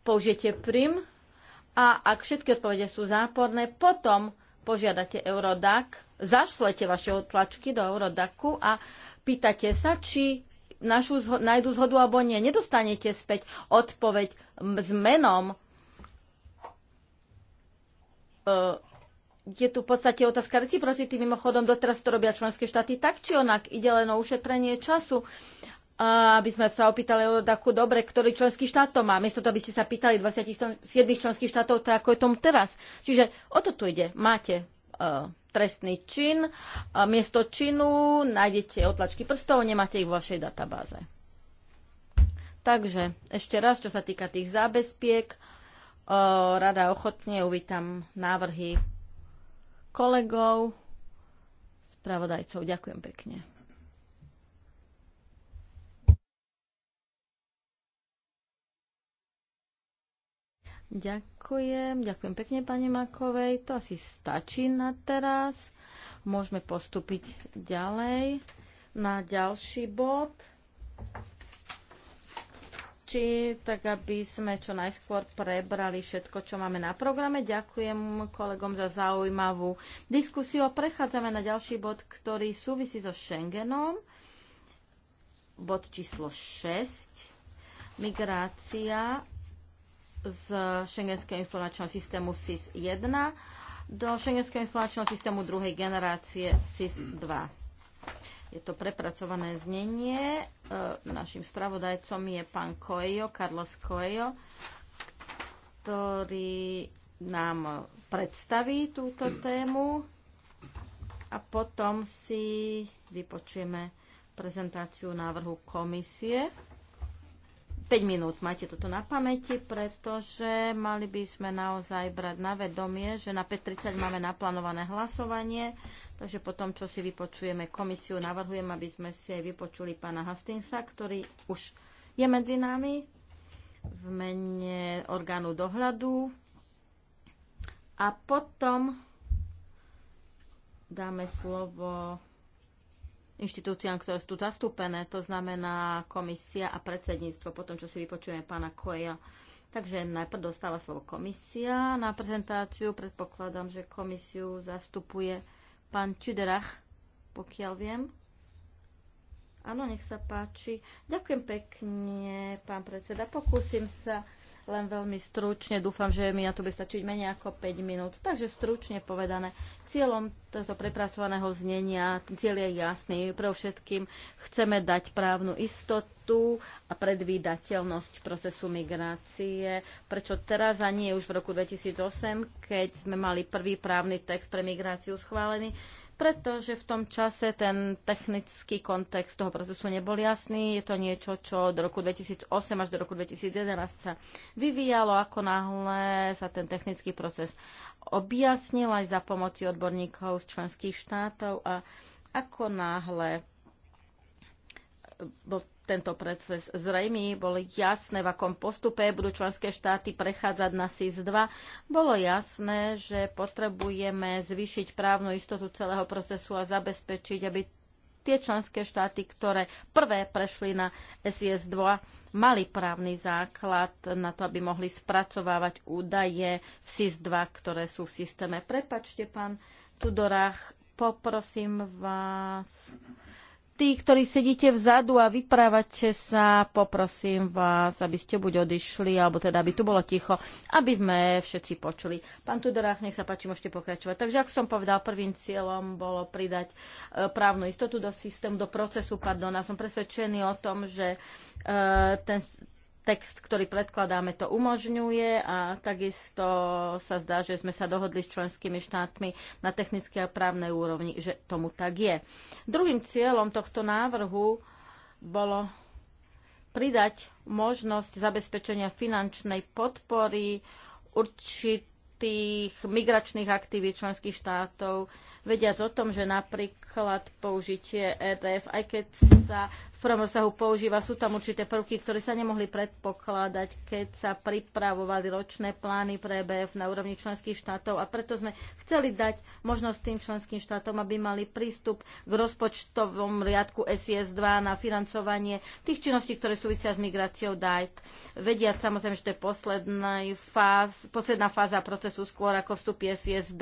použijete prim a ak všetky odpovede sú záporné, potom požiadate Eurodac zašlete vaše otlačky do Eurodaku a pýtate sa, či našu zho- nájdu zhodu alebo nie. Nedostanete späť odpoveď s menom. E, je tu v podstate otázka reciprocity. Mimochodom, doteraz to robia členské štáty tak či onak. Ide len o ušetrenie času. A aby sme sa opýtali o takú dobre, ktorý členský štát to má. Miesto toho, aby ste sa pýtali 27 členských štátov, tak ako je tomu teraz. Čiže o to tu ide. Máte uh, trestný čin. A miesto činu nájdete otlačky prstov, nemáte ich vo vašej databáze. Takže ešte raz, čo sa týka tých zábezpiek, rada ochotne uvítam návrhy kolegov, spravodajcov. Ďakujem pekne. Ďakujem, ďakujem pekne pani Makovej. To asi stačí na teraz. Môžeme postúpiť ďalej na ďalší bod. Či tak, aby sme čo najskôr prebrali všetko, čo máme na programe. Ďakujem kolegom za zaujímavú diskusiu. Prechádzame na ďalší bod, ktorý súvisí so Schengenom. Bod číslo 6. Migrácia z Schengenského informačného systému SIS-1 do Schengenského informačného systému druhej generácie SIS-2. Je to prepracované znenie. E, našim spravodajcom je pán Coelho, Carlos Coelho, ktorý nám predstaví túto tému a potom si vypočujeme prezentáciu návrhu komisie. 5 minút máte toto na pamäti, pretože mali by sme naozaj brať na vedomie, že na 5.30 máme naplánované hlasovanie, takže potom, čo si vypočujeme komisiu, navrhujem, aby sme si aj vypočuli pána Hastinsa, ktorý už je medzi nami v mene orgánu dohľadu. A potom dáme slovo inštitúciám, ktoré sú tu zastúpené, to znamená komisia a predsedníctvo, potom čo si vypočujeme pána Koja. Takže najprv dostáva slovo komisia na prezentáciu. Predpokladám, že komisiu zastupuje pán Čiderach, pokiaľ viem. Áno, nech sa páči. Ďakujem pekne, pán predseda. Pokúsim sa len veľmi stručne. Dúfam, že mi na to bude stačiť menej ako 5 minút. Takže stručne povedané, cieľom tohto prepracovaného znenia, cieľ je jasný. Pre všetkým chceme dať právnu istotu a predvídateľnosť procesu migrácie. Prečo teraz a nie už v roku 2008, keď sme mali prvý právny text pre migráciu schválený? pretože v tom čase ten technický kontext toho procesu nebol jasný. Je to niečo, čo do roku 2008 až do roku 2011 sa vyvíjalo, ako náhle sa ten technický proces objasnil aj za pomoci odborníkov z členských štátov a ako náhle eh, bol tento proces zrejmý, bolo jasné, v akom postupe budú členské štáty prechádzať na SIS-2. Bolo jasné, že potrebujeme zvýšiť právnu istotu celého procesu a zabezpečiť, aby tie členské štáty, ktoré prvé prešli na SIS-2, mali právny základ na to, aby mohli spracovávať údaje v SIS-2, ktoré sú v systéme. Prepačte, pán Tudorách, poprosím vás Tí, ktorí sedíte vzadu a vyprávate sa, poprosím vás, aby ste buď odišli, alebo teda, aby tu bolo ticho, aby sme všetci počuli. Pán Tudorách, nech sa páči, môžete pokračovať. Takže, ako som povedal, prvým cieľom bolo pridať e, právnu istotu do systému, do procesu, pardon, a som presvedčený o tom, že e, ten text, ktorý predkladáme, to umožňuje a takisto sa zdá, že sme sa dohodli s členskými štátmi na technickej a právnej úrovni, že tomu tak je. Druhým cieľom tohto návrhu bolo pridať možnosť zabezpečenia finančnej podpory určitých migračných aktivít členských štátov, vediac o tom, že napríklad použitie EDF, aj keď sa prvom rozsahu používa. Sú tam určité prvky, ktoré sa nemohli predpokladať, keď sa pripravovali ročné plány pre EBF na úrovni členských štátov a preto sme chceli dať možnosť tým členským štátom, aby mali prístup k rozpočtovom riadku SIS-2 na financovanie tých činností, ktoré súvisia s migráciou DAIT. Vediať samozrejme, že to je posledná, fáz, posledná fáza procesu skôr ako vstup SIS-2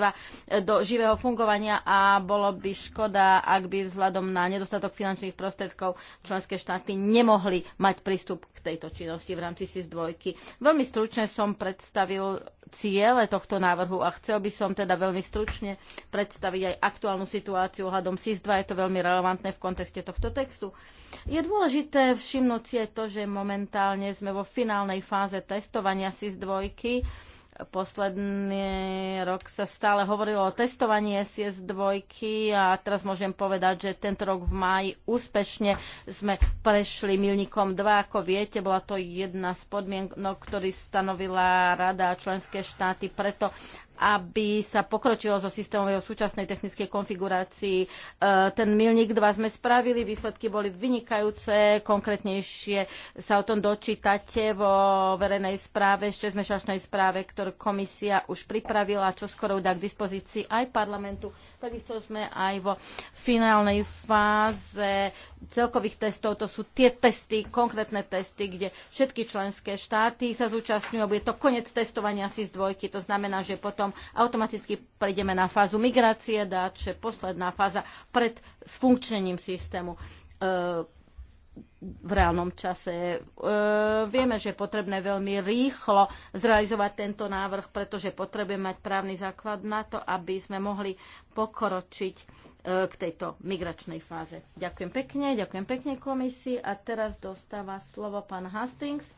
do živého fungovania a bolo by škoda, ak by vzhľadom na nedostatok finančných prostriedkov členské štáty nemohli mať prístup k tejto činnosti v rámci SIS-2. Veľmi stručne som predstavil ciele tohto návrhu a chcel by som teda veľmi stručne predstaviť aj aktuálnu situáciu ohľadom SIS-2. Je to veľmi relevantné v kontexte tohto textu. Je dôležité všimnúť si aj to, že momentálne sme vo finálnej fáze testovania SIS-2 Posledný rok sa stále hovorilo o testovaní SIS-2 a teraz môžem povedať, že tento rok v máji úspešne sme prešli milníkom 2. Ako viete, bola to jedna z podmienok, ktorý stanovila Rada a členské štáty preto, aby sa pokročilo zo systémového súčasnej technickej konfigurácii. E, ten milník 2 sme spravili, výsledky boli vynikajúce, konkrétnejšie sa o tom dočítate vo verejnej správe, 6-mešačnej správe, ktorú komisia už pripravila, čo skoro dá k dispozícii aj parlamentu Takisto sme aj vo finálnej fáze celkových testov. To sú tie testy, konkrétne testy, kde všetky členské štáty sa zúčastňujú. Bude to koniec testovania si z dvojky. To znamená, že potom automaticky prejdeme na fázu migrácie dát, čo je posledná fáza pred sfunkčením systému. E v reálnom čase. E, vieme, že je potrebné veľmi rýchlo zrealizovať tento návrh, pretože potrebujeme mať právny základ na to, aby sme mohli pokročiť e, k tejto migračnej fáze. Ďakujem pekne, ďakujem pekne komisii a teraz dostáva slovo pán Hastings.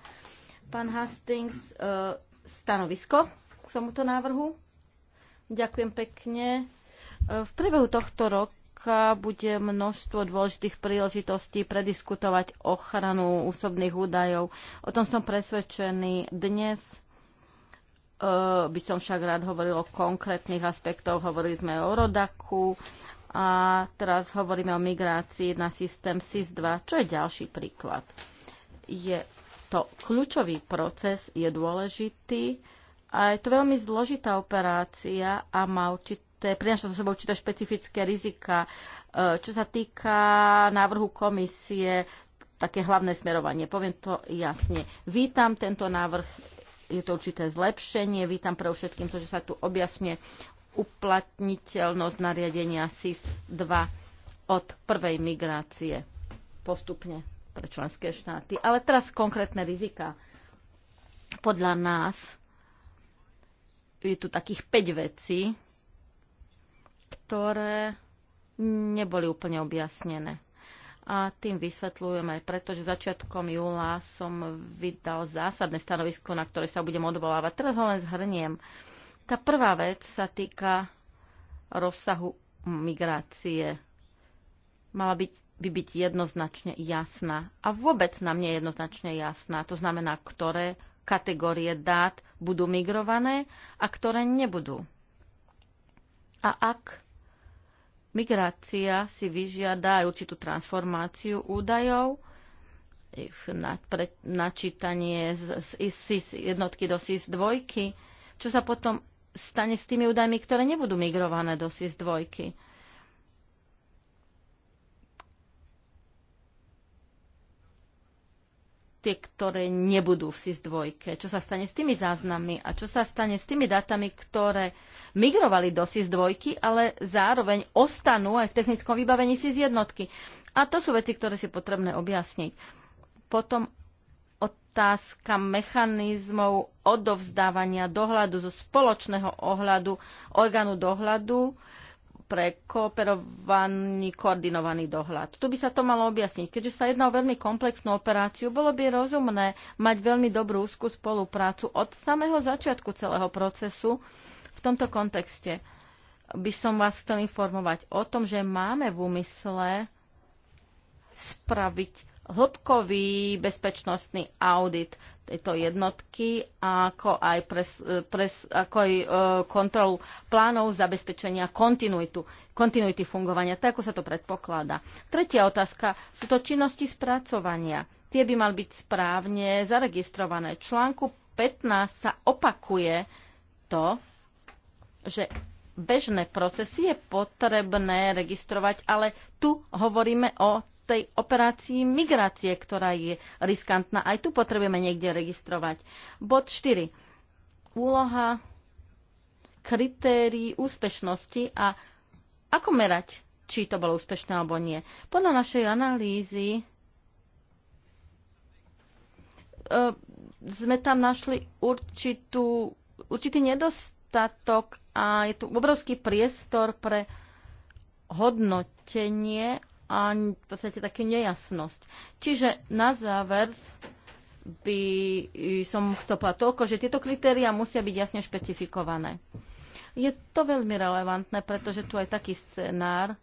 Pán Hastings, e, stanovisko k tomuto návrhu. Ďakujem pekne. E, v priebehu tohto roku roka bude množstvo dôležitých príležitostí prediskutovať ochranu úsobných údajov. O tom som presvedčený dnes. E, by som však rád hovoril o konkrétnych aspektoch. Hovorili sme o Rodaku a teraz hovoríme o migrácii na systém SIS-2, čo je ďalší príklad. Je to kľúčový proces, je dôležitý a je to veľmi zložitá operácia a má určitý určité, prináša so sebou určité špecifické rizika. E, čo sa týka návrhu komisie, také hlavné smerovanie. Poviem to jasne. Vítam tento návrh, je to určité zlepšenie, vítam pre všetkým to, že sa tu objasne uplatniteľnosť nariadenia SIS-2 od prvej migrácie postupne pre členské štáty. Ale teraz konkrétne rizika. Podľa nás je tu takých 5 vecí, ktoré neboli úplne objasnené. A tým vysvetľujem aj preto, že začiatkom júla som vydal zásadné stanovisko, na ktoré sa budem odvolávať. Teraz ho len zhrniem. Tá prvá vec sa týka rozsahu migrácie. Mala byť, by byť jednoznačne jasná. A vôbec nám nie je jednoznačne jasná. To znamená, ktoré kategórie dát budú migrované a ktoré nebudú. A ak Migrácia si vyžiada aj určitú transformáciu údajov, ich načítanie z, z, z jednotky do SIS-2, čo sa potom stane s tými údajmi, ktoré nebudú migrované do SIS-2 tie, ktoré nebudú v SIS-2. Čo sa stane s tými záznammi a čo sa stane s tými dátami, ktoré migrovali do SIS-2, ale zároveň ostanú aj v technickom vybavení SIS-1. A to sú veci, ktoré si potrebné objasniť. Potom otázka mechanizmov odovzdávania dohľadu zo spoločného ohľadu orgánu dohľadu pre kooperovaný, koordinovaný dohľad. Tu by sa to malo objasniť. Keďže sa jedná o veľmi komplexnú operáciu, bolo by rozumné mať veľmi dobrú úzkú spoluprácu od samého začiatku celého procesu v tomto kontexte. By som vás chcel informovať o tom, že máme v úmysle spraviť hĺbkový bezpečnostný audit tejto jednotky, ako aj, pres, pres, ako aj e, kontrolu plánov zabezpečenia kontinuitu, kontinuity fungovania, tak ako sa to predpokladá. Tretia otázka sú to činnosti spracovania. Tie by mali byť správne zaregistrované. Článku 15 sa opakuje to, že bežné procesy je potrebné registrovať, ale tu hovoríme o tej operácii migrácie, ktorá je riskantná. Aj tu potrebujeme niekde registrovať. Bod 4. Úloha kritérií úspešnosti a ako merať, či to bolo úspešné alebo nie. Podľa našej analýzy e, sme tam našli určitú, určitý nedostatok a je tu obrovský priestor pre hodnotenie a v podstate také nejasnosť. Čiže na záver by som povedať toľko, že tieto kritéria musia byť jasne špecifikované. Je to veľmi relevantné, pretože tu je taký scenár,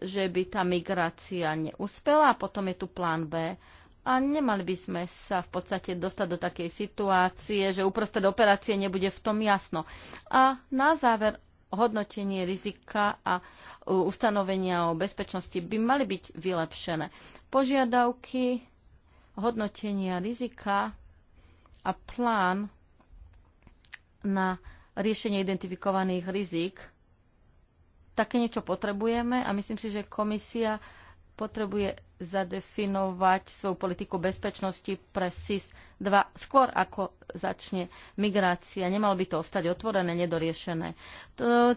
že by tá migrácia neúspela a potom je tu plán B. A nemali by sme sa v podstate dostať do takej situácie, že uprostred operácie nebude v tom jasno. A na záver hodnotenie rizika a ustanovenia o bezpečnosti by mali byť vylepšené. Požiadavky hodnotenia rizika a plán na riešenie identifikovaných rizik. Také niečo potrebujeme a myslím si, že komisia potrebuje zadefinovať svoju politiku bezpečnosti pre SIS dva, skôr ako začne migrácia. Nemalo by to ostať otvorené, nedoriešené.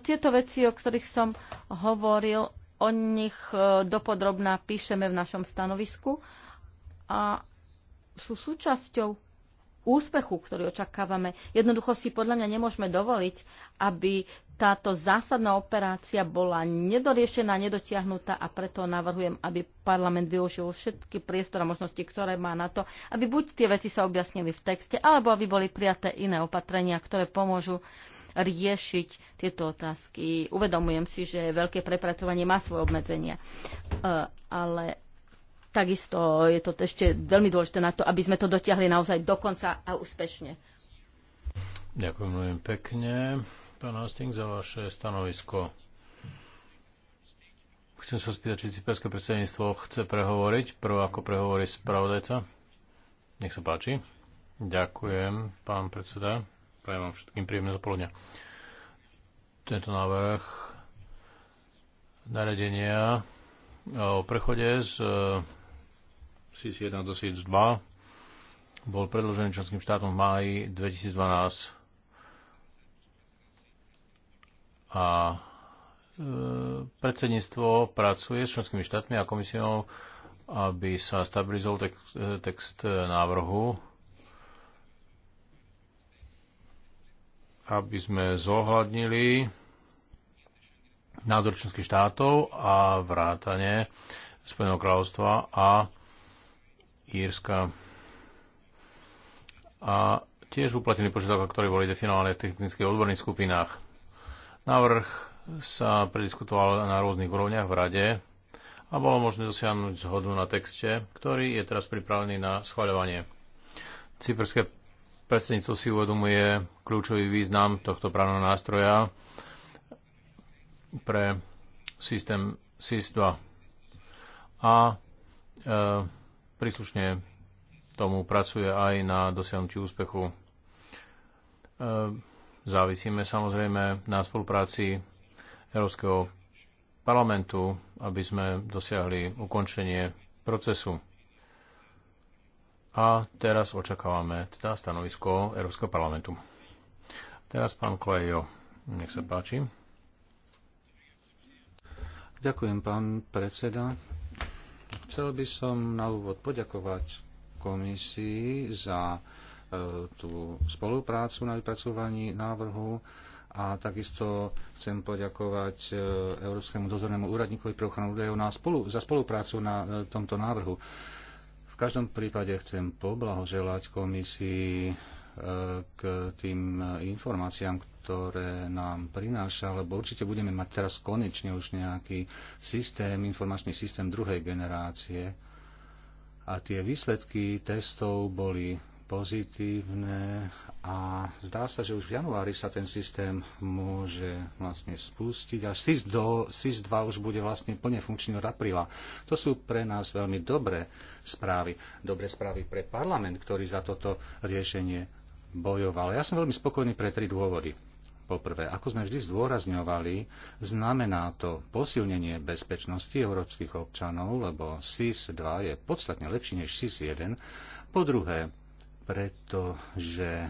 Tieto veci, o ktorých som hovoril, o nich e, dopodrobná píšeme v našom stanovisku a sú súčasťou úspechu, ktorý očakávame. Jednoducho si podľa mňa nemôžeme dovoliť, aby táto zásadná operácia bola nedoriešená, nedotiahnutá a preto navrhujem, aby parlament využil všetky priestory a možnosti, ktoré má na to, aby buď tie veci sa objasnili v texte, alebo aby boli prijaté iné opatrenia, ktoré pomôžu riešiť tieto otázky. Uvedomujem si, že veľké prepracovanie má svoje obmedzenia, e, ale Takisto je to ešte veľmi dôležité na to, aby sme to dotiahli naozaj do konca a úspešne. Ďakujem veľmi pekne, pán Hastings, za vaše stanovisko. Chcem sa spýtať, či cyperské predsedníctvo chce prehovoriť, prvo ako prehovorí spravodajca. Nech sa páči. Ďakujem, pán predseda. Prajem vám všetkým príjemné dopoludne. Tento návrh naredenia o prechode z 2001-2002 bol predložený členským štátom v máji 2012 a e, predsedníctvo pracuje s členskými štátmi a komisiou, aby sa stabilizoval e, text, text návrhu, aby sme zohľadnili názor členských štátov a vrátane Spojeného kráľovstva a Írska a tiež uplatnili požiadavky, ktoré boli definované v technických odborných skupinách. Návrh sa prediskutoval na rôznych úrovniach v Rade a bolo možné dosiahnuť zhodu na texte, ktorý je teraz pripravený na schváľovanie. Cyperské predsedníctvo si uvedomuje kľúčový význam tohto právneho nástroja pre systém SIS-2 a e, príslušne tomu pracuje aj na dosiahnutí úspechu. E, závisíme samozrejme na spolupráci Európskeho parlamentu, aby sme dosiahli ukončenie procesu. A teraz očakávame teda stanovisko Európskeho parlamentu. Teraz pán Klejo, nech sa páči. Ďakujem, pán predseda. Chcel by som na úvod poďakovať komisii za e, tú spoluprácu na vypracovaní návrhu a takisto chcem poďakovať e, Európskemu dozornému úradníkovi pre ochranu údajov spolu, za spoluprácu na e, tomto návrhu. V každom prípade chcem poblahoželať komisii k tým informáciám, ktoré nám prináša, lebo určite budeme mať teraz konečne už nejaký systém, informačný systém druhej generácie. A tie výsledky testov boli pozitívne a zdá sa, že už v januári sa ten systém môže vlastne spustiť a SIS-2 SIS už bude vlastne plne funkčný od apríla. To sú pre nás veľmi dobré správy. Dobré správy pre parlament, ktorý za toto riešenie bojoval. Ja som veľmi spokojný pre tri dôvody. Poprvé, ako sme vždy zdôrazňovali, znamená to posilnenie bezpečnosti európskych občanov, lebo SIS-2 je podstatne lepší než SIS-1. Po druhé, pretože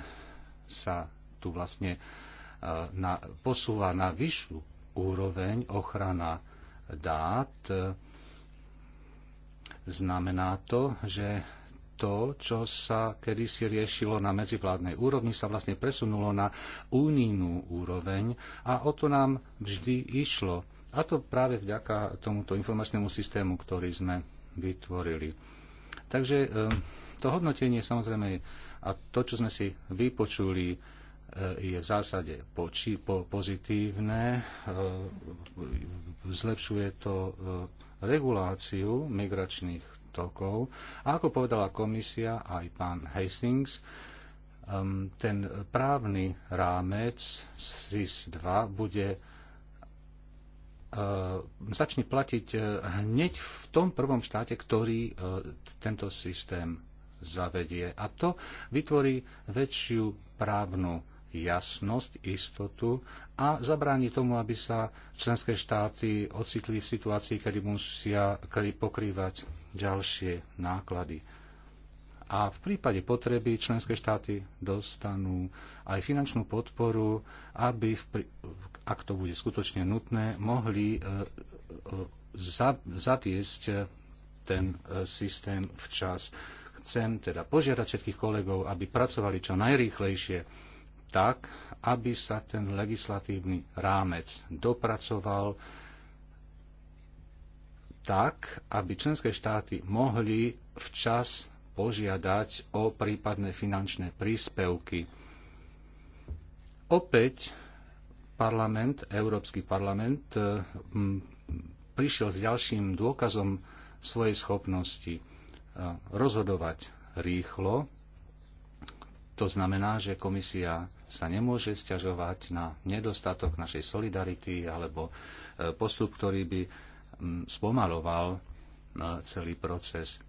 sa tu vlastne e, na, posúva na vyššiu úroveň ochrana dát. Znamená to, že to, čo sa kedysi riešilo na medzivládnej úrovni, sa vlastne presunulo na únijnú úroveň a o to nám vždy išlo. A to práve vďaka tomuto informačnému systému, ktorý sme vytvorili. Takže eh, to hodnotenie samozrejme a to, čo sme si vypočuli, eh, je v zásade pozitívne. Eh, zlepšuje to reguláciu migračných tokov. A ako povedala komisia aj pán Hastings, um, ten právny rámec SIS-2 bude uh, začne platiť uh, hneď v tom prvom štáte, ktorý uh, tento systém zavedie. A to vytvorí väčšiu právnu jasnosť, istotu a zabráni tomu, aby sa členské štáty ocitli v situácii, kedy musia pokrývať ďalšie náklady. A v prípade potreby členské štáty dostanú aj finančnú podporu, aby, v, ak to bude skutočne nutné, mohli e, e, zatiesť ten e, systém včas. Chcem teda požiadať všetkých kolegov, aby pracovali čo najrýchlejšie tak, aby sa ten legislatívny rámec dopracoval tak, aby členské štáty mohli včas požiadať o prípadné finančné príspevky. Opäť parlament, Európsky parlament eh, prišiel s ďalším dôkazom svojej schopnosti eh, rozhodovať rýchlo. To znamená, že komisia sa nemôže stiažovať na nedostatok našej solidarity alebo eh, postup, ktorý by spomaloval e, celý proces.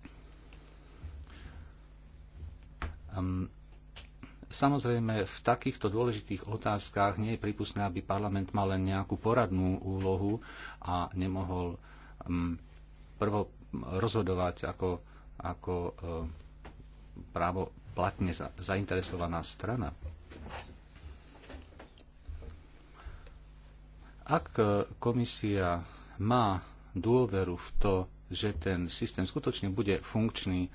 Samozrejme, v takýchto dôležitých otázkach nie je prípustné, aby parlament mal len nejakú poradnú úlohu a nemohol prvo rozhodovať ako, ako e, právo platne zainteresovaná strana. Ak e, komisia má dôveru v to, že ten systém skutočne bude funkčný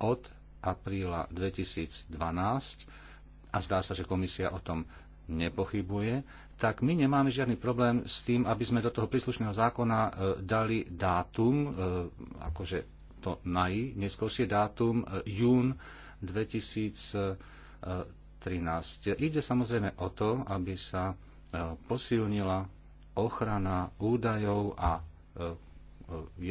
od apríla 2012 a zdá sa, že komisia o tom nepochybuje, tak my nemáme žiadny problém s tým, aby sme do toho príslušného zákona e, dali dátum, e, akože to nají, neskôršie dátum, e, jún 2013. Ide samozrejme o to, aby sa posilnila ochrana údajov a E, e,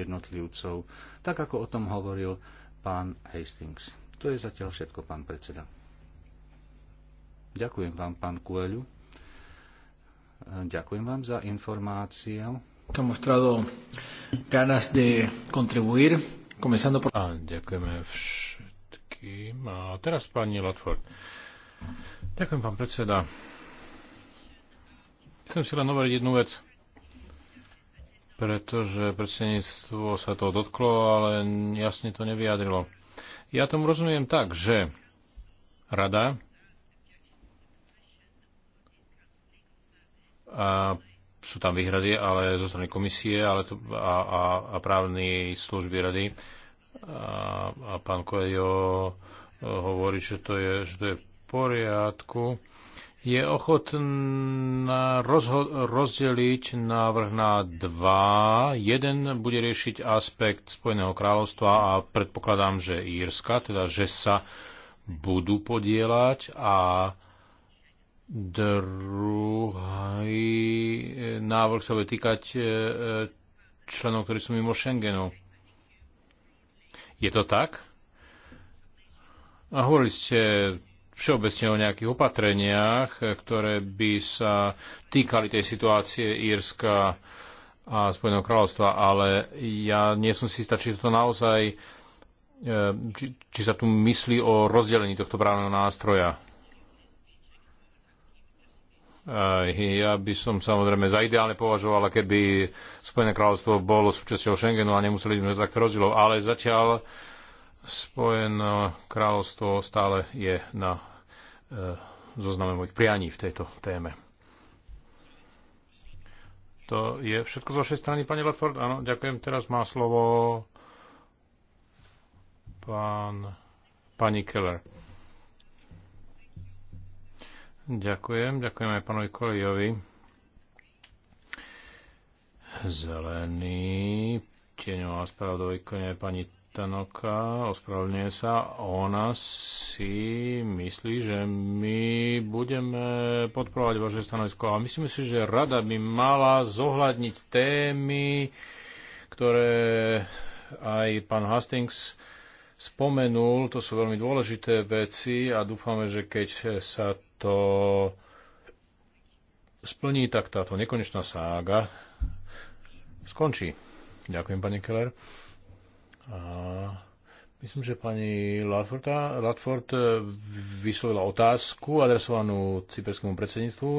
jednotlivcov, tak ako o tom hovoril pán Hastings. To je zatiaľ všetko, pán predseda. Ďakujem vám, pán Kueľu. E, ďakujem vám za informáciu. A ďakujeme všetkým. A teraz pani Latford. Ďakujem, pán predseda. Chcem si len hovoriť jednu vec pretože predsedníctvo sa to dotklo, ale jasne to nevyjadrilo. Ja tomu rozumiem tak, že rada a sú tam výhrady, ale zo strany komisie ale to, a, a, a právnej služby rady a, a pán Coelho e, hovorí, že to je, že to je v poriadku je ochotná rozdeliť návrh na dva. Jeden bude riešiť aspekt Spojeného kráľovstva a predpokladám, že Írska, teda že sa budú podielať a druhý návrh sa bude týkať e, e, členov, ktorí sú mimo Schengenu. Je to tak? A hovorili ste všeobecne o nejakých opatreniach, e, ktoré by sa týkali tej situácie Írska a Spojeného kráľovstva, ale ja nie som si istá, či to naozaj, e, či, či sa tu myslí o rozdelení tohto právneho nástroja. Ja by som samozrejme za ideálne považoval, keby Spojené kráľovstvo bolo súčasťou Schengenu a nemuseli sme to takto rozdielovať, ale zatiaľ Spojené kráľovstvo stále je na E, zozname mojich prianí v tejto téme. To je všetko z vašej strany, pani Latford? Áno, ďakujem. Teraz má slovo pán, pani Keller. Ďakujem. Ďakujem aj pánovi Kolejovi. Zelený, tieňová spravodajkoňa je pani Tanoka, ospravedlňuje sa, ona si myslí, že my budeme podporovať vaše stanovisko. A myslím si, že rada by mala zohľadniť témy, ktoré aj pán Hastings spomenul. To sú veľmi dôležité veci a dúfame, že keď sa to splní, tak táto nekonečná sága skončí. Ďakujem, pani Keller. A myslím, že pani Latforda, Latford eh, vyslovila otázku adresovanú cyperskému predsedníctvu.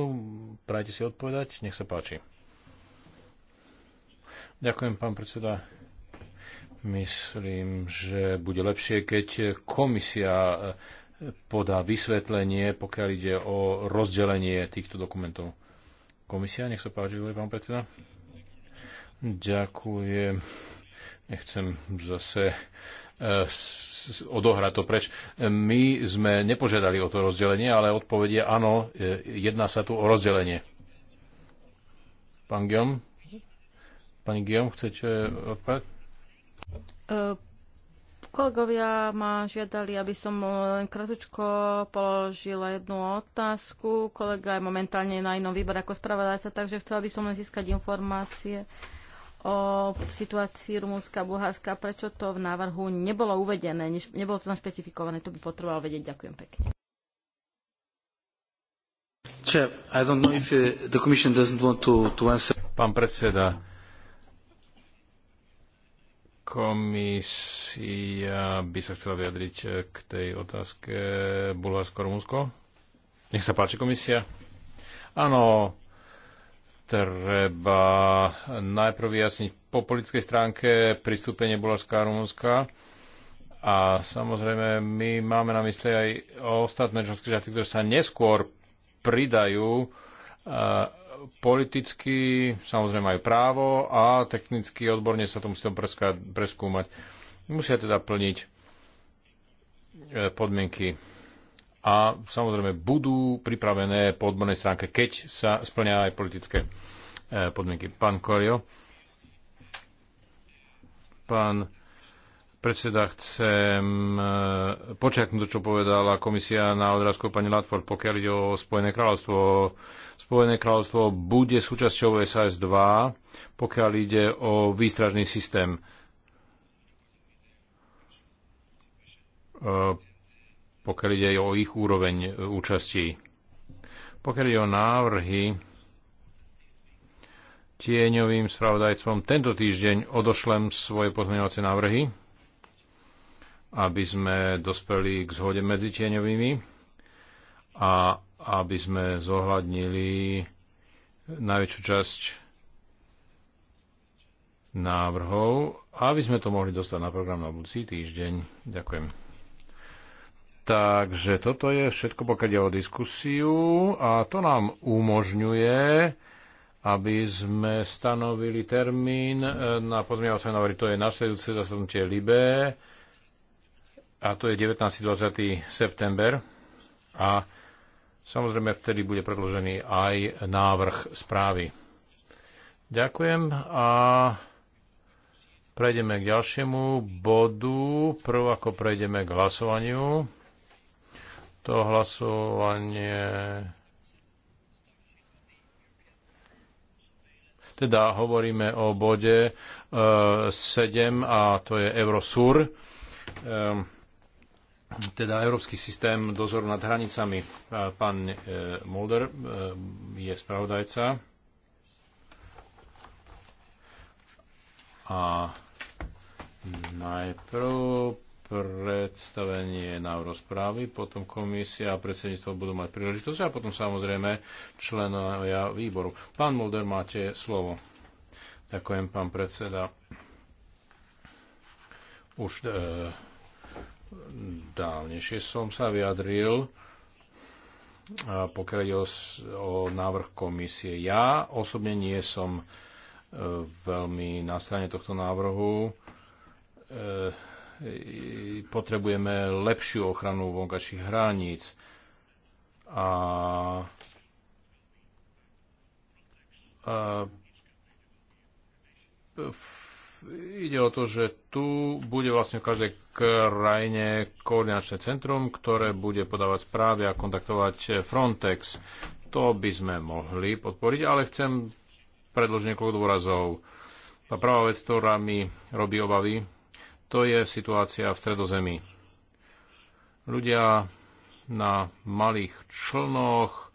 Prajte si odpovedať, nech sa páči. Ďakujem, pán predseda. Myslím, že bude lepšie, keď komisia eh, podá vysvetlenie, pokiaľ ide o rozdelenie týchto dokumentov. Komisia, nech sa páči, pán predseda. Ďakujem nechcem zase e, odohrať to preč. My sme nepožiadali o to rozdelenie, ale odpovedie áno, e, jedná sa tu o rozdelenie. Pán Guillaume? Pani Guillaume, chcete odpovedať? E, kolegovia ma žiadali, aby som len kratučko položila jednu otázku. Kolega je momentálne na inom výbore ako spravodajca, takže chcela by som len získať informácie o situácii Rumúnska a Bulharska, prečo to v návrhu nebolo uvedené, než, nebolo to tam špecifikované, to by potrebovalo vedieť. Ďakujem pekne. Pán predseda, komisia by sa chcela vyjadriť uh, k tej otázke Bulharsko-Rumunsko. Nech sa páči komisia. Áno, treba najprv vyjasniť po politickej stránke pristúpenie Bulharska a Rumunska. A samozrejme, my máme na mysli aj ostatné členské štáty, ktoré sa neskôr pridajú politicky, samozrejme aj právo a technicky odborne sa to musí tom preskúmať. Musia teda plniť e, podmienky a samozrejme budú pripravené po odbornej stránke, keď sa splnia aj politické eh, podmienky. Pán Koelio, pán predseda, chcem eh, počiaknúť to, čo povedala komisia na odrázku pani Latford, pokiaľ ide o Spojené kráľovstvo. Spojené kráľovstvo bude súčasťou SAS-2, pokiaľ ide o výstražný systém. Eh, pokiaľ ide o ich úroveň e, účastí. Pokiaľ ide o návrhy, tieňovým spravodajcom tento týždeň odošlem svoje pozmeňovacie návrhy, aby sme dospeli k zhode medzi tieňovými a aby sme zohľadnili najväčšiu časť návrhov, aby sme to mohli dostať na program na budúci týždeň. Ďakujem. Takže toto je všetko, pokiaľ o diskusiu a to nám umožňuje, aby sme stanovili termín e, na pozmeňovacie návrhy. To je nasledujúce zasadnutie Libe a to je 19. 20. september a samozrejme vtedy bude predložený aj návrh správy. Ďakujem a prejdeme k ďalšiemu bodu. Prv ako prejdeme k hlasovaniu to hlasovanie teda hovoríme o bode 7 e, a to je Eurosur, e, teda Európsky systém dozoru nad hranicami. E, pán Mulder je spravodajca. A najprv predstavenie na správy, potom komisia a predsedníctvo budú mať príležitosť a potom samozrejme členovia výboru. Pán Mulder, máte slovo. Ďakujem, pán predseda. Už e, dávnejšie som sa vyjadril, pokiaľ ide o, o návrh komisie. Ja osobne nie som e, veľmi na strane tohto návrhu. E, potrebujeme lepšiu ochranu vonkajších hraníc a, a ide o to, že tu bude vlastne v každej krajine koordinačné centrum, ktoré bude podávať správy a kontaktovať e, Frontex. To by sme mohli podporiť, ale chcem predložiť niekoľko dôrazov. Tá prvá vec, ktorá mi robí obavy, to je situácia v stredozemí. Ľudia na malých člnoch e,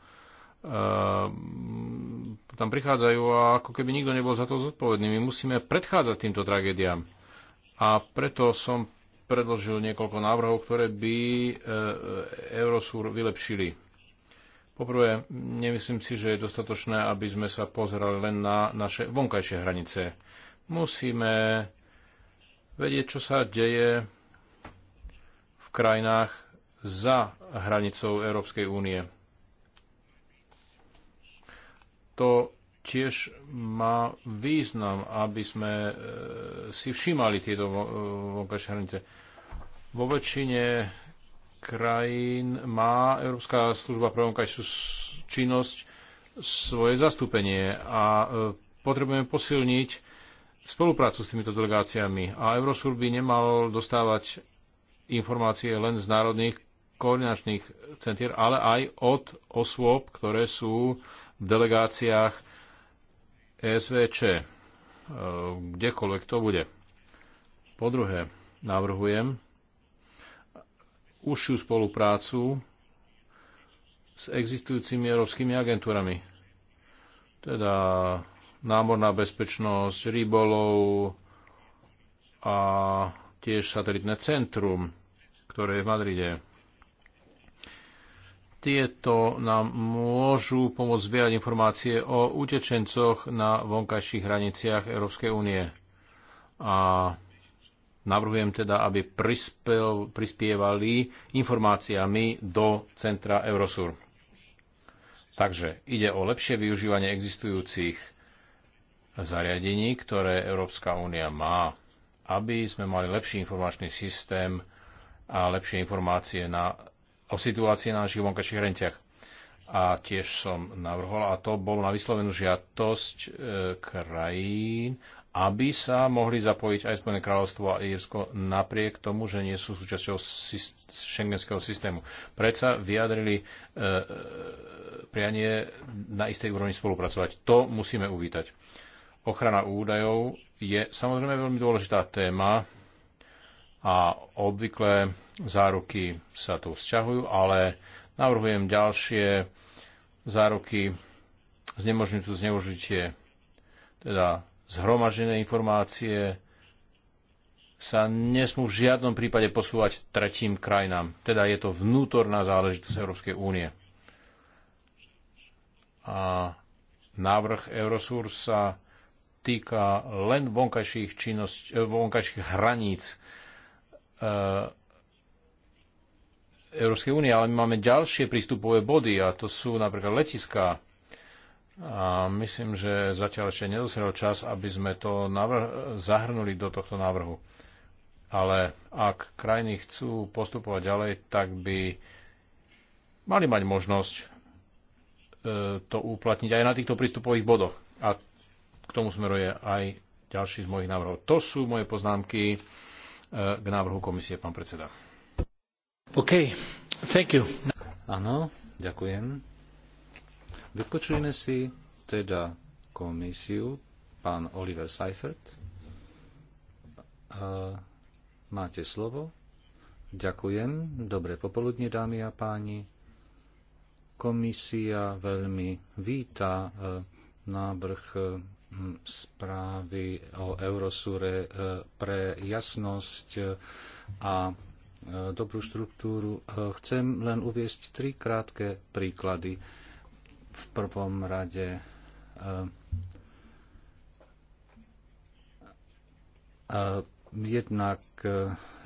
tam prichádzajú a ako keby nikto nebol za to zodpovedný. My musíme predchádzať týmto tragédiám. A preto som predložil niekoľko návrhov, ktoré by e, Eurosur vylepšili. Poprvé, nemyslím si, že je dostatočné, aby sme sa pozerali len na naše vonkajšie hranice. Musíme vedieť, čo sa deje v krajinách za hranicou Európskej únie. To tiež má význam, aby sme e, si všímali tieto e, vonkajšie hranice. Vo väčšine krajín má Európska služba pre vonkajšiu činnosť svoje zastúpenie a e, potrebujeme posilniť spoluprácu s týmito delegáciami a Eurosur by nemal dostávať informácie len z národných koordinačných centier, ale aj od osôb, ktoré sú v delegáciách SVČ, e, kdekoľvek to bude. Po druhé, navrhujem užšiu spoluprácu s existujúcimi európskymi agentúrami, teda námorná bezpečnosť, rybolov a tiež satelitné centrum, ktoré je v Madride. Tieto nám môžu pomôcť zbierať informácie o utečencoch na vonkajších hraniciach Európskej únie. A navrhujem teda, aby prispel, prispievali informáciami do centra Eurosur. Takže ide o lepšie využívanie existujúcich zariadení, ktoré Európska únia má, aby sme mali lepší informačný systém a lepšie informácie na, o situácii na našich vonkajších hraniciach. A tiež som navrhol, a to bolo na vyslovenú žiadosť e, krajín, aby sa mohli zapojiť aj Spojené kráľovstvo a Írsko napriek tomu, že nie sú súčasťou šengenského systému. Predsa vyjadrili e, e, prianie na istej úrovni spolupracovať. To musíme uvítať. Ochrana údajov je samozrejme veľmi dôležitá téma a obvykle záruky sa tu vzťahujú, ale navrhujem ďalšie záruky znemožňujúcu zneužitie, teda zhromažené informácie sa nesmú v žiadnom prípade posúvať tretím krajinám. Teda je to vnútorná záležitosť Európskej únie. A návrh Eurosur sa týka len vonkajších, činnosť, eh, vonkajších hraníc eh, Európskej únie, ale my máme ďalšie prístupové body a to sú napríklad letiská. A myslím, že zatiaľ ešte nedosiel čas, aby sme to zahrnuli do tohto návrhu. Ale ak krajiny chcú postupovať ďalej, tak by mali mať možnosť eh, to uplatniť aj na týchto prístupových bodoch. A k tomu smeruje aj ďalší z mojich návrhov. To sú moje poznámky e, k návrhu komisie, pán predseda. OK, thank you. Áno, ďakujem. Vypočujeme si teda komisiu, pán Oliver Seifert. E, máte slovo. Ďakujem. Dobré popoludne, dámy a páni. Komisia veľmi víta e, návrh eh, hm, správy o Eurosure eh, pre jasnosť eh, a dobrú štruktúru. Chcem len uviesť tri krátke príklady. V prvom rade jednak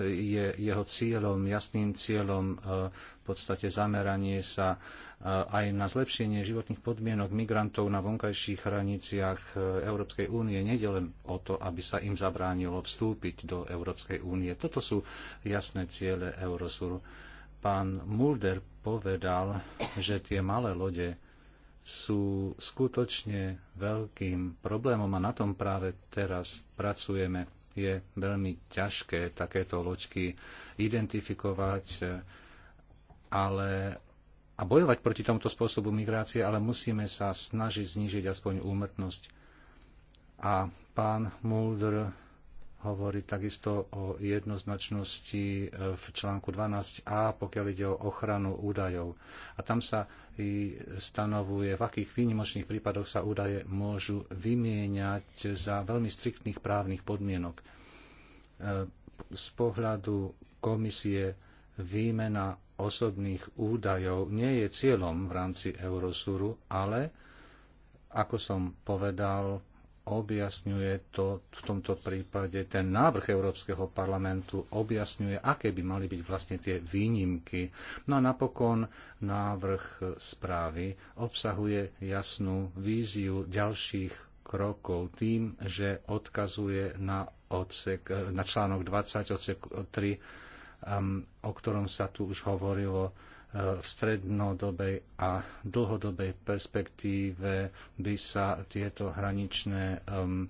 je jeho cieľom, jasným cieľom v podstate zameranie sa Eh, aj na zlepšenie životných podmienok migrantov na vonkajších hraniciach eh, Európskej únie. Nejde len o to, aby sa im zabránilo vstúpiť do Európskej únie. Toto sú jasné ciele Eurosuru. Pán Mulder povedal, že tie malé lode sú skutočne veľkým problémom a na tom práve teraz pracujeme. Je veľmi ťažké takéto loďky identifikovať, eh, ale a bojovať proti tomuto spôsobu migrácie, ale musíme sa snažiť znížiť aspoň úmrtnosť. A pán Mulder hovorí takisto o jednoznačnosti e, v článku 12a, pokiaľ ide o ochranu údajov. A tam sa stanovuje, v akých výnimočných prípadoch sa údaje môžu vymieňať za veľmi striktných právnych podmienok. E, z pohľadu komisie výmena osobných údajov nie je cieľom v rámci Eurosuru, ale, ako som povedal, objasňuje to v tomto prípade, ten návrh Európskeho parlamentu objasňuje, aké by mali byť vlastne tie výnimky. No a napokon návrh správy obsahuje jasnú víziu ďalších krokov tým, že odkazuje na, odsek, na článok 20 odsek 3 Um, o ktorom sa tu už hovorilo uh, v strednodobej a dlhodobej perspektíve by sa tieto hraničné, um,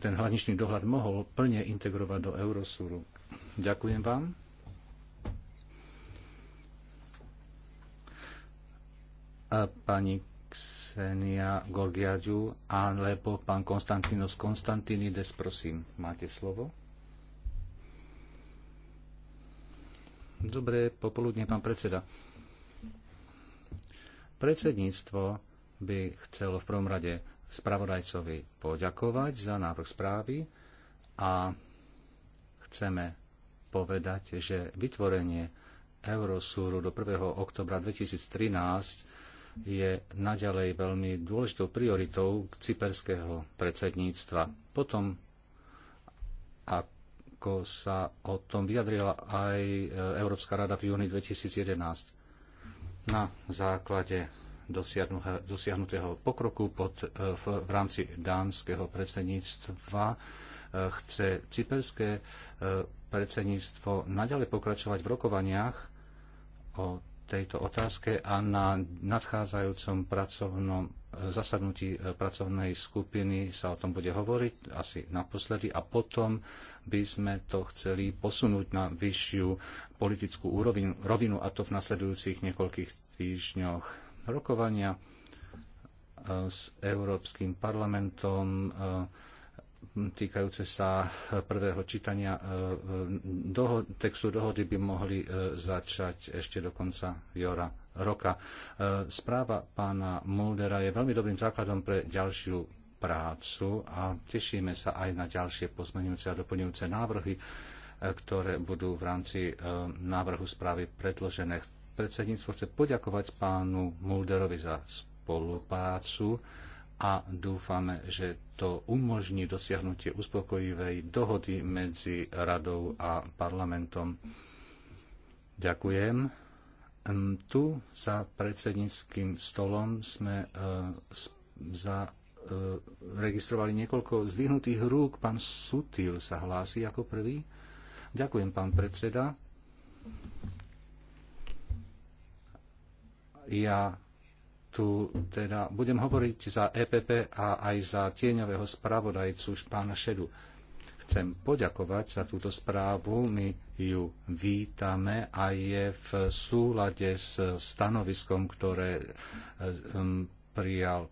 ten hraničný dohľad mohol plne integrovať do Eurosuru. Ďakujem vám. Pani Ksenia Gorgiadiu alebo pán Konstantinos Konstantinides, prosím, máte slovo. Dobré popoludne, pán predseda. Predsedníctvo by chcelo v prvom rade spravodajcovi poďakovať za návrh správy a chceme povedať, že vytvorenie Eurosúru do 1. oktobra 2013 je naďalej veľmi dôležitou prioritou cyperského predsedníctva. Potom, ak ako sa o tom vyjadrila aj e, Európska rada v júni 2011. Na základe dosiahnutého pokroku pod, e, v, v rámci dánskeho predsedníctva e, chce cyperské predsedníctvo naďalej pokračovať v rokovaniach o tejto otázke a na nadchádzajúcom pracovnom e, zasadnutí e, pracovnej skupiny sa o tom bude hovoriť asi naposledy a potom by sme to chceli posunúť na vyššiu politickú úroveň, rovinu a to v nasledujúcich niekoľkých týždňoch rokovania e, s Európskym parlamentom týkajúce sa eh, prvého čítania eh, eh, doho- textu dohody by mohli začať ešte do konca jora, roka. Správa pána Muldera je veľmi dobrým základom pre ďalšiu prácu a tešíme sa aj na ďalšie pozmenujúce a doplňujúce návrhy, ktoré budú v rámci návrhu správy predložené. Predsedníctvo chce poďakovať pánu Mulderovi za spoluprácu a dúfame, že to umožní dosiahnutie uspokojivej dohody medzi radou a parlamentom. Ďakujem. Tu za predsedníckým stolom sme e, e, registrovali niekoľko zvyhnutých rúk. Pán Sutil sa hlási ako prvý. Ďakujem, pán predseda. Ja tu teda budem hovoriť za EPP a aj za tieňového spravodajcu pána Šedu. Chcem poďakovať za túto správu, my ju vítame a je v súlade s stanoviskom, ktoré prijal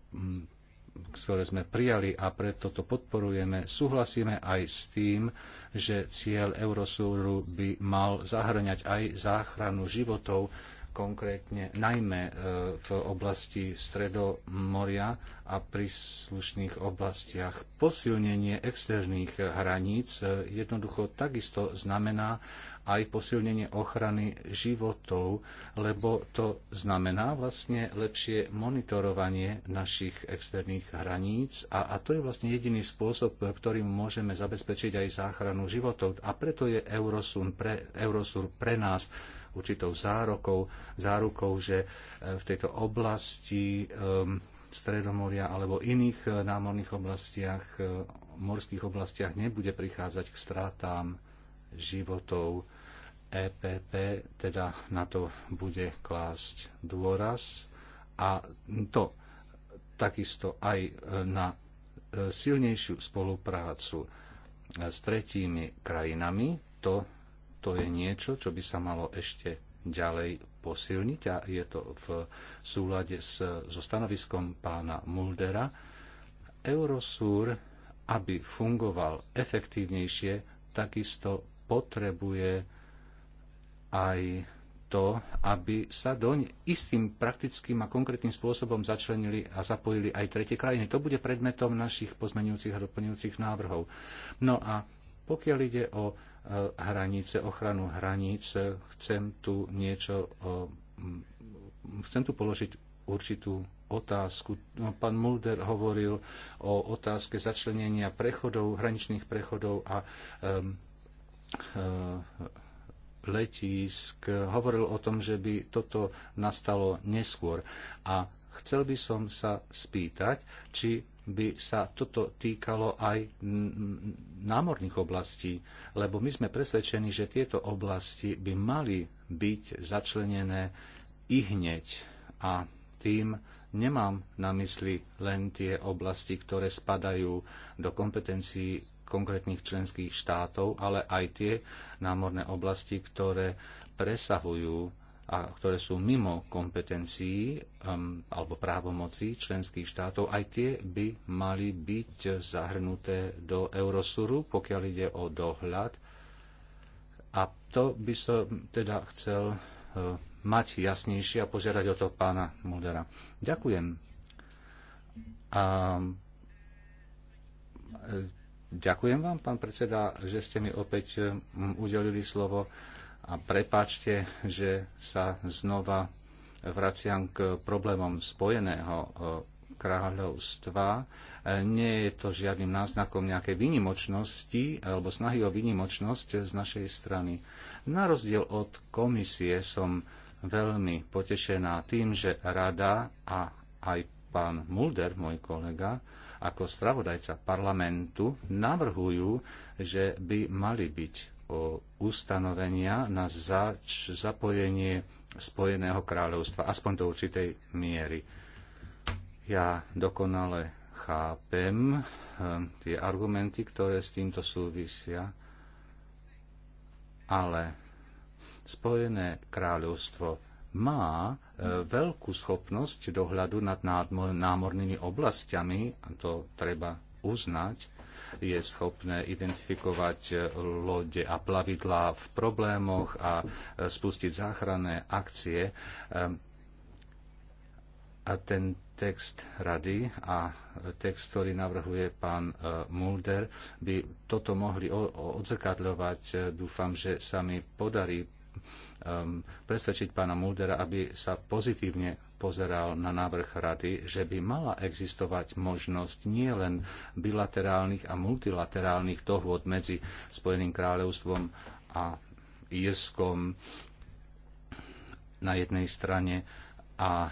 ktoré sme prijali a preto to podporujeme, súhlasíme aj s tým, že cieľ Eurosúru by mal zahrňať aj záchranu životov konkrétne najmä e, v oblasti Stredomoria a príslušných oblastiach. Posilnenie externých hraníc e, jednoducho takisto znamená aj posilnenie ochrany životov, lebo to znamená vlastne lepšie monitorovanie našich externých hraníc a, a to je vlastne jediný spôsob, ktorým môžeme zabezpečiť aj záchranu životov. A preto je Eurosur pre, Eurosur pre nás určitou zárokou, zárukou, že e, v tejto oblasti Stredomoria alebo iných e, námorných oblastiach, e, morských oblastiach nebude prichádzať k stratám životov. EPP teda na to bude klásť dôraz a to takisto aj na silnejšiu spoluprácu s tretími krajinami. To to je niečo, čo by sa malo ešte ďalej posilniť a je to v súlade s, so stanoviskom pána Muldera. Eurosúr, aby fungoval efektívnejšie, takisto potrebuje aj to, aby sa doň istým praktickým a konkrétnym spôsobom začlenili a zapojili aj tretie krajiny. To bude predmetom našich pozmenujúcich a doplňujúcich návrhov. No a pokiaľ ide o e, hranice, ochranu hraníc, chcem tu niečo, chcem tu položiť určitú otázku. No, pán Mulder hovoril o otázke začlenenia prechodov, hraničných prechodov a um, letísk. Hovoril o tom, že by toto nastalo neskôr. A chcel by som sa spýtať, či by sa toto týkalo aj námorných oblastí, lebo my sme presvedčení, že tieto oblasti by mali byť začlenené i hneď a tým nemám na mysli len tie oblasti, ktoré spadajú do kompetencií konkrétnych členských štátov, ale aj tie námorné oblasti, ktoré presahujú a ktoré sú mimo kompetencií um, alebo právomocí členských štátov, aj tie by mali byť zahrnuté do Eurosuru, pokiaľ ide o dohľad. A to by som teda chcel uh, mať jasnejšie a požiadať o to pána Muldera. Ďakujem. A, e, ďakujem vám, pán predseda, že ste mi opäť um, udelili slovo a prepáčte, že sa znova vraciam k problémom spojeného e, kráľovstva. E, nie je to žiadnym náznakom nejakej výnimočnosti alebo snahy o výnimočnosť z našej strany. Na rozdiel od komisie som veľmi potešená tým, že rada a aj pán Mulder, môj kolega, ako stravodajca parlamentu navrhujú, že by mali byť ustanovenia na zač- zapojenie Spojeného kráľovstva, aspoň do určitej miery. Ja dokonale chápem eh, tie argumenty, ktoré s týmto súvisia, ale Spojené kráľovstvo má eh, veľkú schopnosť dohľadu nad námornými oblastiami, a to treba uznať, je schopné identifikovať e, lode a plavidlá v problémoch a e, spustiť záchranné akcie. Ehm, a ten text rady a text, ktorý navrhuje pán e, Mulder, by toto mohli odzrkadľovať. Dúfam, že sa mi podarí ehm, presvedčiť pána Muldera, aby sa pozitívne pozeral na návrh rady, že by mala existovať možnosť nielen bilaterálnych a multilaterálnych dohôd medzi Spojeným kráľovstvom a Írskom na jednej strane a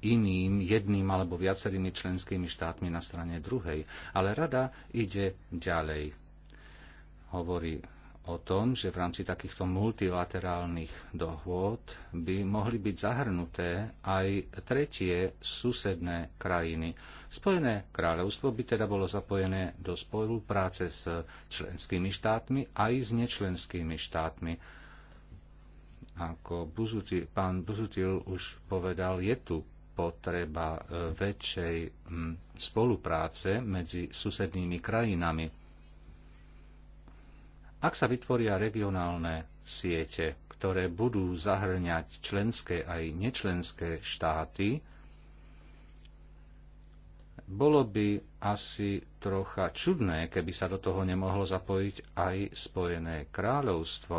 iným, jedným alebo viacerými členskými štátmi na strane druhej. Ale rada ide ďalej. Hovorí o tom, že v rámci takýchto multilaterálnych dohôd by mohli byť zahrnuté aj tretie susedné krajiny. Spojené kráľovstvo by teda bolo zapojené do spolupráce s členskými štátmi aj s nečlenskými štátmi. Ako Buzutil, pán Buzutil už povedal, je tu potreba eh, väčšej hm, spolupráce medzi susednými krajinami ak sa vytvoria regionálne siete, ktoré budú zahrňať členské aj nečlenské štáty, bolo by asi trocha čudné, keby sa do toho nemohlo zapojiť aj Spojené kráľovstvo.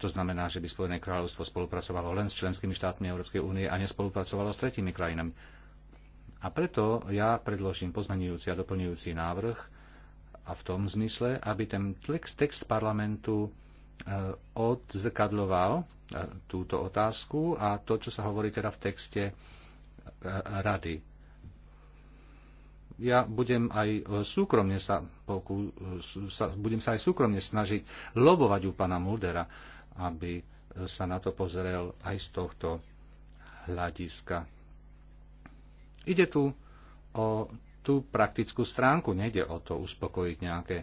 To znamená, že by Spojené kráľovstvo spolupracovalo len s členskými štátmi Európskej únie a nespolupracovalo s tretími krajinami. A preto ja predložím pozmenujúci a doplňujúci návrh, a v tom zmysle, aby ten text parlamentu e, odzrkadloval e, túto otázku a to, čo sa hovorí teda v texte e, rady. Ja budem aj súkromne sa, pokú, sa, budem sa aj súkromne snažiť lobovať u pána Muldera, aby sa na to pozrel aj z tohto hľadiska. Ide tu o tú praktickú stránku. Nejde o to uspokojiť nejaké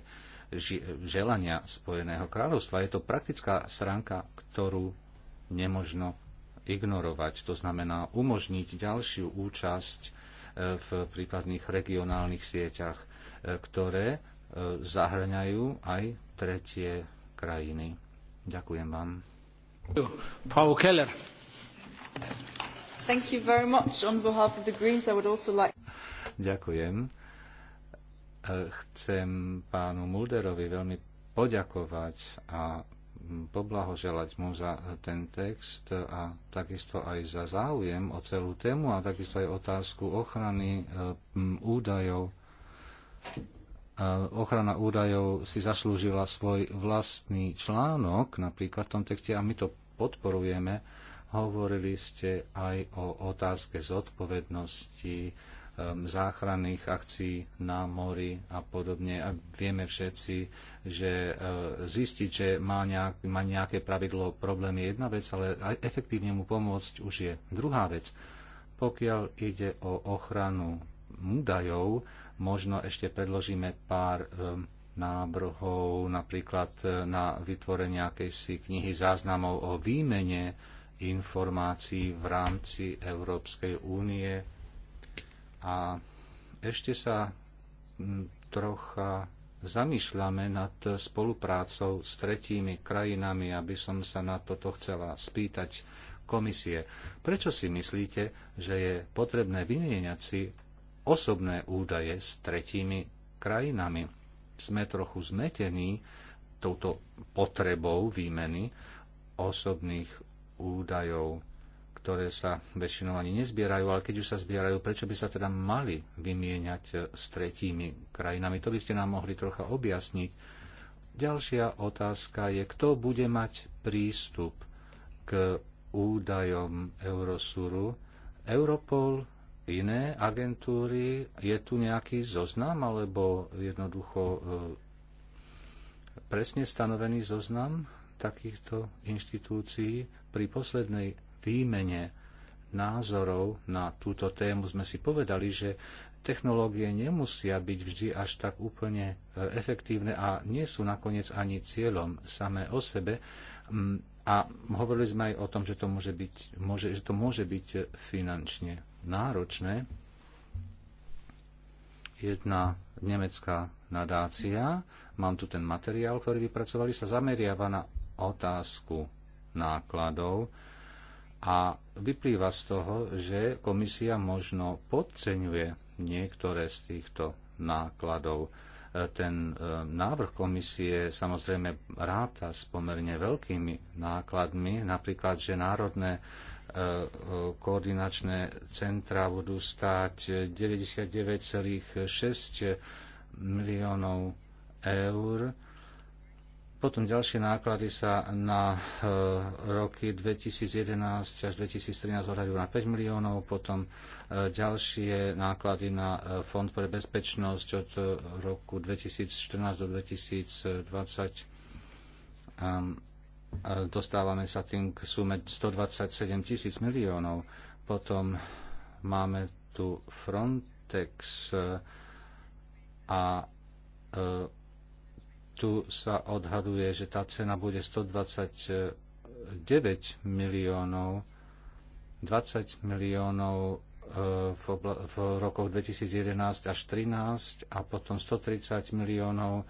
želania Spojeného kráľovstva. Je to praktická stránka, ktorú nemožno ignorovať. To znamená umožniť ďalšiu účasť e, v prípadných regionálnych sieťach, e, ktoré e, zahrňajú aj tretie krajiny. Ďakujem vám. Paul Keller. Thank you very much. On behalf of the Greens, I would also like... Ďakujem. E, chcem pánu Mulderovi veľmi poďakovať a poblahoželať mu za ten text a takisto aj za záujem o celú tému a takisto aj otázku ochrany e, údajov. E, ochrana údajov si zaslúžila svoj vlastný článok napríklad v tom texte a my to podporujeme. Hovorili ste aj o otázke zodpovednosti Um, záchranných akcií na mori a podobne. A vieme všetci, že uh, zistiť, že má, nejak, má nejaké pravidlo problém je jedna vec, ale aj efektívne mu pomôcť už je druhá vec. Pokiaľ ide o ochranu údajov, možno ešte predložíme pár um, nábrhov, napríklad uh, na vytvorenie akejsi knihy záznamov o výmene informácií v rámci Európskej únie a ešte sa trocha zamýšľame nad spoluprácou s tretími krajinami, aby som sa na toto chcela spýtať komisie. Prečo si myslíte, že je potrebné vymieňať si osobné údaje s tretími krajinami? Sme trochu zmetení touto potrebou výmeny osobných údajov ktoré sa väčšinou ani nezbierajú, ale keď už sa zbierajú, prečo by sa teda mali vymieňať e, s tretími krajinami? To by ste nám mohli trocha objasniť. Ďalšia otázka je, kto bude mať prístup k údajom Eurosuru? Europol, iné agentúry, je tu nejaký zoznam alebo jednoducho e, presne stanovený zoznam takýchto inštitúcií pri poslednej výmene názorov na túto tému sme si povedali, že technológie nemusia byť vždy až tak úplne e, efektívne a nie sú nakoniec ani cieľom samé o sebe. Mm, a hovorili sme aj o tom, že to môže byť, môže, že to môže byť e, finančne náročné. Jedna nemecká nadácia, mám tu ten materiál, ktorý vypracovali, sa zameriava na otázku nákladov a vyplýva z toho, že komisia možno podceňuje niektoré z týchto nákladov. E, ten e, návrh komisie samozrejme ráta s pomerne veľkými nákladmi, napríklad, že národné e, koordinačné centra budú stáť 99,6 miliónov eur potom ďalšie náklady sa na e, roky 2011 až 2013 odhadujú na 5 miliónov, potom e, ďalšie náklady na e, Fond pre bezpečnosť od roku 2014 do 2020. Dostávame sa tým k sume 127 tisíc miliónov. Potom máme tu Frontex a tu sa odhaduje, že tá cena bude 129 miliónov, 20 miliónov e, v, v rokoch 2011 až 2013 a potom 130 miliónov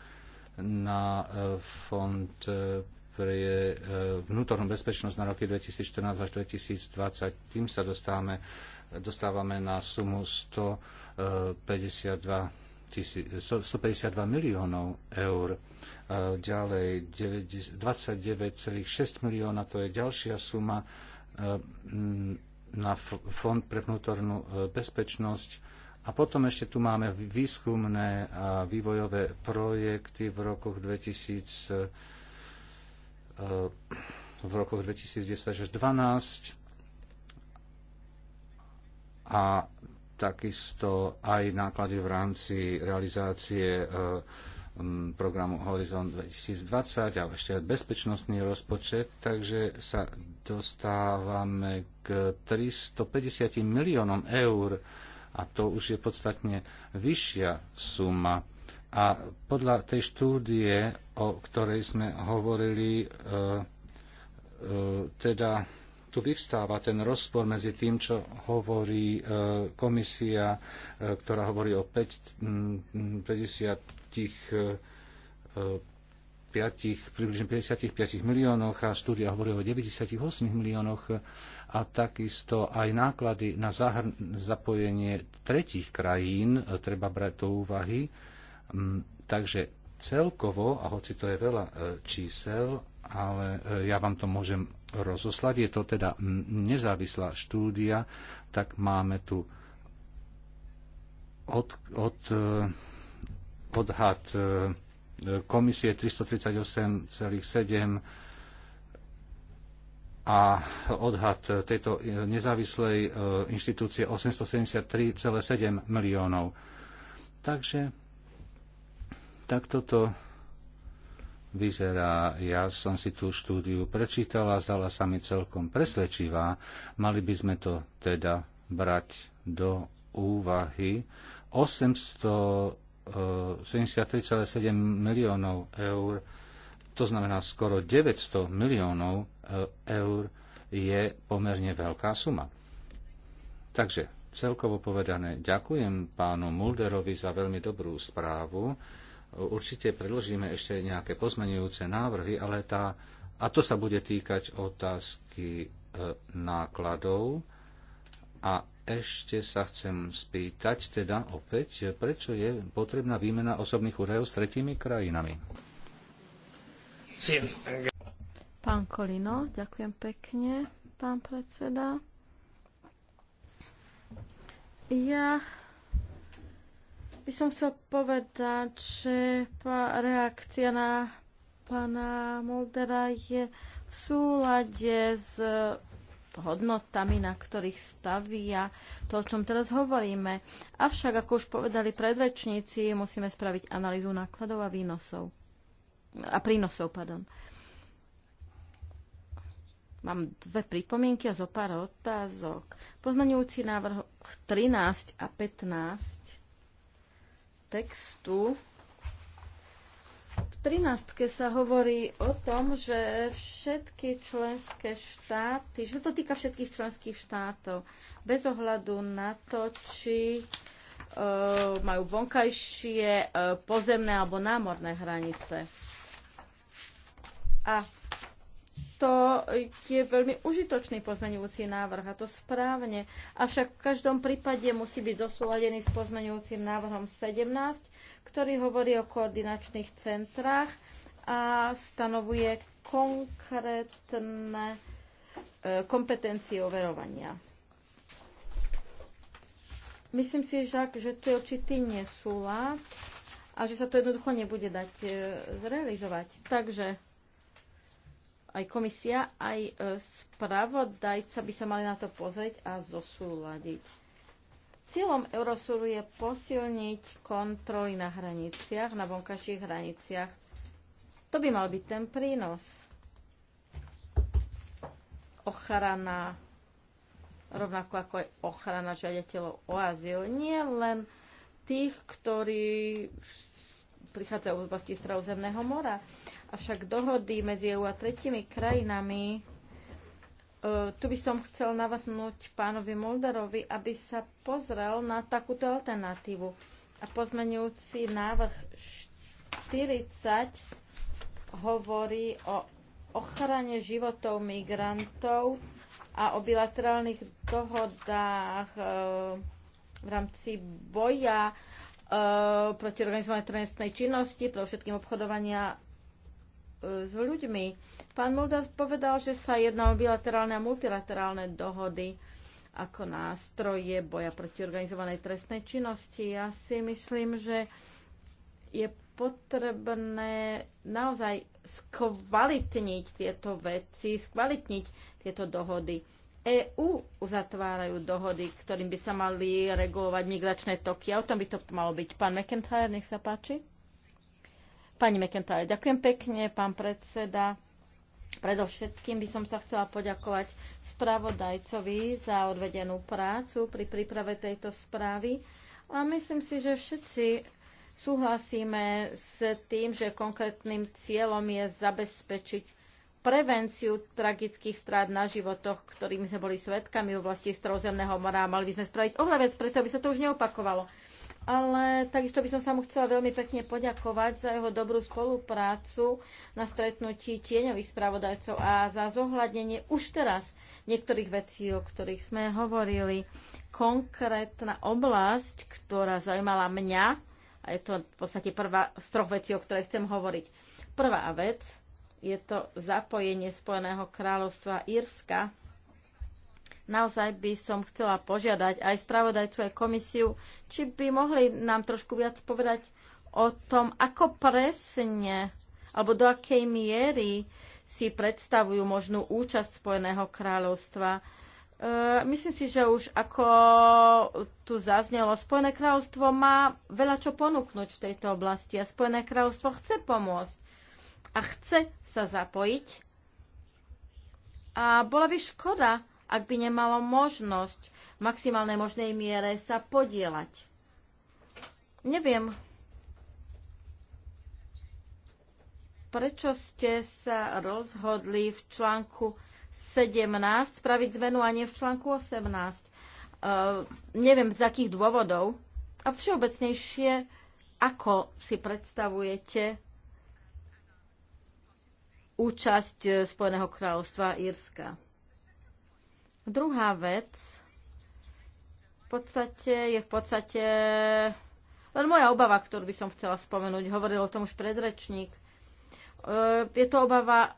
na e, fond e, pre vnútornú bezpečnosť na roky 2014 až 2020. Tým sa dostávame, dostávame na sumu 152 152 miliónov eur. Ďalej 29,6 milióna, to je ďalšia suma e, na Fond pre vnútornú e, bezpečnosť. A potom ešte tu máme výskumné a vývojové projekty v rokoch 2000 e, v rokoch 2010 až 2012 a takisto aj náklady v rámci realizácie e, programu Horizon 2020 a ešte bezpečnostný rozpočet, takže sa dostávame k 350 miliónom eur a to už je podstatne vyššia suma. A podľa tej štúdie, o ktorej sme hovorili, e, e, teda tu vyvstáva ten rozpor medzi tým, čo hovorí e, komisia, e, ktorá hovorí o 5, 50 5, približne 55 miliónoch a štúdia hovorí o 98 miliónoch a takisto aj náklady na zapojenie tretích krajín e, treba brať do úvahy. Takže celkovo, a hoci to je veľa čísel, ale ja vám to môžem rozoslať. Je to teda nezávislá štúdia, tak máme tu od, od, e, odhad e, komisie 338,7 a odhad tejto nezávislej e, inštitúcie 873,7 miliónov. Takže takto to vyzerá. Ja som si tú štúdiu prečítala, zdala sa mi celkom presvedčivá. Mali by sme to teda brať do úvahy. 873,7 eh, miliónov eur, to znamená skoro 900 miliónov eh, eur, je pomerne veľká suma. Takže celkovo povedané, ďakujem pánu Mulderovi za veľmi dobrú správu Určite predložíme ešte nejaké pozmenujúce návrhy, ale tá, a to sa bude týkať otázky e, nákladov. A ešte sa chcem spýtať teda opäť, prečo je potrebná výmena osobných údajov s tretími krajinami? Pán Kolino, ďakujem pekne, pán predseda. Ja by som chcel povedať, že reakcia na pána Moldera je v súlade s hodnotami, na ktorých stavia to, o čom teraz hovoríme. Avšak, ako už povedali predrečníci, musíme spraviť analýzu nákladov a výnosov. A prínosov, pardon. Mám dve pripomienky a zo pár otázok. Pozmenujúci návrh 13 a 15 textu. V 13. sa hovorí o tom, že všetky členské štáty, že to týka všetkých členských štátov, bez ohľadu na to, či e, majú vonkajšie e, pozemné alebo námorné hranice. A to je veľmi užitočný pozmeňujúci návrh a to správne. Avšak v každom prípade musí byť zosúladený s pozmeňujúcim návrhom 17, ktorý hovorí o koordinačných centrách a stanovuje konkrétne e, kompetencie overovania. Myslím si, Žak, že tu je určitý nesúlad a že sa to jednoducho nebude dať e, zrealizovať. Takže aj komisia, aj e, spravodajca by sa mali na to pozrieť a zosúľadiť. Cieľom Eurosuru je posilniť kontroly na hraniciach, na vonkajších hraniciach. To by mal byť ten prínos. Ochrana, rovnako ako aj ochrana žiadateľov o azyl, nie len tých, ktorí prichádza v oblasti Stravozemného mora. Avšak dohody medzi EU a tretimi krajinami e, tu by som chcel navaznúť pánovi Moldarovi, aby sa pozrel na takúto alternatívu. A pozmenujúci návrh 40 hovorí o ochrane životov migrantov a o bilaterálnych dohodách e, v rámci boja Eh, proti organizovanej trestnej činnosti, pro všetkým obchodovania eh, s ľuďmi. Pán Muldas povedal, že sa jedná o bilaterálne a multilaterálne dohody ako nástroje boja proti organizovanej trestnej činnosti. Ja si myslím, že je potrebné naozaj skvalitniť tieto veci, skvalitniť tieto dohody EÚ uzatvárajú dohody, ktorým by sa mali regulovať migračné toky. A o tom by to malo byť. Pán McIntyre, nech sa páči. Pani McIntyre, ďakujem pekne, pán predseda. Predovšetkým by som sa chcela poďakovať spravodajcovi za odvedenú prácu pri príprave tejto správy. A myslím si, že všetci súhlasíme s tým, že konkrétnym cieľom je zabezpečiť prevenciu tragických strát na životoch, ktorými sme boli svetkami v oblasti Strozemného mora. Mali by sme spraviť oveľa vec preto, aby sa to už neopakovalo. Ale takisto by som sa mu chcela veľmi pekne poďakovať za jeho dobrú spoluprácu na stretnutí tieňových spravodajcov a za zohľadnenie už teraz niektorých vecí, o ktorých sme hovorili. Konkrétna oblasť, ktorá zaujímala mňa, a je to v podstate prvá z troch vecí, o ktorej chcem hovoriť. Prvá vec, je to zapojenie Spojeného kráľovstva Írska. Naozaj by som chcela požiadať aj spravodajcu, aj komisiu, či by mohli nám trošku viac povedať o tom, ako presne alebo do akej miery si predstavujú možnú účasť Spojeného kráľovstva. E, myslím si, že už ako tu zaznelo, Spojené kráľovstvo má veľa čo ponúknuť v tejto oblasti a Spojené kráľovstvo chce pomôcť a chce sa zapojiť. A bola by škoda, ak by nemalo možnosť v maximálnej možnej miere sa podielať. Neviem, prečo ste sa rozhodli v článku 17 spraviť zmenu a nie v článku 18. E, neviem z akých dôvodov. A všeobecnejšie, ako si predstavujete účasť e, Spojeného kráľovstva Írska. Druhá vec v podstate je v podstate len moja obava, ktorú by som chcela spomenúť. Hovoril o tom už predrečník. E, je to obava,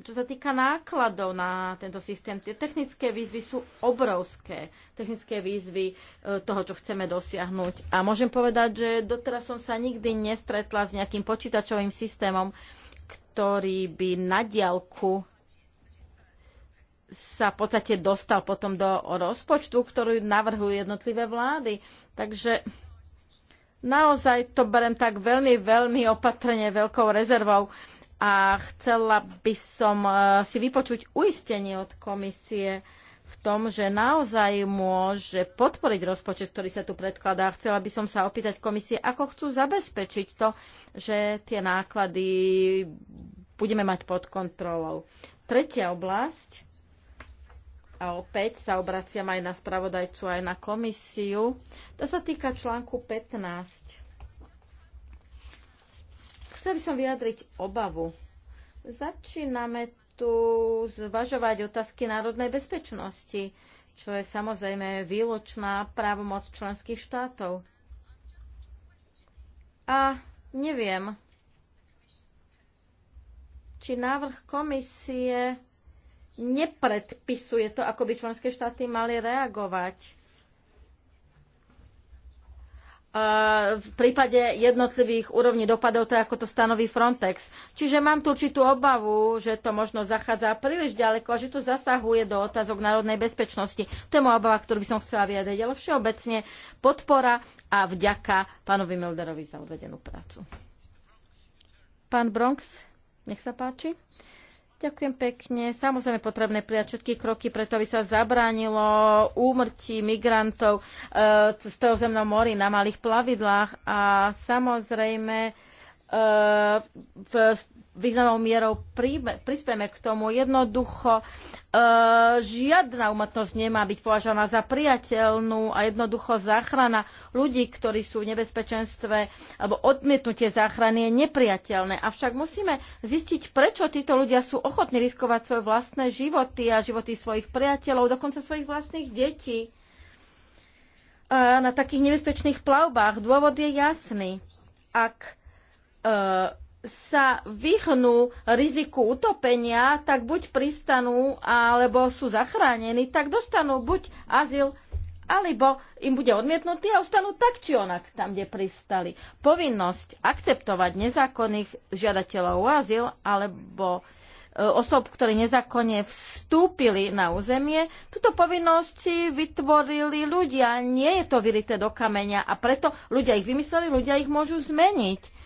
čo sa týka nákladov na tento systém. Tie technické výzvy sú obrovské. Technické výzvy e, toho, čo chceme dosiahnuť. A môžem povedať, že doteraz som sa nikdy nestretla s nejakým počítačovým systémom, ktorý by na diálku sa v podstate dostal potom do rozpočtu, ktorú navrhujú jednotlivé vlády. Takže naozaj to berem tak veľmi, veľmi opatrne, veľkou rezervou a chcela by som eh, si vypočuť uistenie od komisie, v tom, že naozaj môže podporiť rozpočet, ktorý sa tu predkladá. Chcela by som sa opýtať komisie, ako chcú zabezpečiť to, že tie náklady budeme mať pod kontrolou. Tretia oblasť, a opäť sa obraciam aj na spravodajcu, aj na komisiu, to sa týka článku 15 chcel by som vyjadriť obavu. Začíname tu zvažovať otázky národnej bezpečnosti, čo je samozrejme výločná právomoc členských štátov. A neviem, či návrh komisie nepredpisuje to, ako by členské štáty mali reagovať v prípade jednotlivých úrovní dopadov, tak ako to stanoví Frontex. Čiže mám tu určitú obavu, že to možno zachádza príliš ďaleko a že to zasahuje do otázok národnej bezpečnosti. To je moja obava, ktorú by som chcela vyjadriť, ale všeobecne podpora a vďaka pánovi Milderovi za odvedenú prácu. Pán Bronx, nech sa páči. Ďakujem pekne. Samozrejme potrebné prijať všetky kroky, preto aby sa zabránilo úmrtí migrantov eh, z toho zemnom mori na malých plavidlách a samozrejme v významnou mierou prispieme k tomu. Jednoducho e, žiadna umatnosť nemá byť považovaná za priateľnú a jednoducho záchrana ľudí, ktorí sú v nebezpečenstve alebo odmietnutie záchrany je nepriateľné. Avšak musíme zistiť, prečo títo ľudia sú ochotní riskovať svoje vlastné životy a životy svojich priateľov, dokonca svojich vlastných detí e, na takých nebezpečných plavbách. Dôvod je jasný. Ak E, sa vyhnú riziku utopenia, tak buď pristanú, alebo sú zachránení, tak dostanú buď azyl, alebo im bude odmietnutý a ostanú tak či onak tam, kde pristali. Povinnosť akceptovať nezákonných žiadateľov o azyl alebo e, osob, ktorí nezákonne vstúpili na územie. Tuto povinnosť si vytvorili ľudia, nie je to vyrité do kameňa a preto ľudia ich vymysleli, ľudia ich môžu zmeniť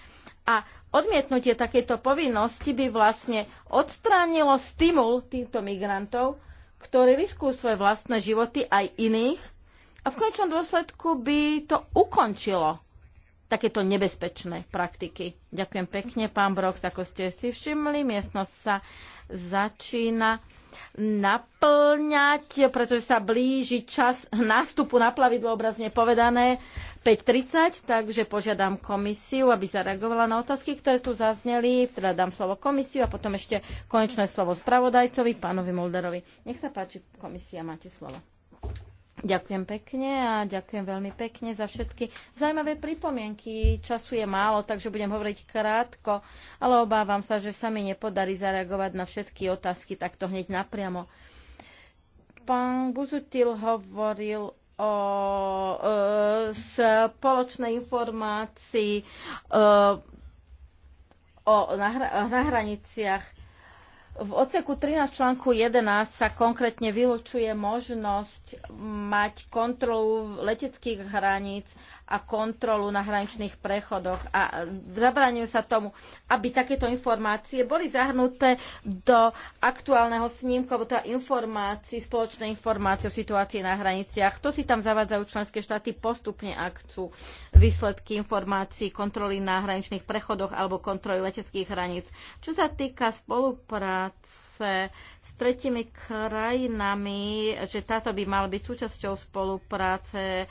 a odmietnutie takejto povinnosti by vlastne odstránilo stimul týchto migrantov, ktorí riskujú svoje vlastné životy aj iných a v konečnom dôsledku by to ukončilo takéto nebezpečné praktiky. Ďakujem pekne, pán Brox, ako ste si všimli, miestnosť sa začína naplňať, pretože sa blíži čas nástupu na plavidlo, obrazne povedané, 5.30, takže požiadam komisiu, aby zareagovala na otázky, ktoré tu zazneli. Teda dám slovo komisiu a potom ešte konečné slovo spravodajcovi, pánovi Mulderovi. Nech sa páči, komisia, máte slovo. Ďakujem pekne a ďakujem veľmi pekne za všetky zaujímavé pripomienky. Času je málo, takže budem hovoriť krátko, ale obávam sa, že sa mi nepodarí zareagovať na všetky otázky takto hneď napriamo. Pán Buzutil hovoril o e, spoločnej informácii e, o, na, na hraniciach v odseku 13 článku 11 sa konkrétne vylučuje možnosť mať kontrolu leteckých hraníc a kontrolu na hraničných prechodoch a zabraňujú sa tomu, aby takéto informácie boli zahrnuté do aktuálneho snímku, alebo teda informácií, spoločné informácie o situácii na hraniciach. To si tam zavádzajú členské štáty postupne, ak chcú výsledky informácií kontroly na hraničných prechodoch alebo kontroly leteckých hraníc. Čo sa týka spolupráce s tretimi krajinami, že táto by mala byť súčasťou spolupráce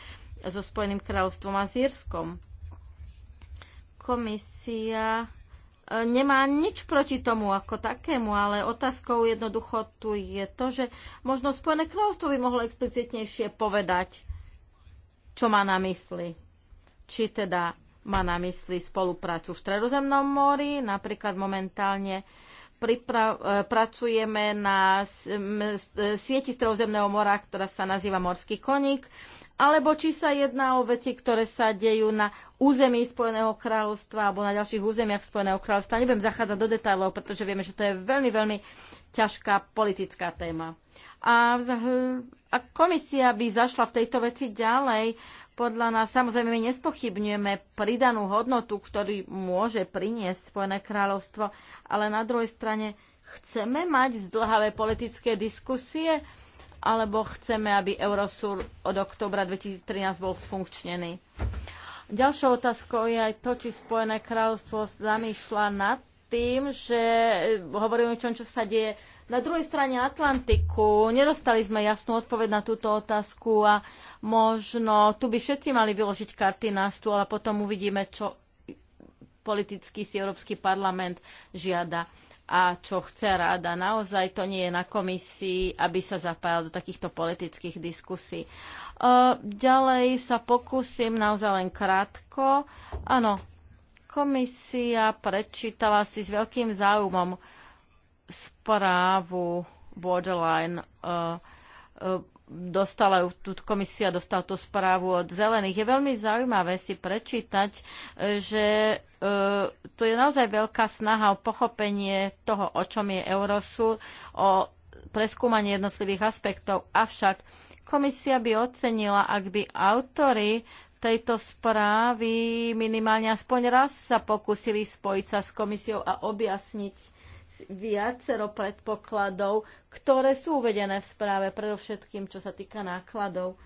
so Spojeným kráľovstvom a Zírskom. Komisia e, nemá nič proti tomu ako takému, ale otázkou jednoducho tu je to, že možno Spojené kráľovstvo by mohlo explicitnejšie povedať, čo má na mysli. Či teda má na mysli spoluprácu v Stredozemnom mori, napríklad momentálne pripra- e, pracujeme na e, sieti Stredozemného mora, ktorá sa nazýva Morský koník alebo či sa jedná o veci, ktoré sa dejú na území Spojeného kráľovstva alebo na ďalších územiach Spojeného kráľovstva. Nebudem zachádzať do detailov, pretože vieme, že to je veľmi, veľmi ťažká politická téma. A, a komisia by zašla v tejto veci ďalej. Podľa nás samozrejme my nespochybňujeme pridanú hodnotu, ktorý môže priniesť Spojené kráľovstvo, ale na druhej strane chceme mať zdlhavé politické diskusie, alebo chceme, aby Eurosur od oktobra 2013 bol sfunkčnený. Ďalšou otázkou je aj to, či Spojené kráľovstvo zamýšľa nad tým, že e, hovoríme o čom, čo sa deje na druhej strane Atlantiku. Nedostali sme jasnú odpoveď na túto otázku a možno tu by všetci mali vyložiť karty na stôl a potom uvidíme, čo politicky si Európsky parlament žiada a čo chce rada. Naozaj to nie je na komisii, aby sa zapájal do takýchto politických diskusí. Ďalej sa pokúsim naozaj len krátko. Áno, komisia prečítala si s veľkým záujmom správu Borderline dostala, tu komisia dostala tú správu od zelených. Je veľmi zaujímavé si prečítať, že e, tu je naozaj veľká snaha o pochopenie toho, o čom je Eurosur, o preskúmanie jednotlivých aspektov. Avšak komisia by ocenila, ak by autory tejto správy minimálne aspoň raz sa pokúsili spojiť sa s komisiou a objasniť viacero predpokladov, ktoré sú uvedené v správe, predovšetkým čo sa týka nákladov.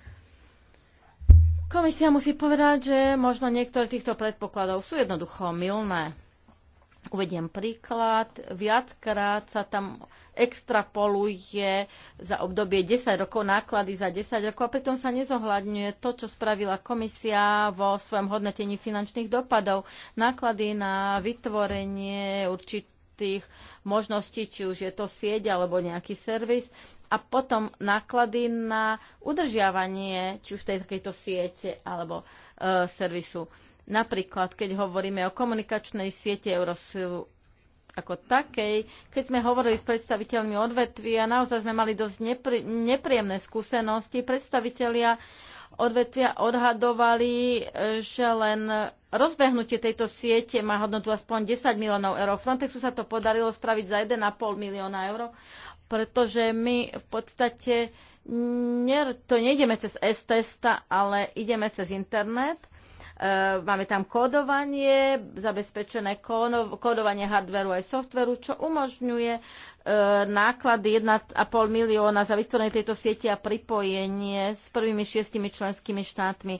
Komisia musí povedať, že možno niektoré týchto predpokladov sú jednoducho mylné. Uvediem príklad. Viackrát sa tam extrapoluje za obdobie 10 rokov, náklady za 10 rokov a pritom sa nezohľadňuje to, čo spravila komisia vo svojom hodnotení finančných dopadov. Náklady na vytvorenie určitých tých možností, či už je to sieť alebo nejaký servis a potom náklady na udržiavanie či už tej takejto siete alebo e, servisu. Napríklad, keď hovoríme o komunikačnej siete Eurosu ako takej, keď sme hovorili s predstaviteľmi odvetvia, naozaj sme mali dosť nepr- nepríjemné skúsenosti. Predstavitelia odvetvia odhadovali, e, že len rozbehnutie tejto siete má hodnotu aspoň 10 miliónov eur. Frontexu sa to podarilo spraviť za 1,5 milióna eur, pretože my v podstate to nejdeme cez S-testa, ale ideme cez internet E, máme tam kódovanie, zabezpečené kódovanie hardveru aj softveru, čo umožňuje e, náklady 1,5 milióna za vytvorenie tejto siete a pripojenie s prvými šiestimi členskými štátmi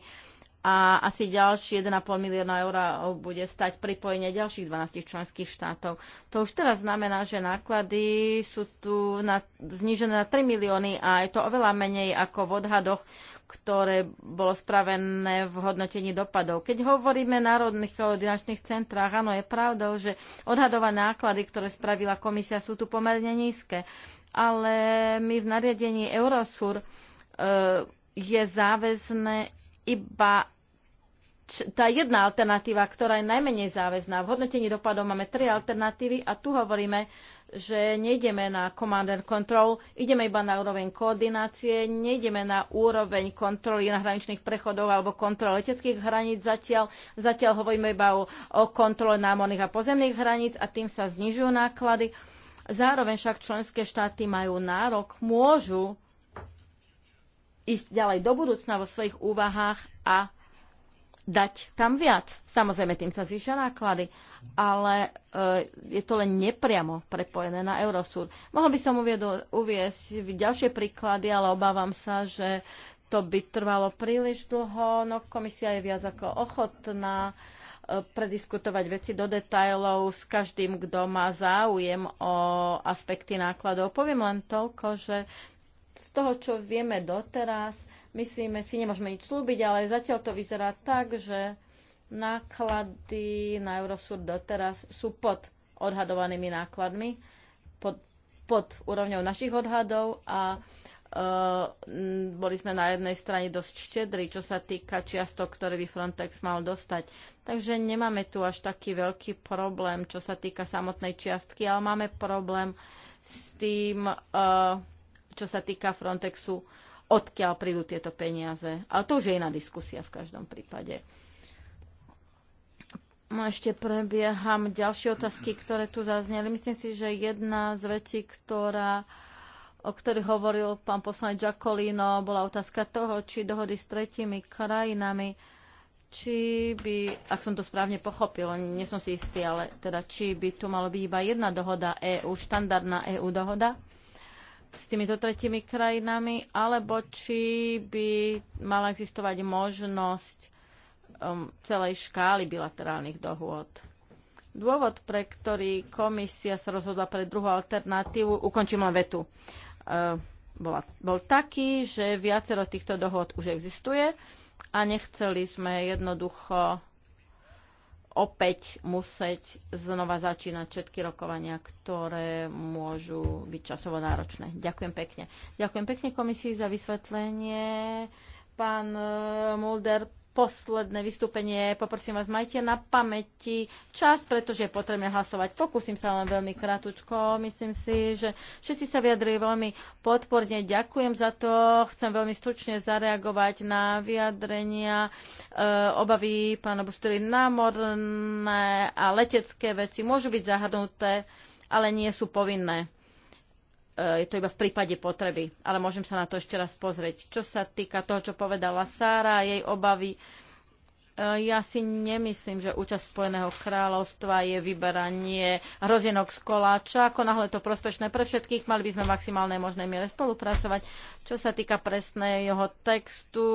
a asi ďalšie 1,5 milióna eur bude stať pripojenie ďalších 12 členských štátov. To už teraz znamená, že náklady sú tu na, znižené na 3 milióny a je to oveľa menej ako v odhadoch, ktoré bolo spravené v hodnotení dopadov. Keď hovoríme o národných koordinačných centrách, áno, je pravdou, že odhadové náklady, ktoré spravila komisia, sú tu pomerne nízke. Ale my v nariadení Eurosur e, je záväzné iba tá jedna alternatíva, ktorá je najmenej záväzná. V hodnotení dopadov máme tri alternatívy a tu hovoríme, že nejdeme na command and control, ideme iba na úroveň koordinácie, nejdeme na úroveň kontroly na hraničných prechodov alebo kontrol leteckých hraníc zatiaľ. Zatiaľ hovoríme iba o, o kontrole námorných a pozemných hraníc a tým sa znižujú náklady. Zároveň však členské štáty majú nárok, môžu ísť ďalej do budúcna vo svojich úvahách a dať tam viac. Samozrejme, tým sa zvýšia náklady, ale e, je to len nepriamo prepojené na Eurosur. Mohol by som uviedo, uviesť ďalšie príklady, ale obávam sa, že to by trvalo príliš dlho, no komisia je viac ako ochotná e, prediskutovať veci do detajlov s každým, kto má záujem o aspekty nákladov. Poviem len toľko, že z toho, čo vieme doteraz, Myslíme si, nemôžeme nič slúbiť, ale zatiaľ to vyzerá tak, že náklady na Eurosur doteraz sú pod odhadovanými nákladmi, pod, pod úrovňou našich odhadov a Uh, boli sme na jednej strane dosť štedri, čo sa týka čiastok, ktoré by Frontex mal dostať. Takže nemáme tu až taký veľký problém, čo sa týka samotnej čiastky, ale máme problém s tým, uh, čo sa týka Frontexu odkiaľ prídu tieto peniaze. Ale to už je iná diskusia v každom prípade. No ešte prebieham ďalšie otázky, ktoré tu zazneli. Myslím si, že jedna z vecí, ktorá o ktorých hovoril pán poslanec Giacolino, bola otázka toho, či dohody s tretími krajinami, či by, ak som to správne pochopil, nie som si istý, ale teda či by tu malo byť iba jedna dohoda EU, štandardná EU dohoda, s týmito tretimi krajinami, alebo či by mala existovať možnosť um, celej škály bilaterálnych dohôd. Dôvod, pre ktorý komisia sa rozhodla pre druhú alternatívu, ukončím len vetu, uh, bola, bol taký, že viacero týchto dohod už existuje a nechceli sme jednoducho opäť musieť znova začínať všetky rokovania, ktoré môžu byť časovo náročné. Ďakujem pekne. Ďakujem pekne komisii za vysvetlenie. Pán eh, Mulder posledné vystúpenie. Poprosím vás, majte na pamäti čas, pretože je potrebné hlasovať. Pokúsim sa len veľmi kratučko. Myslím si, že všetci sa vyjadrili veľmi podporne. Ďakujem za to. Chcem veľmi stručne zareagovať na vyjadrenia e, obavy pána Bustely. Námorné a letecké veci môžu byť zahrnuté, ale nie sú povinné Eh, je to iba v prípade potreby, ale môžem sa na to ešte raz pozrieť. Čo sa týka toho, čo povedala Sára a jej obavy, eh, ja si nemyslím, že účasť Spojeného kráľovstva je vyberanie hrozienok z koláča. Ako náhle to prospešné pre všetkých, mali by sme maximálne možné miere spolupracovať. Čo sa týka presného textu,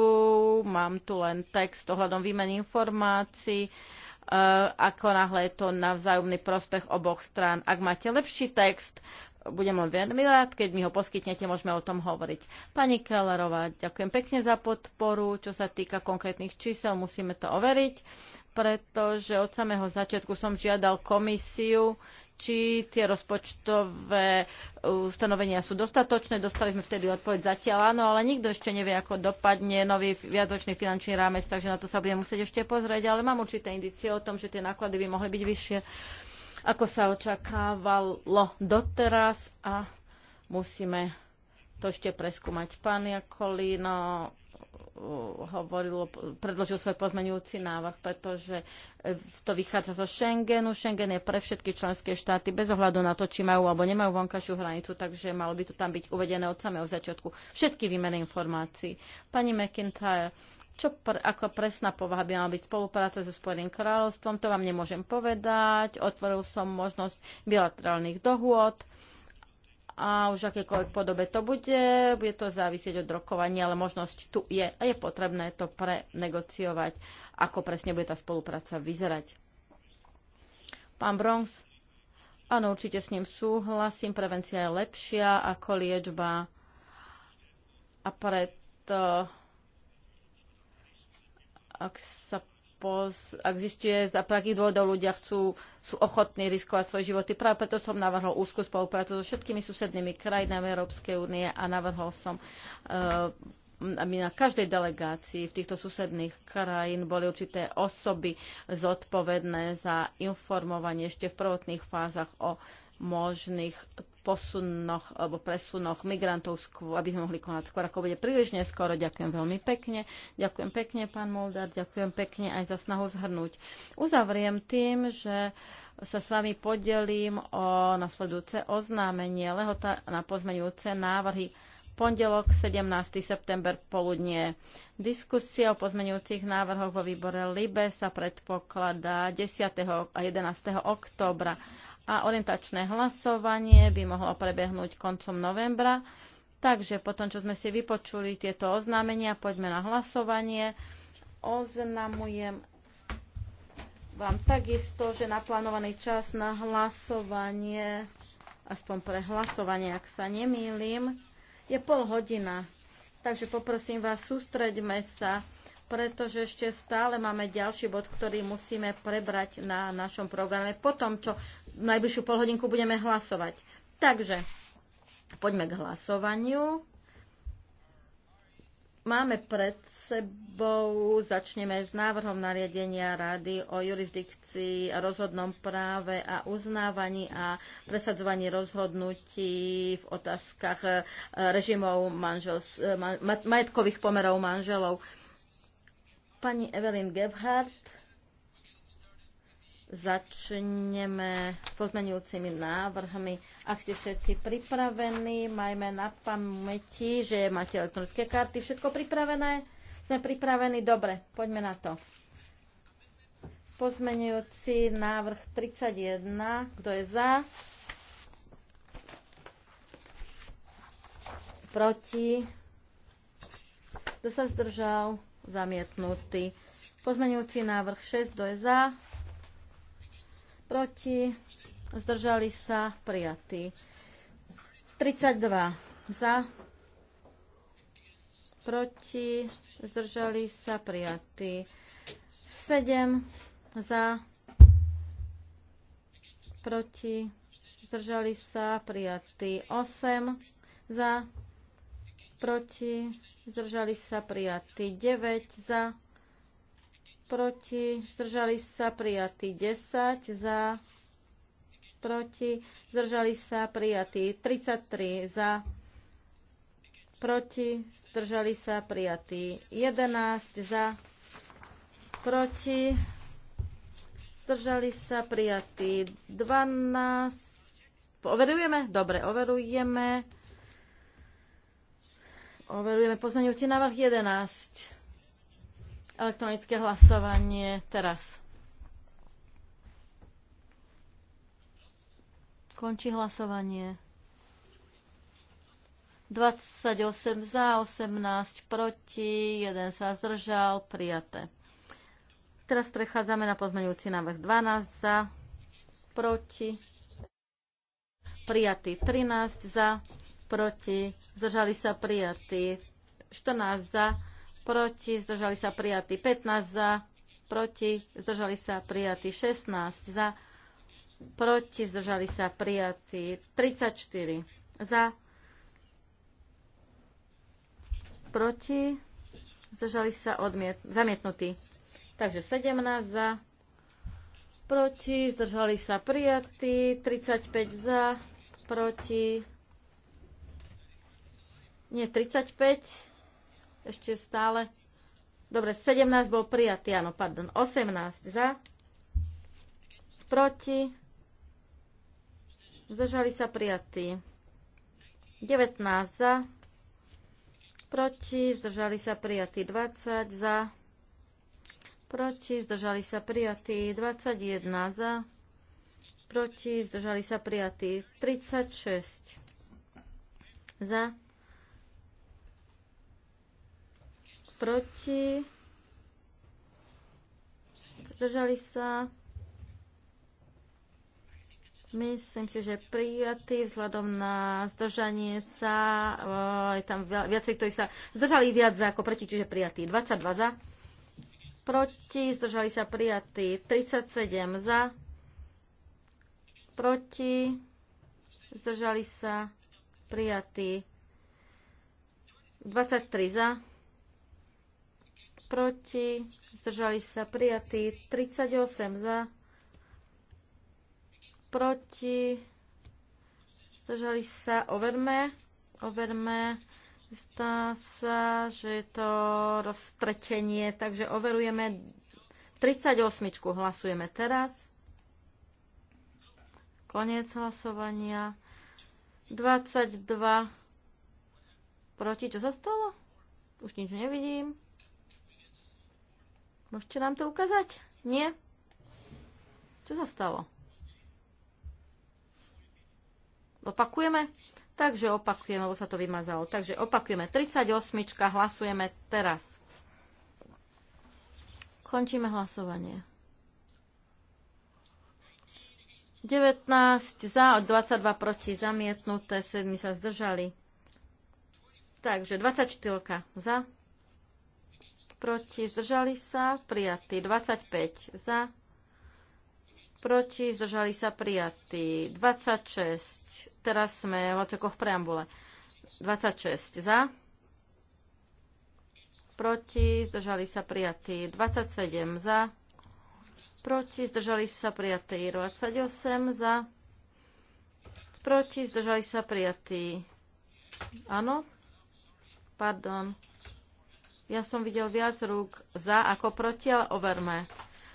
mám tu len text ohľadom výmeny informácií eh, ako náhle je to na vzájomný prospech oboch strán. Ak máte lepší text, budem len veľmi rád, keď mi ho poskytnete, môžeme o tom hovoriť. Pani Kellerová, ďakujem pekne za podporu. Čo sa týka konkrétnych čísel, musíme to overiť, pretože od samého začiatku som žiadal komisiu, či tie rozpočtové uh, ustanovenia sú dostatočné. Dostali sme vtedy odpoveď zatiaľ áno, ale nikto ešte nevie, ako dopadne nový viacročný finančný rámec, takže na to sa budem musieť ešte pozrieť, ale mám určité indicie o tom, že tie náklady by mohli byť vyššie ako sa očakávalo doteraz a musíme to ešte preskúmať. Pán Jakolino uh, hovoril, predložil svoj pozmenujúci návrh, pretože eh, to vychádza zo Schengenu. Schengen je pre všetky členské štáty bez ohľadu na to, či majú alebo nemajú vonkašiu hranicu, takže malo by to tam byť uvedené od samého začiatku. Všetky výmeny informácií. Pani McIntyre, čo pre, ako presná povaha by mala byť spolupráca so Spojeným kráľovstvom, to vám nemôžem povedať. Otvoril som možnosť bilaterálnych dohôd a už akékoľvek podobe to bude, bude to závisieť od rokovania, ale možnosť tu je a je potrebné to prenegociovať, ako presne bude tá spolupráca vyzerať. Pán Bronx, áno, určite s ním súhlasím, prevencia je lepšia ako liečba a preto ak sa poz, ak zistuje, za akých dôvodov ľudia chcú, sú ochotní riskovať svoje životy. Práve preto som navrhol úzkú spoluprácu so všetkými susednými krajinami Európskej únie a navrhol som uh, aby na každej delegácii v týchto susedných krajín boli určité osoby zodpovedné za informovanie ešte v prvotných fázach o možných posunoch alebo presunoch migrantov, skôr, aby sme mohli konať skôr, ako bude príliš neskoro. Ďakujem veľmi pekne. Ďakujem pekne, pán Moldar, ďakujem pekne aj za snahu zhrnúť. Uzavriem tým, že sa s vami podelím o nasledujúce oznámenie lehota na pozmeňujúce návrhy pondelok 17. september poludnie. Diskusia o pozmenujúcich návrhoch vo výbore LIBE sa predpokladá 10. a 11. októbra a orientačné hlasovanie by mohlo prebehnúť koncom novembra. Takže potom, čo sme si vypočuli tieto oznámenia, poďme na hlasovanie. Oznamujem vám takisto, že naplánovaný čas na hlasovanie, aspoň pre hlasovanie, ak sa nemýlim, je pol hodina. Takže poprosím vás, sústreďme sa pretože ešte stále máme ďalší bod, ktorý musíme prebrať na našom programe po tom, čo najbližšiu polhodinku budeme hlasovať. Takže poďme k hlasovaniu. Máme pred sebou, začneme s návrhom nariadenia Rady o jurisdikcii, rozhodnom práve a uznávaní a presadzovaní rozhodnutí v otázkach eh, režimov manžels, ma, majetkových pomerov manželov. Pani Evelyn Gebhardt, začneme s pozmenujúcimi návrhmi. Ak ste všetci pripravení, majme na pamäti, že máte elektronické karty. Všetko pripravené? Sme pripravení? Dobre, poďme na to. Pozmenujúci návrh 31. Kto je za? Proti? Kto sa zdržal? zamietnutý. Pozmeňujúci návrh 6, kto je za, proti, zdržali sa, prijatý. 32 za, proti, zdržali sa, prijatý. 7 za, proti, zdržali sa, prijatý. 8 za, proti, zdržali sa prijatí 9 za, proti, zdržali sa prijatí 10 za, proti, zdržali sa prijatí 33 za, proti, zdržali sa prijatí 11 za, proti, zdržali sa prijatí 12. Overujeme? Dobre, overujeme. Overujeme pozmeňujúci návrh 11. Elektronické hlasovanie teraz. Končí hlasovanie. 28 za, 18 proti, 1 sa zdržal, prijaté. Teraz prechádzame na pozmeňujúci návrh 12 za, proti, prijatý 13 za, proti, zdržali sa prijatí. 14 za, proti, zdržali sa prijatí. 15 za, proti, zdržali sa prijatí. 16 za, proti, zdržali sa prijatí. 34 za, proti, zdržali sa odmiet, zamietnutí. Takže 17 za, proti, zdržali sa prijatí. 35 za, proti, nie, 35. Ešte stále. Dobre, 17 bol prijatý, áno, pardon. 18 za. Proti. Zdržali sa prijatí. 19 za. Proti. Zdržali sa prijatí. 20 za. Proti. Zdržali sa prijatí. 21 za. Proti. Zdržali sa prijatí. 36 za proti, zdržali sa. Myslím si, že prijatý vzhľadom na zdržanie sa. Eh, je tam viacej, ktorí sa zdržali viac ako proti, čiže prijatý. 22 za. Proti, zdržali sa prijatí. 37 za. Proti, zdržali sa prijatí. 23 za proti, zdržali sa prijatí 38 za, proti, zdržali sa, overme, overme, zdá sa, že je to roztretenie, takže overujeme 38, hlasujeme teraz. Koniec hlasovania. 22 proti, čo sa stalo? Už nič nevidím. Môžete nám to ukázať? Nie? Čo sa stalo? Opakujeme? Takže opakujeme, lebo sa to vymazalo. Takže opakujeme. 38. Hlasujeme teraz. Končíme hlasovanie. 19 za, 22 proti zamietnuté, 7 sa zdržali. Takže 24 za, proti, zdržali sa, prijatí. 25 za, proti, zdržali sa, prijatí. 26, teraz sme v ocekoch preambule. 26 za, proti, zdržali sa, prijatí. 27 za, proti, zdržali sa, prijatí. 28 za, proti, zdržali sa, prijatí. Áno, pardon. Ja som videl viac rúk za ako proti, ale overme.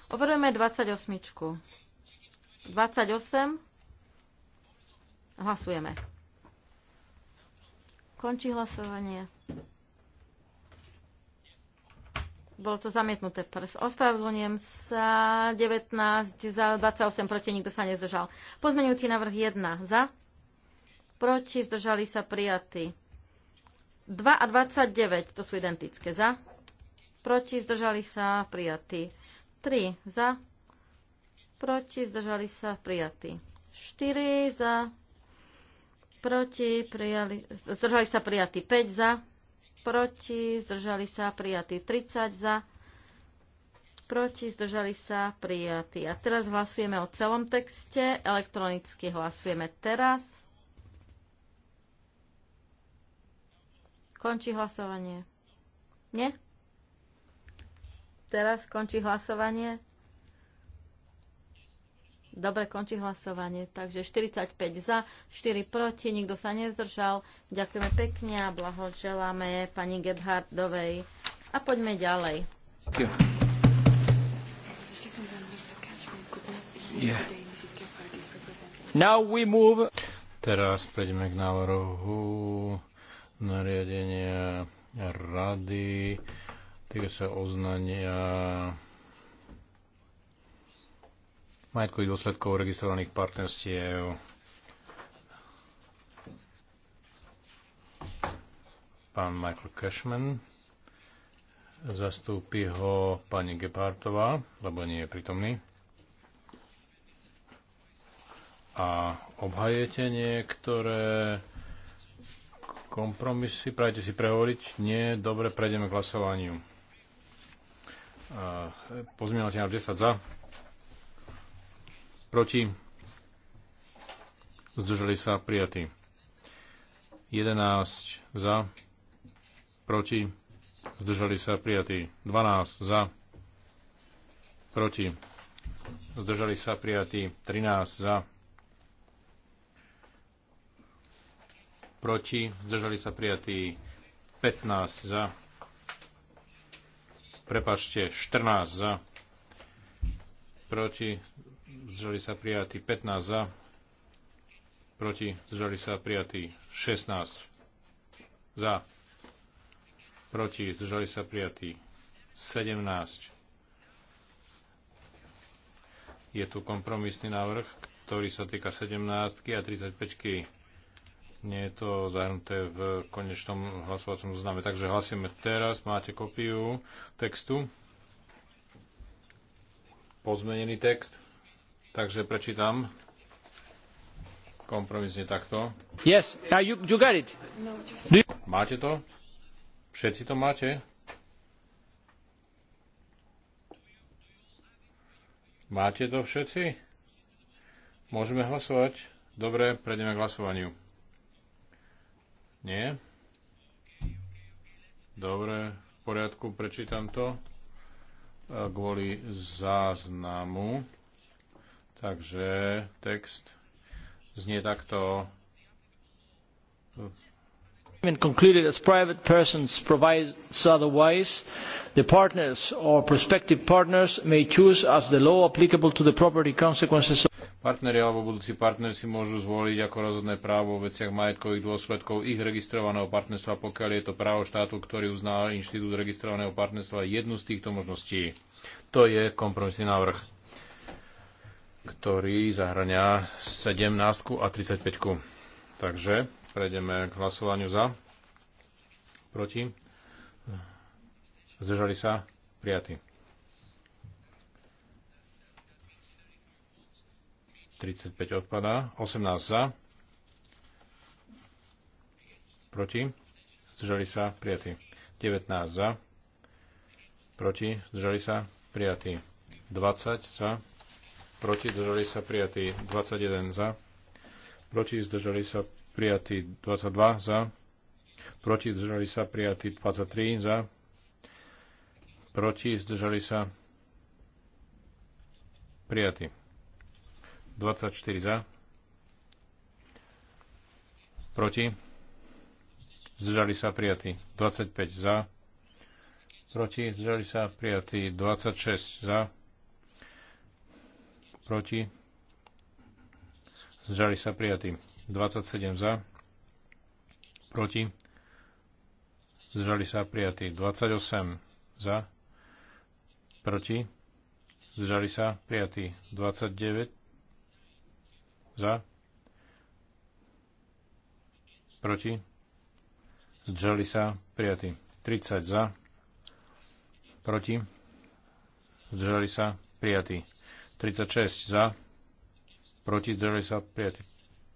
Overujeme 28. 28. Hlasujeme. Končí hlasovanie. Bolo to zamietnuté prs. Ospravedlňujem sa. 19 za, 28 proti, nikto sa nezdržal. Pozmenujúci návrh 1 za, proti, zdržali sa prijatí. 2 a 29, to sú identické. Za, proti, zdržali sa, prijatí. 3 za, proti, zdržali sa, prijatí. 4 za, proti, prijali, zdržali sa, prijatí. 5 za, proti, zdržali sa, prijatí. 30 za, proti, zdržali sa, prijatí. A teraz hlasujeme o celom texte. Elektronicky hlasujeme teraz. Končí hlasovanie. Nie? Teraz končí hlasovanie. Dobre, končí hlasovanie. Takže 45 za, 4 proti, nikto sa nezdržal. Ďakujeme pekne a blahoželáme pani Gebhardovej. A poďme ďalej. Yeah. Now we move. Teraz prejdeme k návrhu nariadenia rady, týka sa oznania majetkových dôsledkov registrovaných partnerstiev. Pán Michael Cashman zastúpi ho pani Gepártová, lebo nie je prítomný. A obhajete niektoré kompromisy, prajte si prehovoriť. Nie, dobre, prejdeme k hlasovaniu. Pozmielací na 10 za. Proti. Zdržali sa prijatí. 11 za. Proti. Zdržali sa prijatí. 12 za. Proti. Zdržali sa prijatí. 13 za. proti, zdržali sa prijatí 15 za, prepačte, 14 za, proti, zdržali sa prijatí 15 za, proti, zdržali sa prijatí 16 za, proti, zdržali sa prijatí 17. Je tu kompromisný návrh, ktorý sa týka 17 a 35. Nie je to zahrnuté v konečnom hlasovacom zozname. Takže hlasujeme teraz. Máte kopiu textu. Pozmenený text. Takže prečítam kompromisne takto. Yes, you, you got it. Máte to? Všetci to máte? Máte to všetci? Môžeme hlasovať? Dobre, prejdeme k hlasovaniu. Nie? Dobre, v poriadku, prečítam to kvôli záznamu. Takže text znie takto agreement concluded as private persons provides otherwise, the partners or prospective partners may choose as the law applicable to the property consequences of Partneri alebo budúci partneri si môžu zvoliť ako rozhodné právo v veciach majetkových dôsledkov ich registrovaného partnerstva, pokiaľ je to právo štátu, ktorý uzná inštitút registrovaného partnerstva jednu z týchto možností. To je kompromisný návrh, ktorý zahrania 17 a 35. Takže Prejdeme k hlasovaniu za. Proti. Zdržali sa. Prijatí. 35 odpadá. 18 za. Proti. Zdržali sa. Prijatí. 19 za. Proti. Zdržali sa. Prijatí. 20 za. Proti. Zdržali sa. Prijatí. 21 za. Proti. Zdržali sa prijatý 22 za, proti zdržali sa prijatý 23 za, proti zdržali sa prijatý 24 za, proti zdržali sa prijatý 25 za, proti zdržali sa prijatý 26 za, proti zdržali sa prijatí. 27 za, proti, zdržali sa prijatí 28 za, proti, zdržali sa prijatí 29 za, proti, zdržali sa prijatí 30 za, proti, zdržali sa prijatí 36 za, proti, zdržali sa prijatí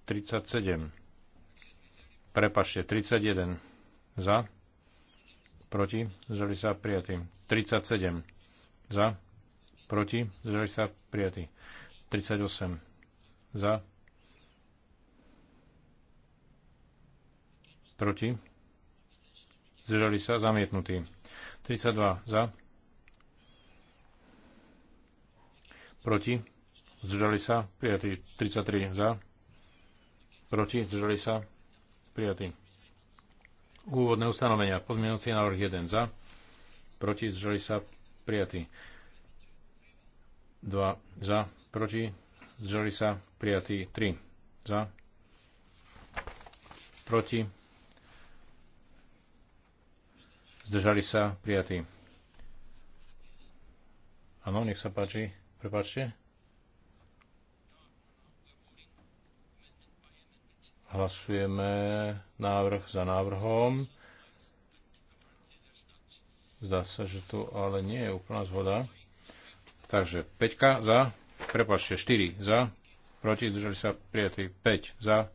37. Prepašte, 31. Za. Proti. Zdržali sa prijatí. 37. Za. Proti. Zdržali sa prijatí. 38. Za. Proti. Zdržali sa zamietnutí. 32. Za. Proti. Zdržali sa prijatí. 33. Za Proti? Zdržali sa? Prijatý. Úvodné ustanovenia. Pozmienovací návrh 1 za. Proti? Zdržali sa? Prijatý. 2 za. Proti? Zdržali sa? Prijatý. 3 za. Proti? Zdržali sa? Prijatý. Áno, nech sa páči. Prepačte. Hlasujeme návrh za návrhom. Zdá sa, že tu ale nie je úplná zhoda. Takže 5 za, prepačte, 4 za, proti, držali sa prijatí 5 za,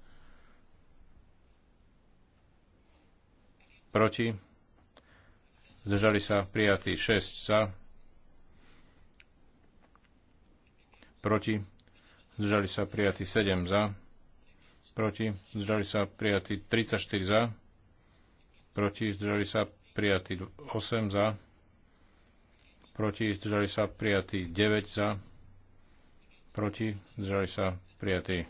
proti, zdržali sa prijatí 6 za, proti, zdržali sa prijatí 7 za, proti, zdržali sa prijatí 34 za, proti, zdržali sa prijatí 8 za, proti, zdržali sa prijatí 9 za, proti, zdržali sa prijatí.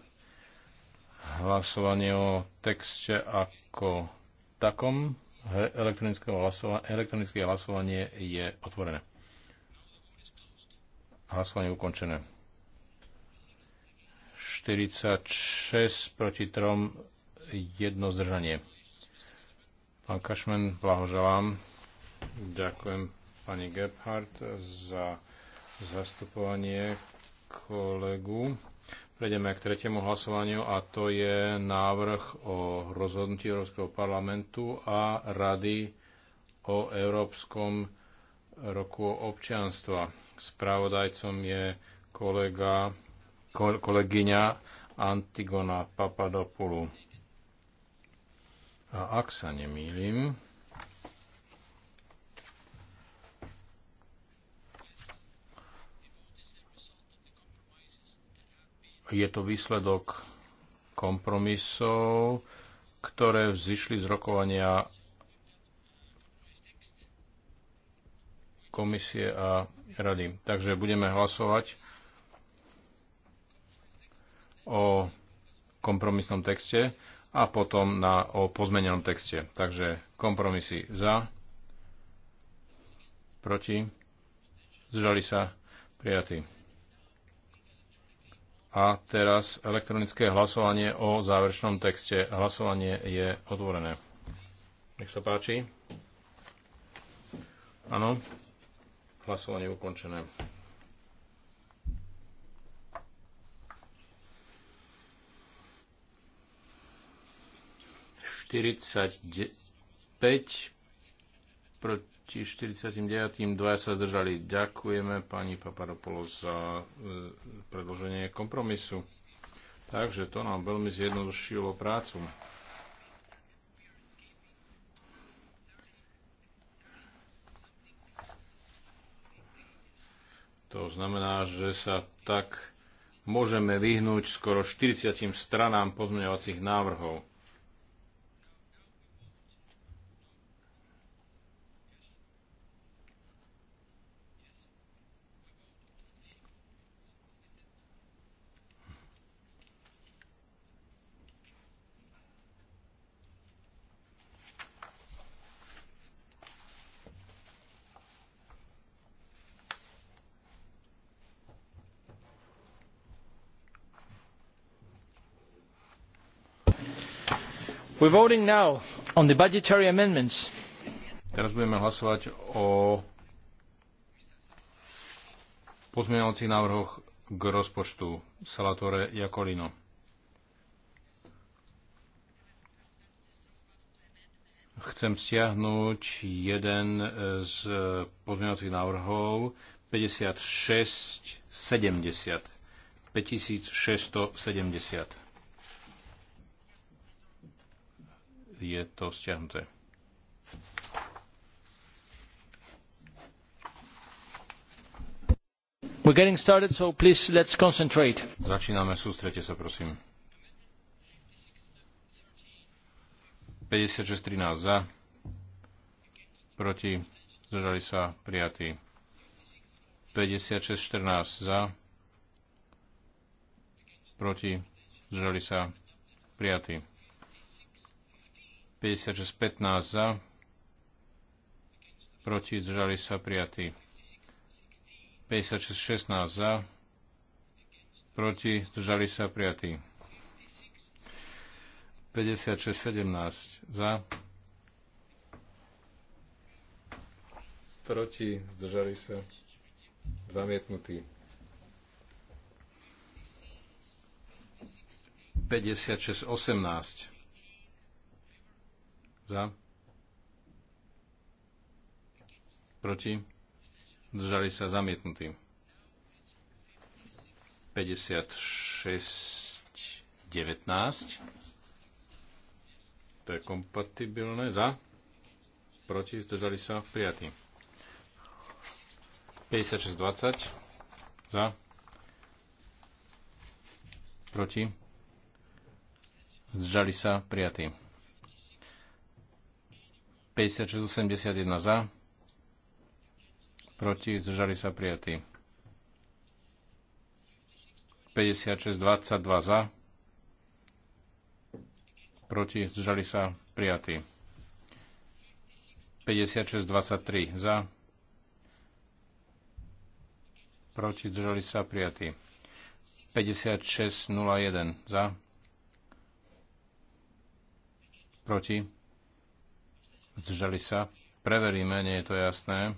Hlasovanie o texte ako takom elektronické hlasovanie, elektronické hlasovanie je otvorené. Hlasovanie ukončené. 46 proti 3, jedno zdržanie. Pán Kašmen, blahoželám. Ďakujem pani Gebhardt za zastupovanie kolegu. Prejdeme k tretiemu hlasovaniu a to je návrh o rozhodnutí Európskeho parlamentu a Rady o Európskom roku občianstva. Spravodajcom je kolega kolegyňa Antigona Papadopulu. A ak sa nemýlim, je to výsledok kompromisov, ktoré vzýšli z rokovania komisie a rady. Takže budeme hlasovať o kompromisnom texte a potom na, o pozmenenom texte. Takže kompromisy za, proti, zžali sa, prijatí. A teraz elektronické hlasovanie o záverečnom texte. Hlasovanie je otvorené. Nech sa páči. Áno. Hlasovanie ukončené. 45 proti 49. Dvaja sa zdržali. Ďakujeme pani Paparopolo za e, predloženie kompromisu. Takže to nám veľmi zjednodušilo prácu. To znamená, že sa tak môžeme vyhnúť skoro 40 stranám pozmeňovacích návrhov. Teraz budeme hlasovať o pozmeňovacích návrhoch k rozpočtu Salatore Jakolino. Chcem stiahnuť jeden e, z pozmeňovacích návrhov 5670. 5670. je to stiahnuté. We're getting started, so please let's concentrate. Začíname, sústrete sa, prosím. 56.13 za, proti, zdržali sa, prijatí. 56.14 za, proti, zdržali sa, prijatí. 56.15 56-15 za, proti zdržali sa prijatí. 56-16 za, proti zdržali sa prijatí. 56-17 za, proti zdržali sa zamietnutí. 56-18 za. Proti. Zdržali sa zamietnutí. 56, 19. To je kompatibilné. Za. Proti. Zdržali sa prijatí. 56, 20. Za. Proti. Zdržali sa prijatí. 5681 za, proti, zdržali sa prijatí. 5622 za, proti, zdržali sa prijatí. 5623 za, proti, zdržali sa prijatí. 5601 za, proti, Zdržali sa? Preveríme, nie je to jasné.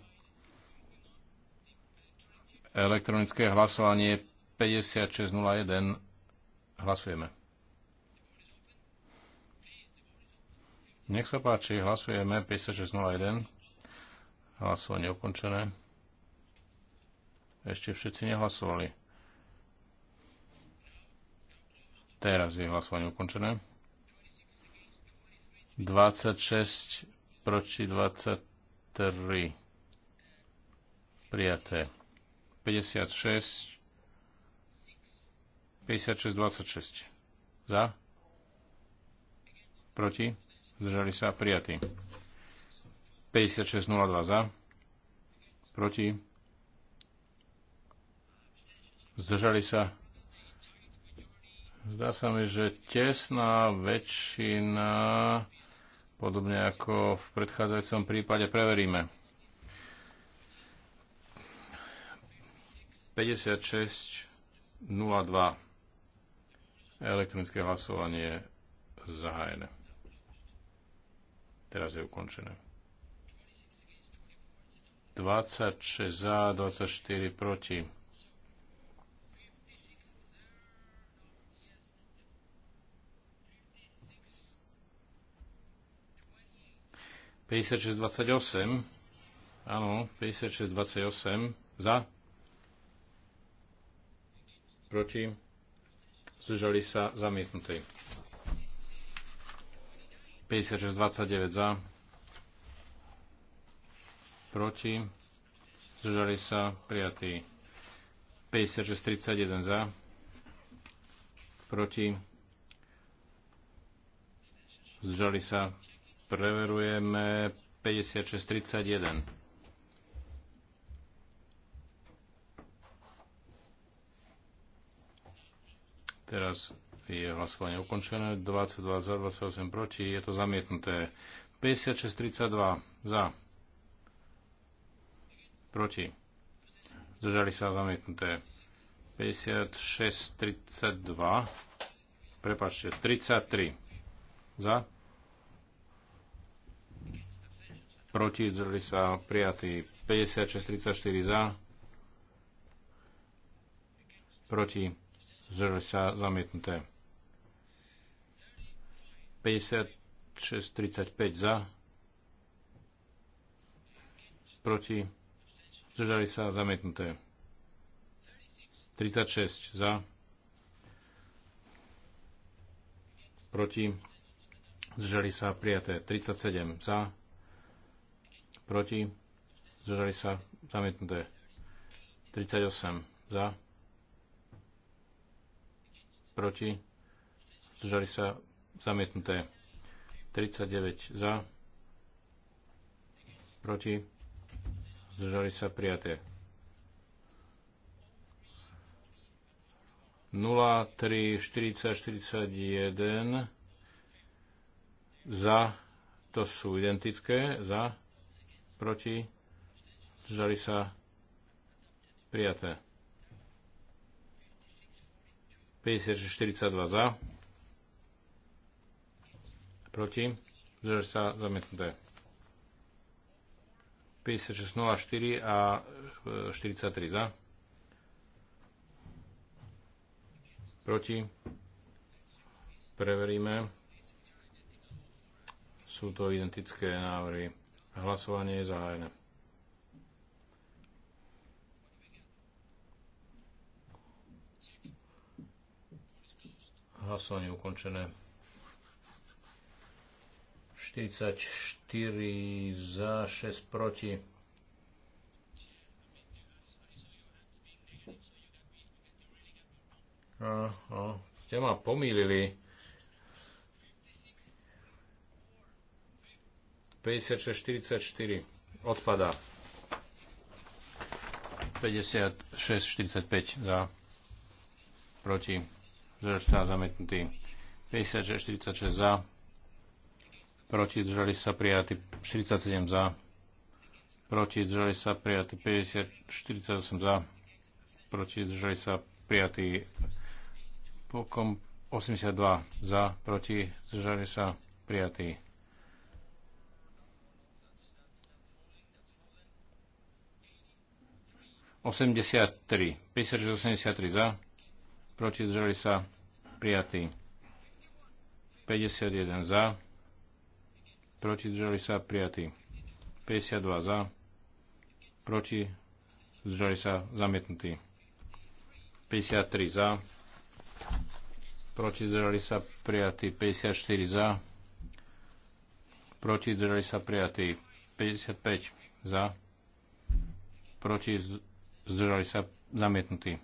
Elektronické hlasovanie 5601. Hlasujeme. Nech sa páči, hlasujeme 5601. Hlasovanie ukončené. Ešte všetci nehlasovali. Teraz je hlasovanie ukončené. 26 proti 23 prijaté 56 56 26 za proti zdržali sa prijatí 56 02 za proti zdržali sa zdá sa mi, že tesná väčšina Podobne ako v predchádzajúcom prípade preveríme. 56.02 elektronické hlasovanie zahájené. Teraz je ukončené. 26 za, 24 proti. 5628. Áno, 5628. Za. Proti. Zdržali sa zamietnutej. 5629 za. Proti. Zdržali sa prijatí. 5631 za. Proti. Zdržali sa Preverujeme 5631. Teraz je hlasovanie ukončené. 22 za, 28 proti. Je to zamietnuté. 5632 za. Proti. Zdržali sa zamietnuté. 5632. Prepačte, 33 za proti, zdržali sa prijatí 56-34 za, proti, zdržali sa zamietnuté 56-35 za, proti, zdržali sa zamietnuté 36 za, proti, zdržali sa prijaté 37 za, proti, zdržali sa, zamietnuté. 38 za, proti, zdržali sa, zamietnuté. 39 za, proti, zdržali sa, prijaté. 0, 3, 40, 41 za, to sú identické, za, proti, zdržali sa prijaté. 56-42 za, proti, zdržali sa zamietnuté. 56-04 a 43 e, za, proti, preveríme, sú to identické návrhy. Hlasovanie je zahájené. Hlasovanie ukončené. 44 za, 6 proti. A, a, ste ma pomýlili. 56-44 odpadá. 56-45 za. Proti. Zdržali sa zametnutí, 56-46 za. Proti. Zdržali sa prijatí. 47 za. Proti. Zdržali sa prijatí. 50-48 za. Proti. Zdržali sa prijatí. Pokom 82 za. Proti. Zdržali sa prijatí. 83. 56-83 za. Proti zdržali sa prijatí. 51 za. Proti zdržali sa prijatí. 52 za. Proti zdržali sa zamietnutí. 53 za. Proti zdržali sa prijatí. 54 za. Proti zdržali sa prijatí. 55 za. Proti zdržali sa zamietnutí.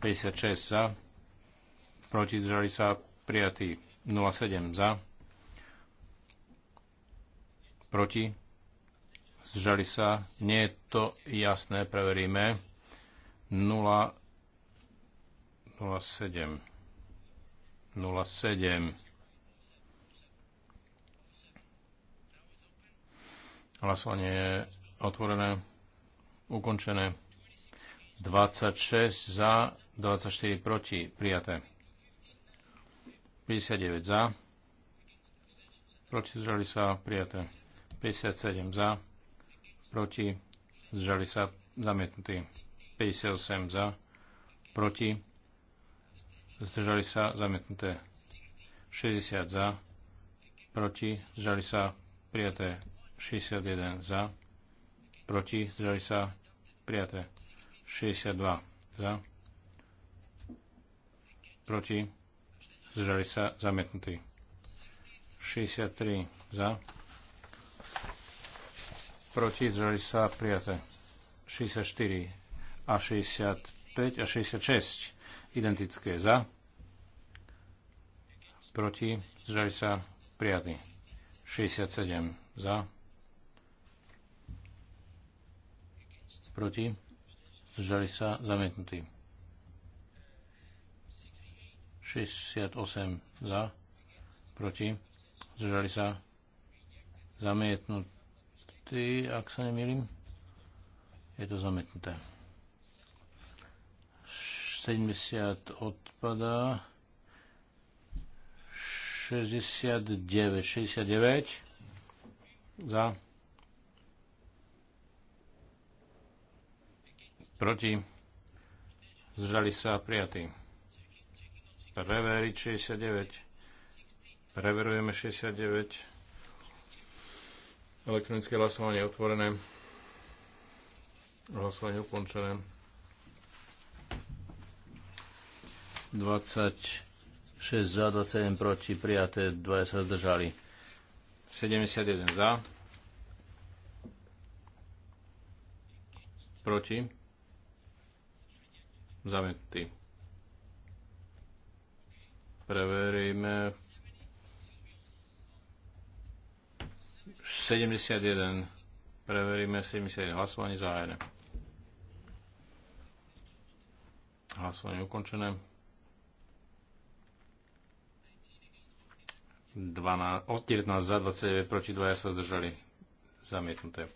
56 za, proti zdržali sa prijatí. 07 za, proti zdržali sa. Nie je to jasné, preveríme. 0, 07. 07. Hlasovanie je otvorené, ukončené. 26 za, 24 proti, prijaté. 59 za, proti zdržali sa, prijaté. 57 za, proti zdržali sa, zamietnutí. 58 za, proti zdržali sa, zamietnuté. 60 za, proti zdržali sa, prijaté. 61 za, proti zdržali sa, prijaté. 62 za, proti, zdržali sa, zamietnutí. 63 za, proti, zdržali sa, prijaté. 64 a 65 a 66 identické za, proti, zdržali sa, prijatí. 67 za, proti, zdržali sa zamietnutí. 68 za, proti, zdržali sa zamietnutí, ak sa nemýlim. Je to zamietnuté. 70 odpadá. 69, 69 za, Proti? Zdržali sa prijatí. Preveriť 69. Preverujeme 69. Elektronické hlasovanie je otvorené. Hlasovanie ukončené. 26 za, 27 proti, prijaté, 2 sa zdržali. 71 za, proti Zamietnutý. Preveríme. 71. Preveríme 71. Hlasovanie zahájené. Hlasovanie ukončené. 12, 19 za, 29 proti, 2 sa zdržali. Zamietnuté.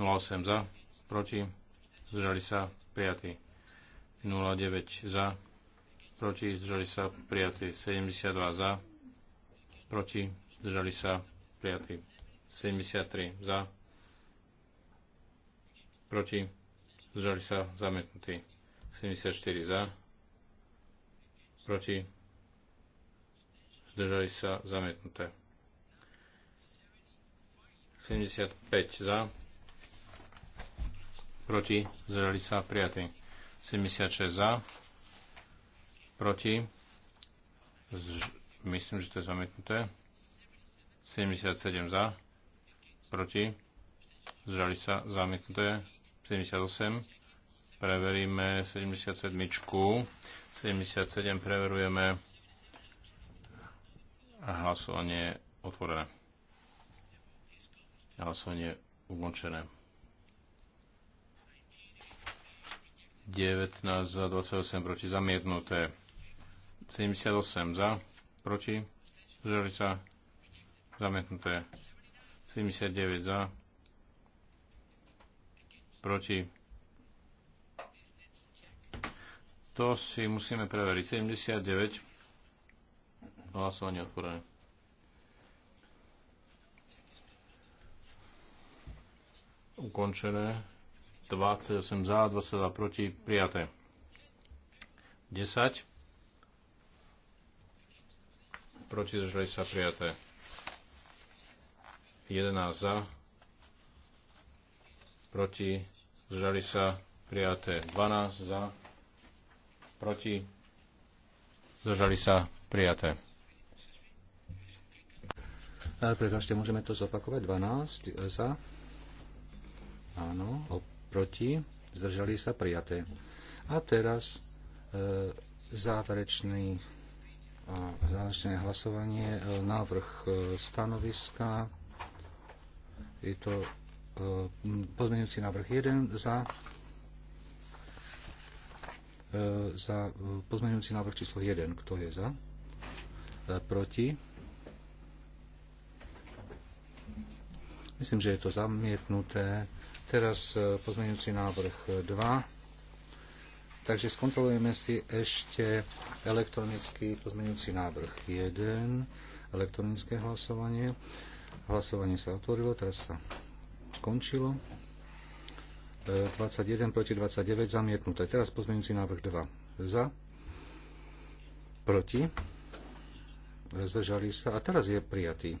08 za, proti, zdržali sa, prijatí. 09 za, proti, zdržali sa prijatí 72 za, proti, zdržali sa prijatí 73 za, proti, zdržali sa zamietnutí 74 za, proti, zdržali sa zamietnuté 75 za, proti, zdržali sa prijatí 76 za, proti, myslím, že to je zamietnuté, 77 za, proti, zdrali sa, zamietnuté, 78, preveríme 77, 77 preverujeme a hlasovanie otvorené. Hlasovanie ukončené. 19 za, 28 proti, zamietnuté. 78 za, proti, zdržali sa, zamietnuté. 79 za, proti. To si musíme preveriť. 79. Hlasovanie otvorené. Ukončené. 28 za, 22 proti, prijaté. 10. Proti zdržali sa prijaté. 11 za. Proti zdržali sa prijaté. 12 za. Proti zdržali sa prijaté. Prepašte, môžeme to zopakovať. 12 za. Áno, op- proti, zdržali sa prijaté. A teraz e, záverečný, e, záverečné hlasovanie, e, návrh e, stanoviska. Je to e, pozmeňujúci návrh 1 za, e, za e, pozmeňujúci návrh číslo 1. Kto je za? E, proti? Myslím, že je to zamietnuté. Teraz e, pozmeňujúci návrh 2. E, Takže skontrolujeme si ešte elektronický pozmeňujúci návrh 1, elektronické hlasovanie. Hlasovanie sa otvorilo, teraz sa skončilo. 21 e, proti 29 zamietnuté. Teraz pozmeňujúci návrh 2. Za, proti, zdržali sa a teraz je prijatý.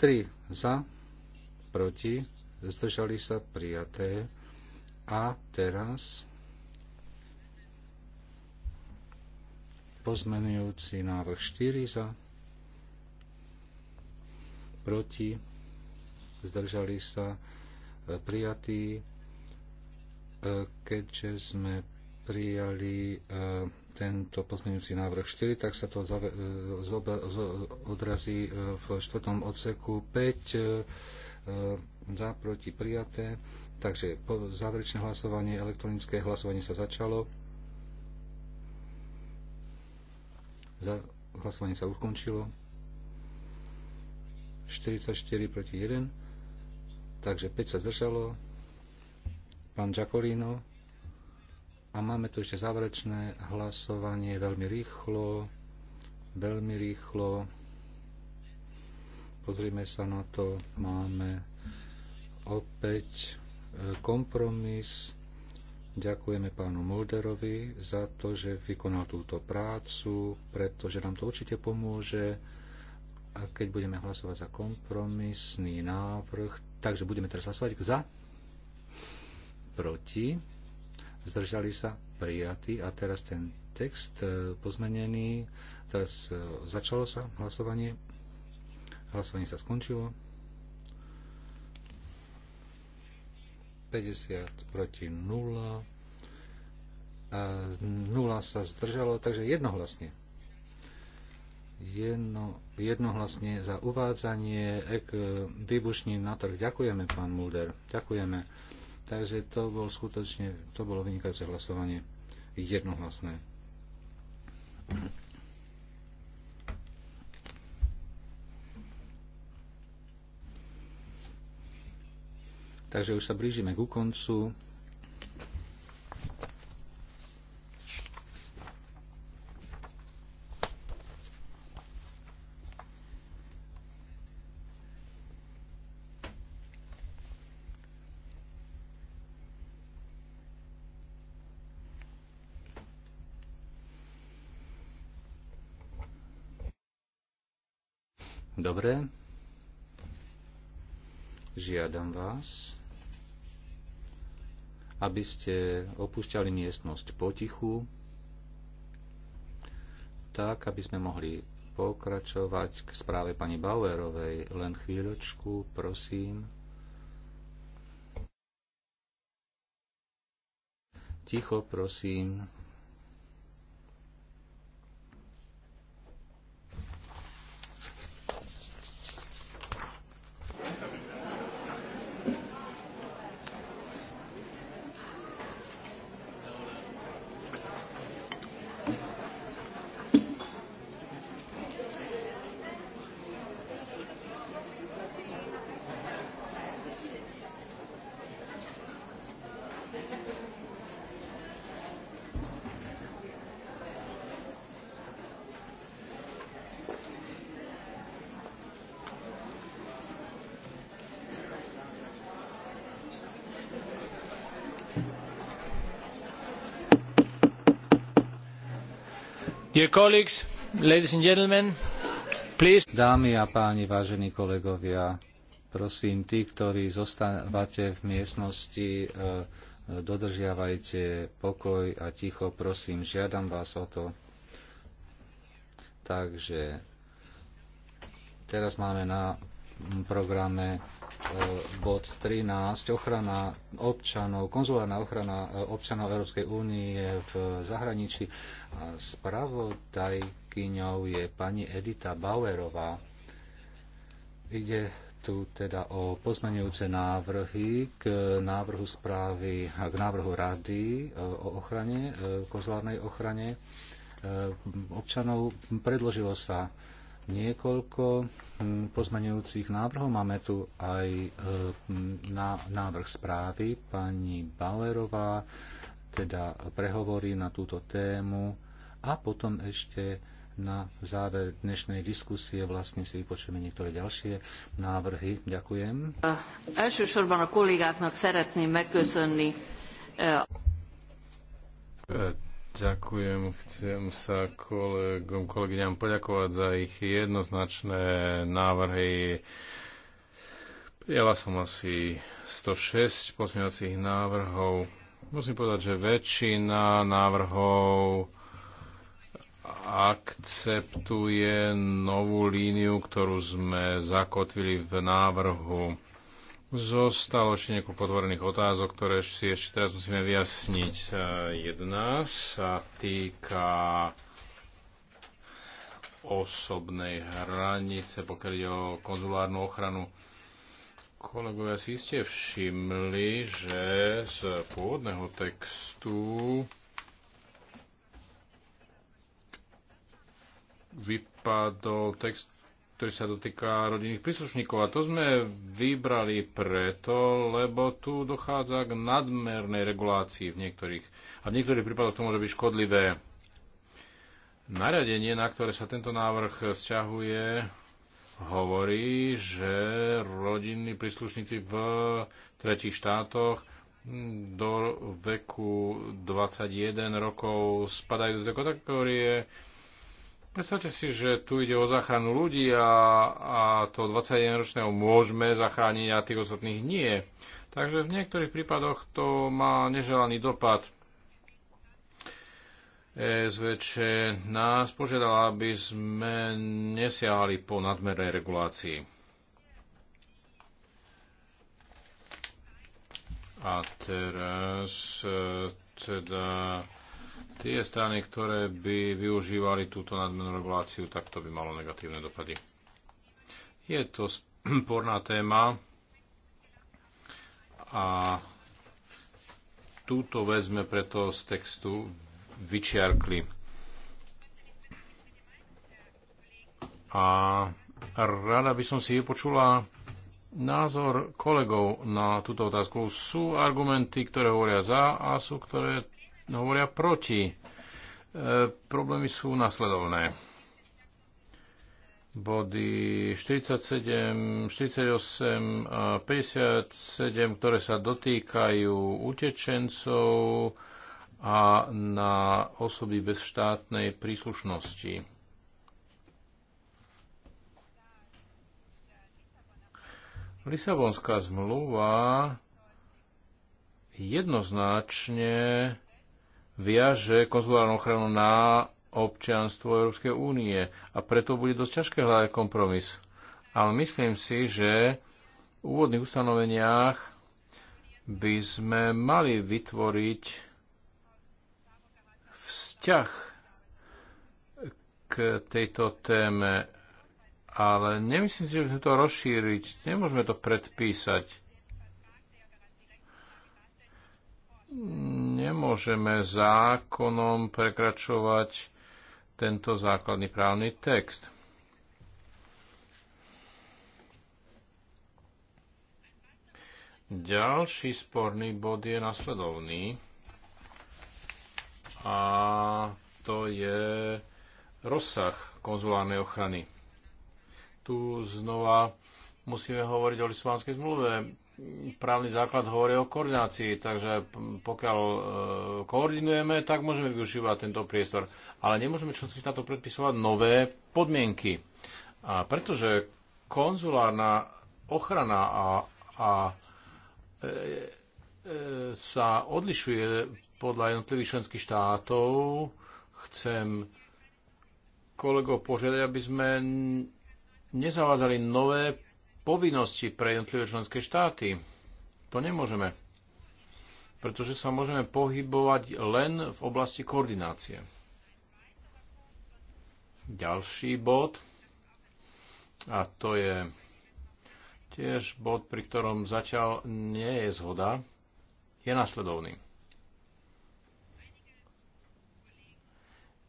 3 za, proti, zdržali sa prijaté. A teraz pozmenujúci návrh 4 za, proti, zdržali sa e, prijatí, e, keďže sme prijali e, tento pozmenujúci návrh 4, tak sa to odrazí v čtvrtom odseku 5 za, proti, prijaté. Takže po záverečné hlasovanie, elektronické hlasovanie sa začalo. Za, hlasovanie sa ukončilo. 44 proti 1. Takže 5 sa zdržalo. Pán Giacolino. A máme tu ešte záverečné hlasovanie veľmi rýchlo. Veľmi rýchlo. Pozrime sa na to. Máme opäť e, kompromis. Ďakujeme pánu Mulderovi za to, že vykonal túto prácu, pretože nám to určite pomôže. A keď budeme hlasovať za kompromisný návrh, takže budeme teraz hlasovať za, proti, zdržali sa, prijatí. A teraz ten text e, pozmenený, teraz e, začalo sa hlasovanie, hlasovanie sa skončilo. 50 proti 0. 0 sa zdržalo, takže jednohlasne. Jedno, jednohlasne za uvádzanie ek výbušní na trh. Ďakujeme, pán Mulder. Ďakujeme. Takže to bol skutočne, to bolo vynikajúce hlasovanie. Jednohlasné. Takže už sa blížime ku koncu. Dobre. Žiadam vás aby ste opúšťali miestnosť potichu, tak, aby sme mohli pokračovať k správe pani Bauerovej. Len chvíľočku, prosím. Ticho, prosím. Dámy a páni, vážení kolegovia, prosím, tí, ktorí zostávate v miestnosti, eh, dodržiavajte pokoj a ticho, prosím, žiadam vás o to. Takže teraz máme na programe E, bod 13, ochrana občanov, konzulárna ochrana e, občanov Európskej únie v zahraničí. A spravodajkyňou je pani Edita Bauerová. Ide tu teda o poznaniujúce návrhy k návrhu správy, k návrhu rady e, o ochrane, konzulárnej ochrane občanov. Predložilo sa niekoľko hm, pozmaňujúcich návrhov. Máme tu aj hm, na návrh správy. Pani Bauerová teda prehovorí na túto tému a potom ešte na záver dnešnej diskusie vlastne si vypočujeme niektoré ďalšie návrhy. Ďakujem. Elsősorban a kollégáknak szeretném megköszönni. E, Ďakujem, chcem sa kolegom, kolegyňam poďakovať za ich jednoznačné návrhy. Prijala som asi 106 pozmeňovacích návrhov. Musím povedať, že väčšina návrhov akceptuje novú líniu, ktorú sme zakotvili v návrhu Zostalo ešte niekoľko podvorených otázok, ktoré si ešte teraz musíme vyjasniť. E, jedna sa týka osobnej hranice, pokiaľ ide o konzulárnu ochranu. Kolegovia si ste všimli, že z pôvodného textu vypadol text ktorý sa dotýka rodinných príslušníkov. A to sme vybrali preto, lebo tu dochádza k nadmernej regulácii v niektorých. A v niektorých prípadoch to môže byť škodlivé. Nariadenie, na ktoré sa tento návrh vzťahuje, hovorí, že rodinní príslušníci v tretich štátoch do veku 21 rokov spadajú do kategórie Predstavte si, že tu ide o záchranu ľudí a, a to 21-ročného môžeme zachrániť a tých ostatných nie. Takže v niektorých prípadoch to má neželaný dopad. SVČ nás požiadala, aby sme nesiahali po nadmernej regulácii. A teraz eh, teda tie strany, ktoré by využívali túto nadmenú reguláciu, tak to by malo negatívne dopady. Je to sporná téma a túto vec sme preto z textu vyčiarkli. A rada by som si vypočula názor kolegov na túto otázku. Sú argumenty, ktoré hovoria za a sú, ktoré No hovoria proti. E, problémy sú nasledovné. Body 47, 48 a 57, ktoré sa dotýkajú utečencov a na osoby bez štátnej príslušnosti. Lisabonská zmluva jednoznačne viaže konzulárnu ochranu na občianstvo Európskej únie a preto bude dosť ťažké hľadať kompromis. Ale myslím si, že v úvodných ustanoveniach by sme mali vytvoriť vzťah k tejto téme, ale nemyslím si, že by sme to rozšíriť. Nemôžeme to predpísať nemôžeme zákonom prekračovať tento základný právny text. Ďalší sporný bod je nasledovný a to je rozsah konzulárnej ochrany. Tu znova musíme hovoriť o Lisbánskej zmluve právny základ hovorí o koordinácii, takže pokiaľ e, koordinujeme, tak môžeme využívať tento priestor. Ale nemôžeme členským štátom predpisovať nové podmienky. A pretože konzulárna ochrana a, a e, e, sa odlišuje podľa jednotlivých členských štátov, chcem kolegov požiadať, aby sme nezavádzali nové povinnosti pre jednotlivé členské štáty. To nemôžeme, pretože sa môžeme pohybovať len v oblasti koordinácie. Ďalší bod, a to je tiež bod, pri ktorom zatiaľ nie je zhoda, je nasledovný.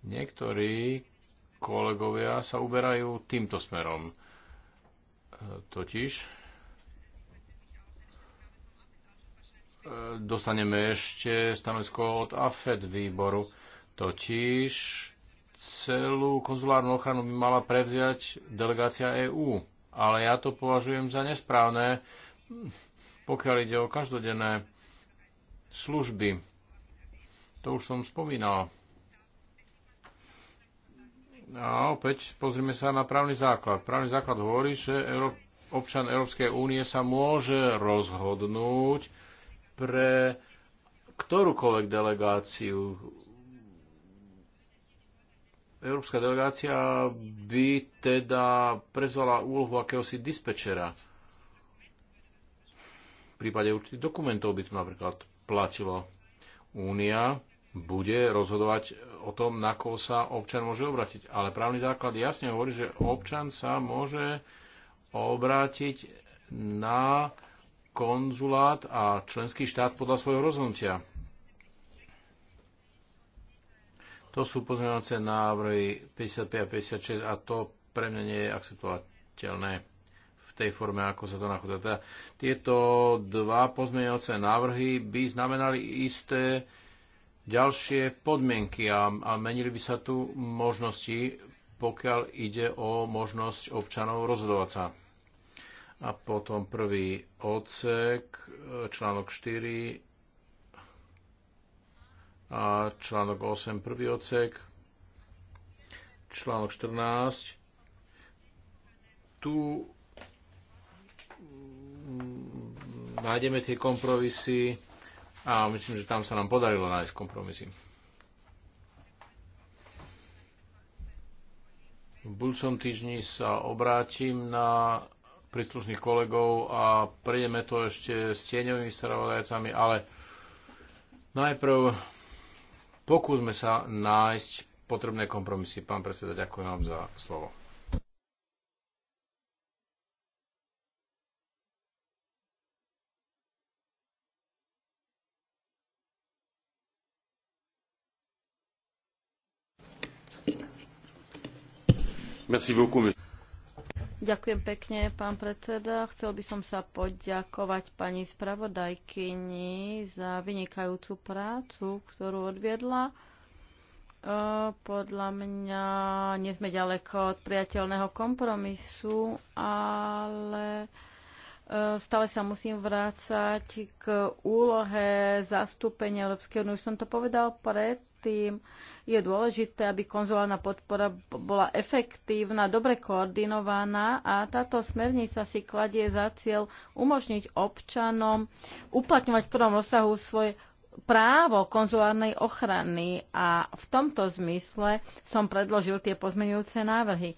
Niektorí kolegovia sa uberajú týmto smerom totiž e, dostaneme ešte stanovisko od AFED výboru, totiž celú konzulárnu ochranu by mala prevziať delegácia EÚ. Ale ja to považujem za nesprávne, pokiaľ ide o každodenné služby. To už som spomínal. A opäť pozrime sa na právny základ. Právny základ hovorí, že Euró- občan Európskej únie sa môže rozhodnúť pre ktorúkoľvek delegáciu. Európska delegácia by teda prezvala úlohu akéhosi dispečera. V prípade určitých dokumentov by to napríklad platilo. Únia bude rozhodovať o tom, na koho sa občan môže obrátiť. Ale právny základ jasne hovorí, že občan sa môže obrátiť na konzulát a členský štát podľa svojho rozhodnutia. To sú pozmeňovacie návrhy 55 a 56 a to pre mňa nie je akceptovateľné v tej forme, ako sa to nachádza. Teda tieto dva pozmeňovacie návrhy by znamenali isté ďalšie podmienky a, a menili by sa tu možnosti, pokiaľ ide o možnosť občanov rozhodovať sa. A potom prvý odsek, článok 4 a článok 8, prvý odsek, článok 14. Tu nájdeme tie kompromisy, a myslím, že tam sa nám podarilo nájsť kompromisy. V budúcom týždni sa obrátim na príslušných kolegov a prejdeme to ešte s tieňovými spravodajcami, ale najprv pokúsme sa nájsť potrebné kompromisy. Pán predseda, ďakujem vám za slovo. Ďakujem pekne, pán predseda. Chcel by som sa poďakovať pani spravodajkyni za vynikajúcu prácu, ktorú odviedla. E, podľa mňa nie sme ďaleko od priateľného kompromisu, ale Eh, stále sa musím vrácať k úlohe zastúpenia Európskej únie. Už som to povedal predtým. Je dôležité, aby konzulárna podpora bola efektívna, dobre koordinovaná a táto smernica si kladie za cieľ umožniť občanom uplatňovať v prvom rozsahu svoje právo konzulárnej ochrany a v tomto zmysle som predložil tie pozmeňujúce návrhy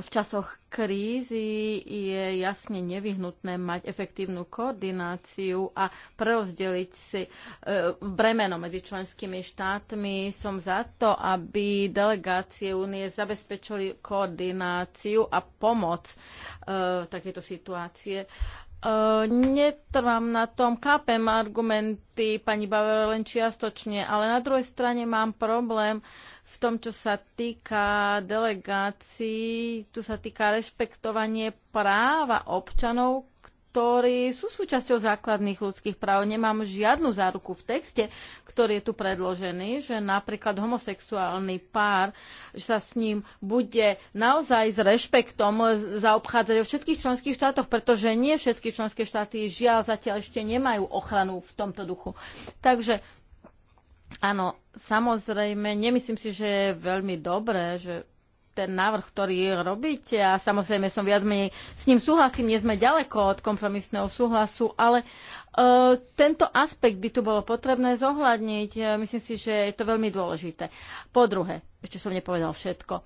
v časoch krízy je jasne nevyhnutné mať efektívnu koordináciu a prerozdeliť si e, bremeno medzi členskými štátmi. Som za to, aby delegácie únie zabezpečili koordináciu a pomoc v e, takejto situácie. Uh, netrvám na tom, kápem argumenty pani Bauer len čiastočne, ale na druhej strane mám problém v tom, čo sa týka delegácií, tu sa týka rešpektovanie práva občanov, ktorí sú súčasťou základných ľudských práv. Nemám žiadnu záruku v texte, ktorý je tu predložený, že napríklad homosexuálny pár, že sa s ním bude naozaj s rešpektom zaobchádzať vo všetkých členských štátoch, pretože nie všetky členské štáty žiaľ zatiaľ ešte nemajú ochranu v tomto duchu. Takže Áno, samozrejme, nemyslím si, že je veľmi dobré, že ten návrh, ktorý robíte a samozrejme som viac menej s ním súhlasím, nie sme ďaleko od kompromisného súhlasu, ale E, tento aspekt by tu bolo potrebné zohľadniť. E, myslím si, že je to veľmi dôležité. Po druhé, ešte som nepovedal všetko. E,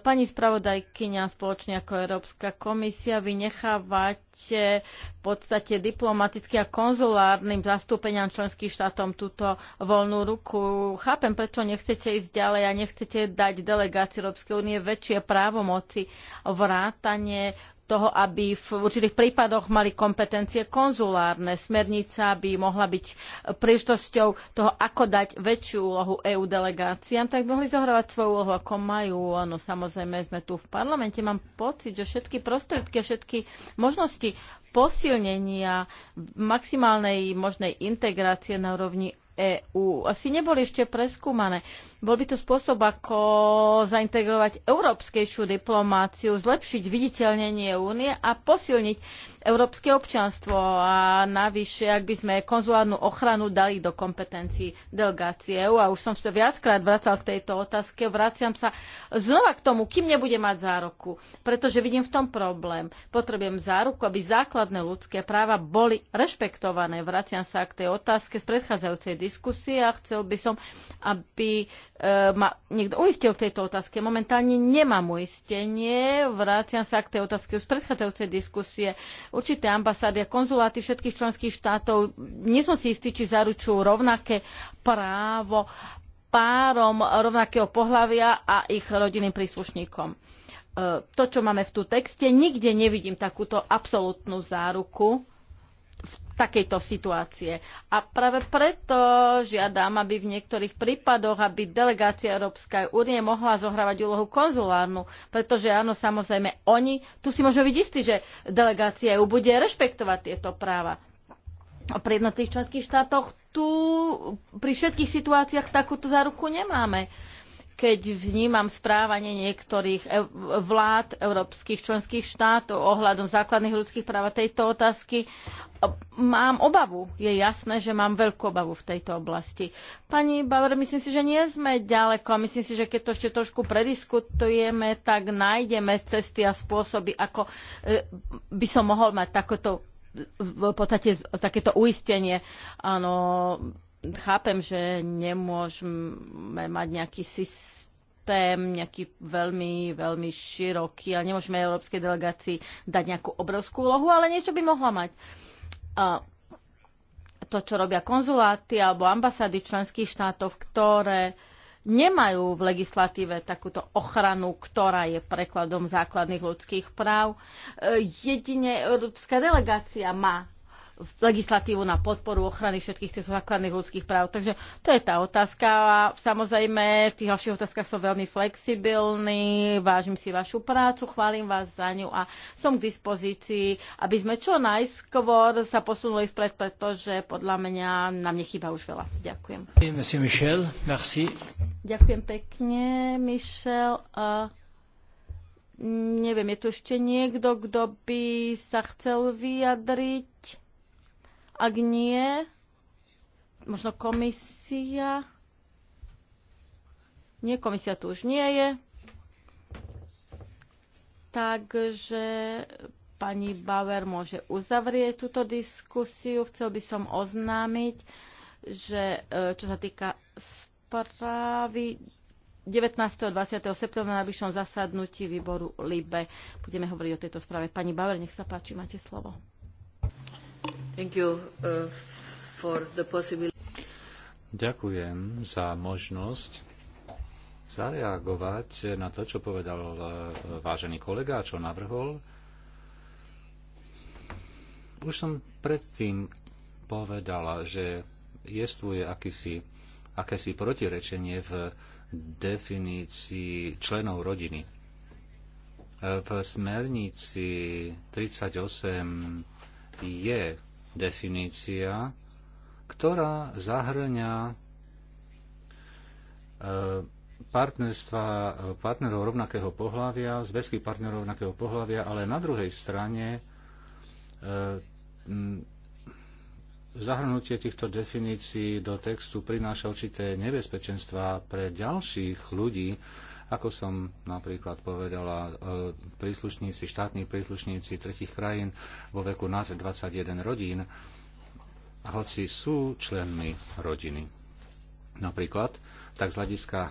pani spravodajkyňa spoločne ako Európska komisia, vy nechávate v podstate diplomaticky a konzulárnym zastúpeniam členských štátom túto voľnú ruku. Chápem, prečo nechcete ísť ďalej a nechcete dať delegácii Európskej únie väčšie právomoci vrátanie toho, aby v určitých prípadoch mali kompetencie konzulárne. Smernica by mohla byť príležitosťou toho, ako dať väčšiu úlohu EU delegáciám, tak by mohli zohrávať svoju úlohu, ako majú. No samozrejme, sme tu v parlamente. Mám pocit, že všetky prostriedky, všetky možnosti posilnenia maximálnej možnej integrácie na úrovni EÚ. Asi neboli ešte preskúmané. Bol by to spôsob, ako zaintegrovať európskejšiu diplomáciu, zlepšiť viditeľnenie únie a posilniť európske občanstvo. A navyše, ak by sme konzulárnu ochranu dali do kompetencií delegácie EÚ, a už som sa viackrát vracal k tejto otázke, vraciam sa znova k tomu, kým nebude mať záruku. Pretože vidím v tom problém. Potrebujem záruku, aby základné ľudské práva boli rešpektované. Vraciam sa k tej otázke z predchádzajúcej diskusie a chcel by som, aby e, ma niekto uistil v tejto otázke. Momentálne nemám uistenie, vráciam sa k tej otázke už z predchádzajúcej diskusie. Určité ambasády a konzuláty všetkých členských štátov, nie som si istý, či zaručujú rovnaké právo párom rovnakého pohlavia a ich rodinným príslušníkom. E, to, čo máme v tu texte, nikde nevidím takúto absolútnu záruku v takejto situácie. A práve preto žiadam, aby v niektorých prípadoch, aby delegácia Európskej únie mohla zohrávať úlohu konzulárnu, pretože áno, samozrejme, oni, tu si môžeme byť istí, že delegácia EU bude rešpektovať tieto práva. A pri jednotlivých členských štátoch tu pri všetkých situáciách takúto záruku nemáme keď vnímam správanie niektorých e, vlád európskych členských štátov ohľadom základných ľudských práv a tejto otázky, e, mám obavu. Je jasné, že mám veľkú obavu v tejto oblasti. Pani Bauer, myslím si, že nie sme ďaleko a myslím si, že keď to ešte trošku prediskutujeme, tak nájdeme cesty a spôsoby, ako e, by som mohol mať takoto v podstate takéto uistenie. Áno, chápem, že nemôžeme mať nejaký systém, nejaký veľmi, veľmi široký a nemôžeme európskej delegácii dať nejakú obrovskú úlohu, ale niečo by mohla mať. A to, čo robia konzuláty alebo ambasády členských štátov, ktoré nemajú v legislatíve takúto ochranu, ktorá je prekladom základných ľudských práv. E, jedine európska delegácia má legislatívu na podporu ochrany všetkých týchto základných ľudských práv. Takže to je tá otázka. A samozrejme, v tých ďalších otázkach som veľmi flexibilný, vážim si vašu prácu, chválim vás za ňu a som k dispozícii, aby sme čo najskôr sa posunuli vpred, pretože podľa mňa nám nechýba už veľa. Ďakujem. Michel, merci. Ďakujem pekne, Michel. Uh... Neviem, je tu ešte niekto, kto by sa chcel vyjadriť? Ak nie, možno komisia. Nie, komisia tu už nie je. Takže pani Bauer môže uzavrieť túto diskusiu. Chcel by som oznámiť, že e, čo sa týka správy 19. a 20. septembra na najbližšom zasadnutí výboru LIBE budeme hovoriť o tejto správe. Pani Bauer, nech sa páči, máte slovo. Uh, Ďakujem za možnosť zareagovať na to, čo povedal uh, vážený kolega, čo navrhol. Už som predtým povedala, že jestvuje akýsi, akési protirečenie v definícii členov rodiny. E, v smernici 38 je definícia, ktorá zahrňa e, partnerstva e, partnerov rovnakého pohľavia, zväzky partnerov rovnakého pohľavia, ale na druhej strane e, zahrnutie týchto definícií do textu prináša určité nebezpečenstva pre ďalších ľudí, ako som napríklad povedala, e, príslušníci, štátni príslušníci tretich krajín vo veku nad 21 rodín, hoci sú členmi rodiny. Napríklad, tak z hľadiska e,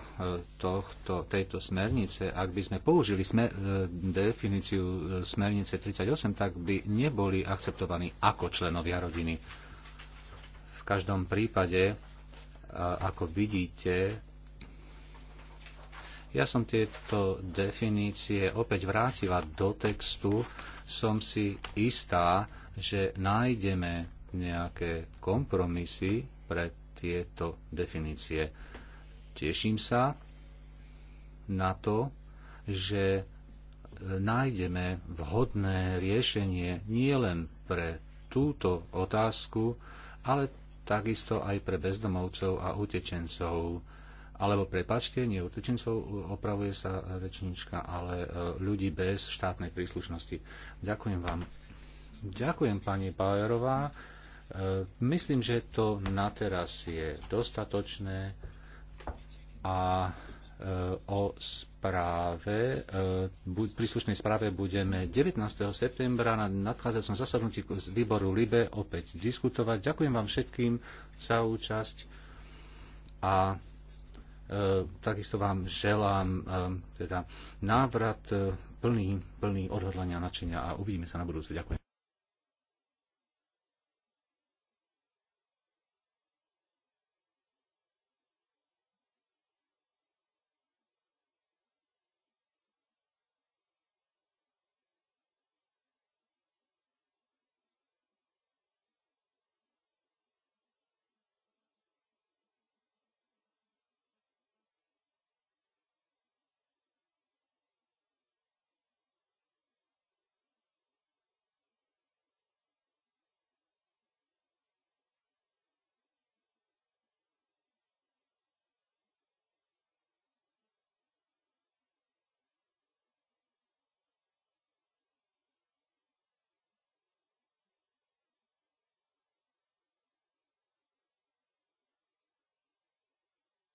tohto, tejto smernice, ak by sme použili smer, e, definíciu smernice 38, tak by neboli akceptovaní ako členovia rodiny. V každom prípade, ako vidíte, ja som tieto definície opäť vrátila do textu. Som si istá, že nájdeme nejaké kompromisy pre tieto definície. Teším sa na to, že nájdeme vhodné riešenie nielen pre túto otázku, ale takisto aj pre bezdomovcov a utečencov alebo prepačte, nie utečencov, opravuje sa rečnička, ale e, ľudí bez štátnej príslušnosti. Ďakujem vám. Ďakujem pani Bauerová. E, myslím, že to na teraz je dostatočné a e, o správe, príslušnej správe budeme 19. septembra na nadchádzajúcom zasadnutí z výboru LIBE opäť diskutovať. Ďakujem vám všetkým za účasť a E, takisto vám želám e, teda návrat e, plný, plný odhodlania, nadšenia a uvidíme sa na budúce. Ďakujem.